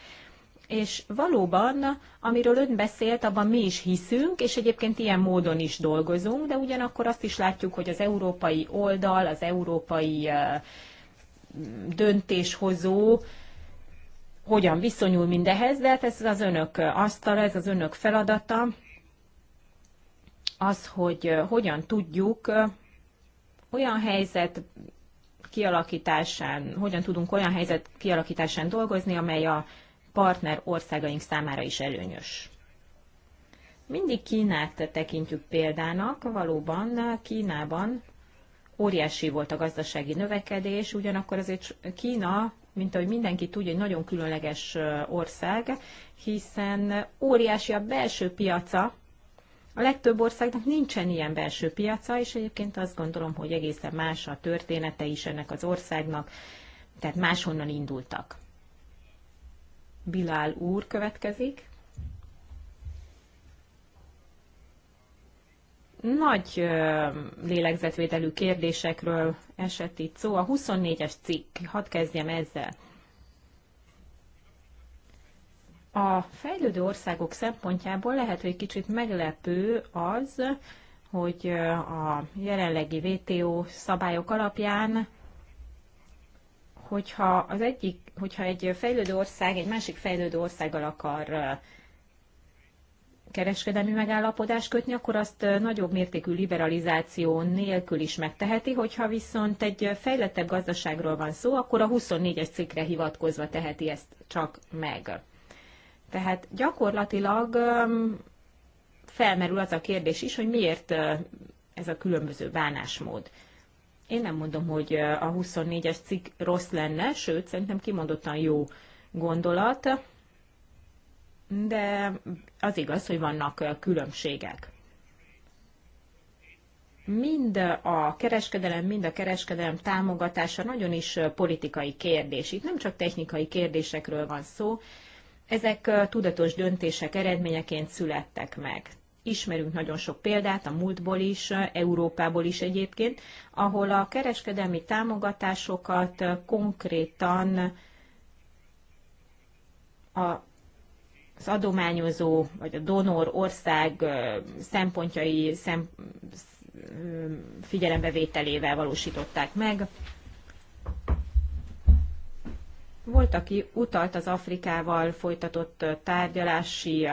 és valóban, amiről ön beszélt, abban mi is hiszünk, és egyébként ilyen módon is dolgozunk, de ugyanakkor azt is látjuk, hogy az európai oldal, az európai eh, döntéshozó hogyan viszonyul mindehez, de hát ez az önök asztala, ez az önök feladata, az, hogy hogyan tudjuk olyan helyzet kialakításán, hogyan tudunk olyan helyzet kialakításán dolgozni, amely a partner országaink számára is előnyös. Mindig Kínát tekintjük példának, valóban Kínában óriási volt a gazdasági növekedés, ugyanakkor azért Kína, mint ahogy mindenki tudja, egy nagyon különleges ország, hiszen óriási a belső piaca, a legtöbb országnak nincsen ilyen belső piaca, és egyébként azt gondolom, hogy egészen más a története is ennek az országnak, tehát máshonnan indultak. Bilál úr következik. Nagy lélegzetvételű kérdésekről esett itt szó. A 24-es cikk, hadd kezdjem ezzel. A fejlődő országok szempontjából lehet, hogy kicsit meglepő az, hogy a jelenlegi WTO szabályok alapján, hogyha, az egyik, hogyha egy fejlődő ország egy másik fejlődő országgal akar kereskedelmi megállapodást kötni, akkor azt nagyobb mértékű liberalizáció nélkül is megteheti, hogyha viszont egy fejlettebb gazdaságról van szó, akkor a 24-es cikkre hivatkozva teheti ezt csak meg. Tehát gyakorlatilag felmerül az a kérdés is, hogy miért ez a különböző bánásmód. Én nem mondom, hogy a 24-es cikk rossz lenne, sőt, szerintem kimondottan jó gondolat, de az igaz, hogy vannak különbségek. Mind a kereskedelem, mind a kereskedelem támogatása nagyon is politikai kérdés. Itt nem csak technikai kérdésekről van szó, ezek tudatos döntések eredményeként születtek meg. Ismerünk nagyon sok példát a múltból is, Európából is egyébként, ahol a kereskedelmi támogatásokat konkrétan a az adományozó vagy a donor ország szempontjai szem, figyelembevételével valósították meg. Volt, aki utalt az Afrikával folytatott tárgyalási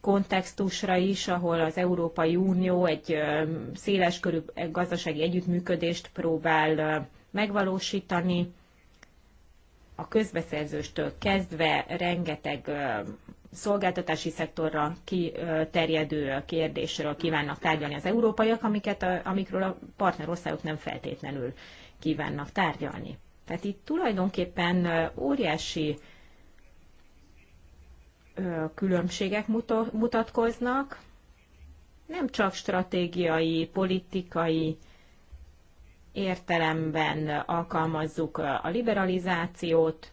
kontextusra is, ahol az Európai Unió egy széleskörű gazdasági együttműködést próbál megvalósítani. A közbeszerzőstől kezdve rengeteg szolgáltatási szektorra kiterjedő kérdésről kívánnak tárgyalni az európaiak, amiket, amikről a partnerországok nem feltétlenül kívánnak tárgyalni. Tehát itt tulajdonképpen óriási különbségek mutatkoznak, nem csak stratégiai, politikai értelemben alkalmazzuk a liberalizációt,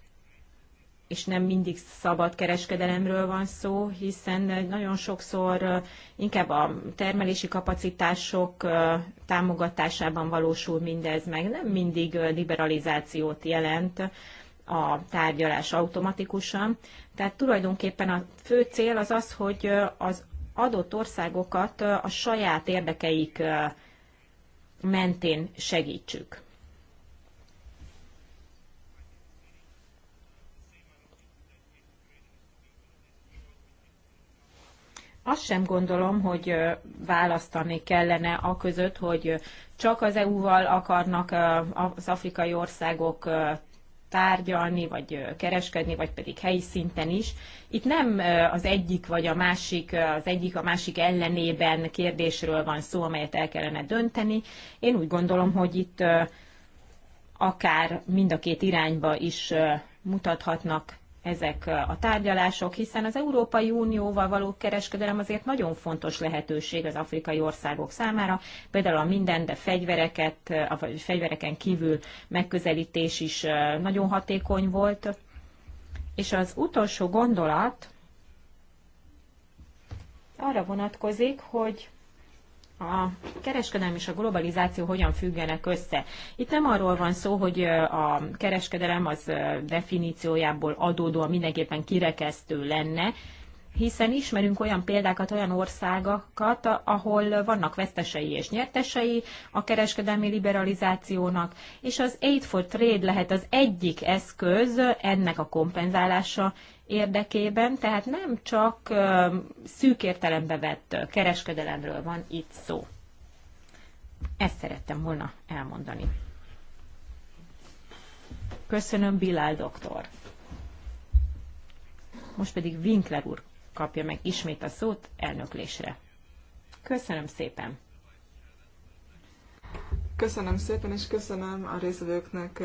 és nem mindig szabad kereskedelemről van szó, hiszen eh, nagyon sokszor eh, inkább a termelési kapacitások eh, támogatásában valósul mindez meg. Nem mindig liberalizációt jelent a tárgyalás automatikusan. Tehát tulajdonképpen a fő cél az az, hogy az adott országokat a saját érdekeik mentén segítsük. Azt sem gondolom, hogy választani kellene a között, hogy csak az EU-val akarnak az afrikai országok tárgyalni, vagy kereskedni, vagy pedig helyi szinten is. Itt nem az egyik vagy a másik, az egyik a másik ellenében kérdésről van szó, amelyet el kellene dönteni. Én úgy gondolom, hogy itt akár mind a két irányba is mutathatnak ezek a tárgyalások, hiszen az Európai Unióval való kereskedelem azért nagyon fontos lehetőség az afrikai országok számára, például a minden, de fegyvereket, vagy fegyvereken kívül megközelítés is nagyon hatékony volt. És az utolsó gondolat arra vonatkozik, hogy a kereskedelem és a globalizáció hogyan függenek össze. Itt nem arról van szó, hogy a kereskedelem az definíciójából adódóan mindenképpen kirekesztő lenne, hiszen ismerünk olyan példákat, olyan országokat, ahol vannak vesztesei és nyertesei a kereskedelmi liberalizációnak, és az Aid for Trade lehet az egyik eszköz ennek a kompenzálása érdekében, tehát nem csak szűk értelembe vett kereskedelemről van itt szó. Ezt szerettem volna elmondani. Köszönöm, Bilal doktor. Most pedig Winkler úr kapja meg ismét a szót elnöklésre. Köszönöm szépen! Köszönöm szépen, és köszönöm a részvevőknek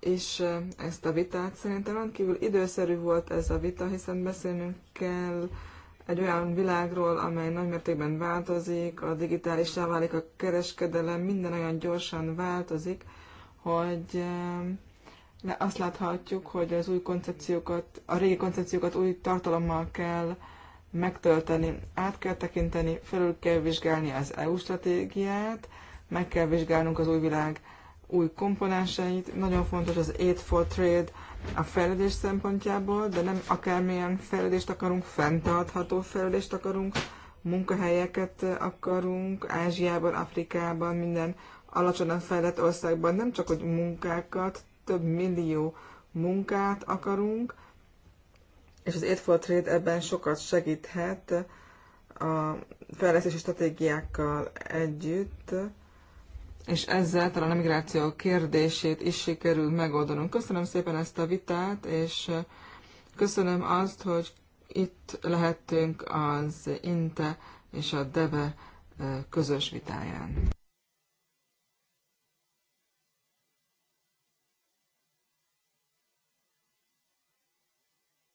is ezt a vitát. Szerintem rendkívül időszerű volt ez a vita, hiszen beszélnünk kell egy olyan világról, amely nagymértékben változik, a digitálisá válik a kereskedelem, minden olyan gyorsan változik, hogy azt láthatjuk, hogy az új koncepciókat, a régi koncepciókat új tartalommal kell megtölteni, át kell tekinteni, felül kell vizsgálni az EU stratégiát, meg kell vizsgálnunk az új világ új komponenseit. Nagyon fontos az Aid for Trade a fejlődés szempontjából, de nem akármilyen fejlődést akarunk, fenntartható fejlődést akarunk, munkahelyeket akarunk Ázsiában, Afrikában, minden alacsonyan fejlett országban, nem csak, hogy munkákat, több millió munkát akarunk, és az Aid for Trade ebben sokat segíthet a fejlesztési stratégiákkal együtt és ezzel talán a migráció kérdését is sikerül megoldanunk. Köszönöm szépen ezt a vitát, és köszönöm azt, hogy itt lehettünk az INTE és a DEVE eh, közös vitáján.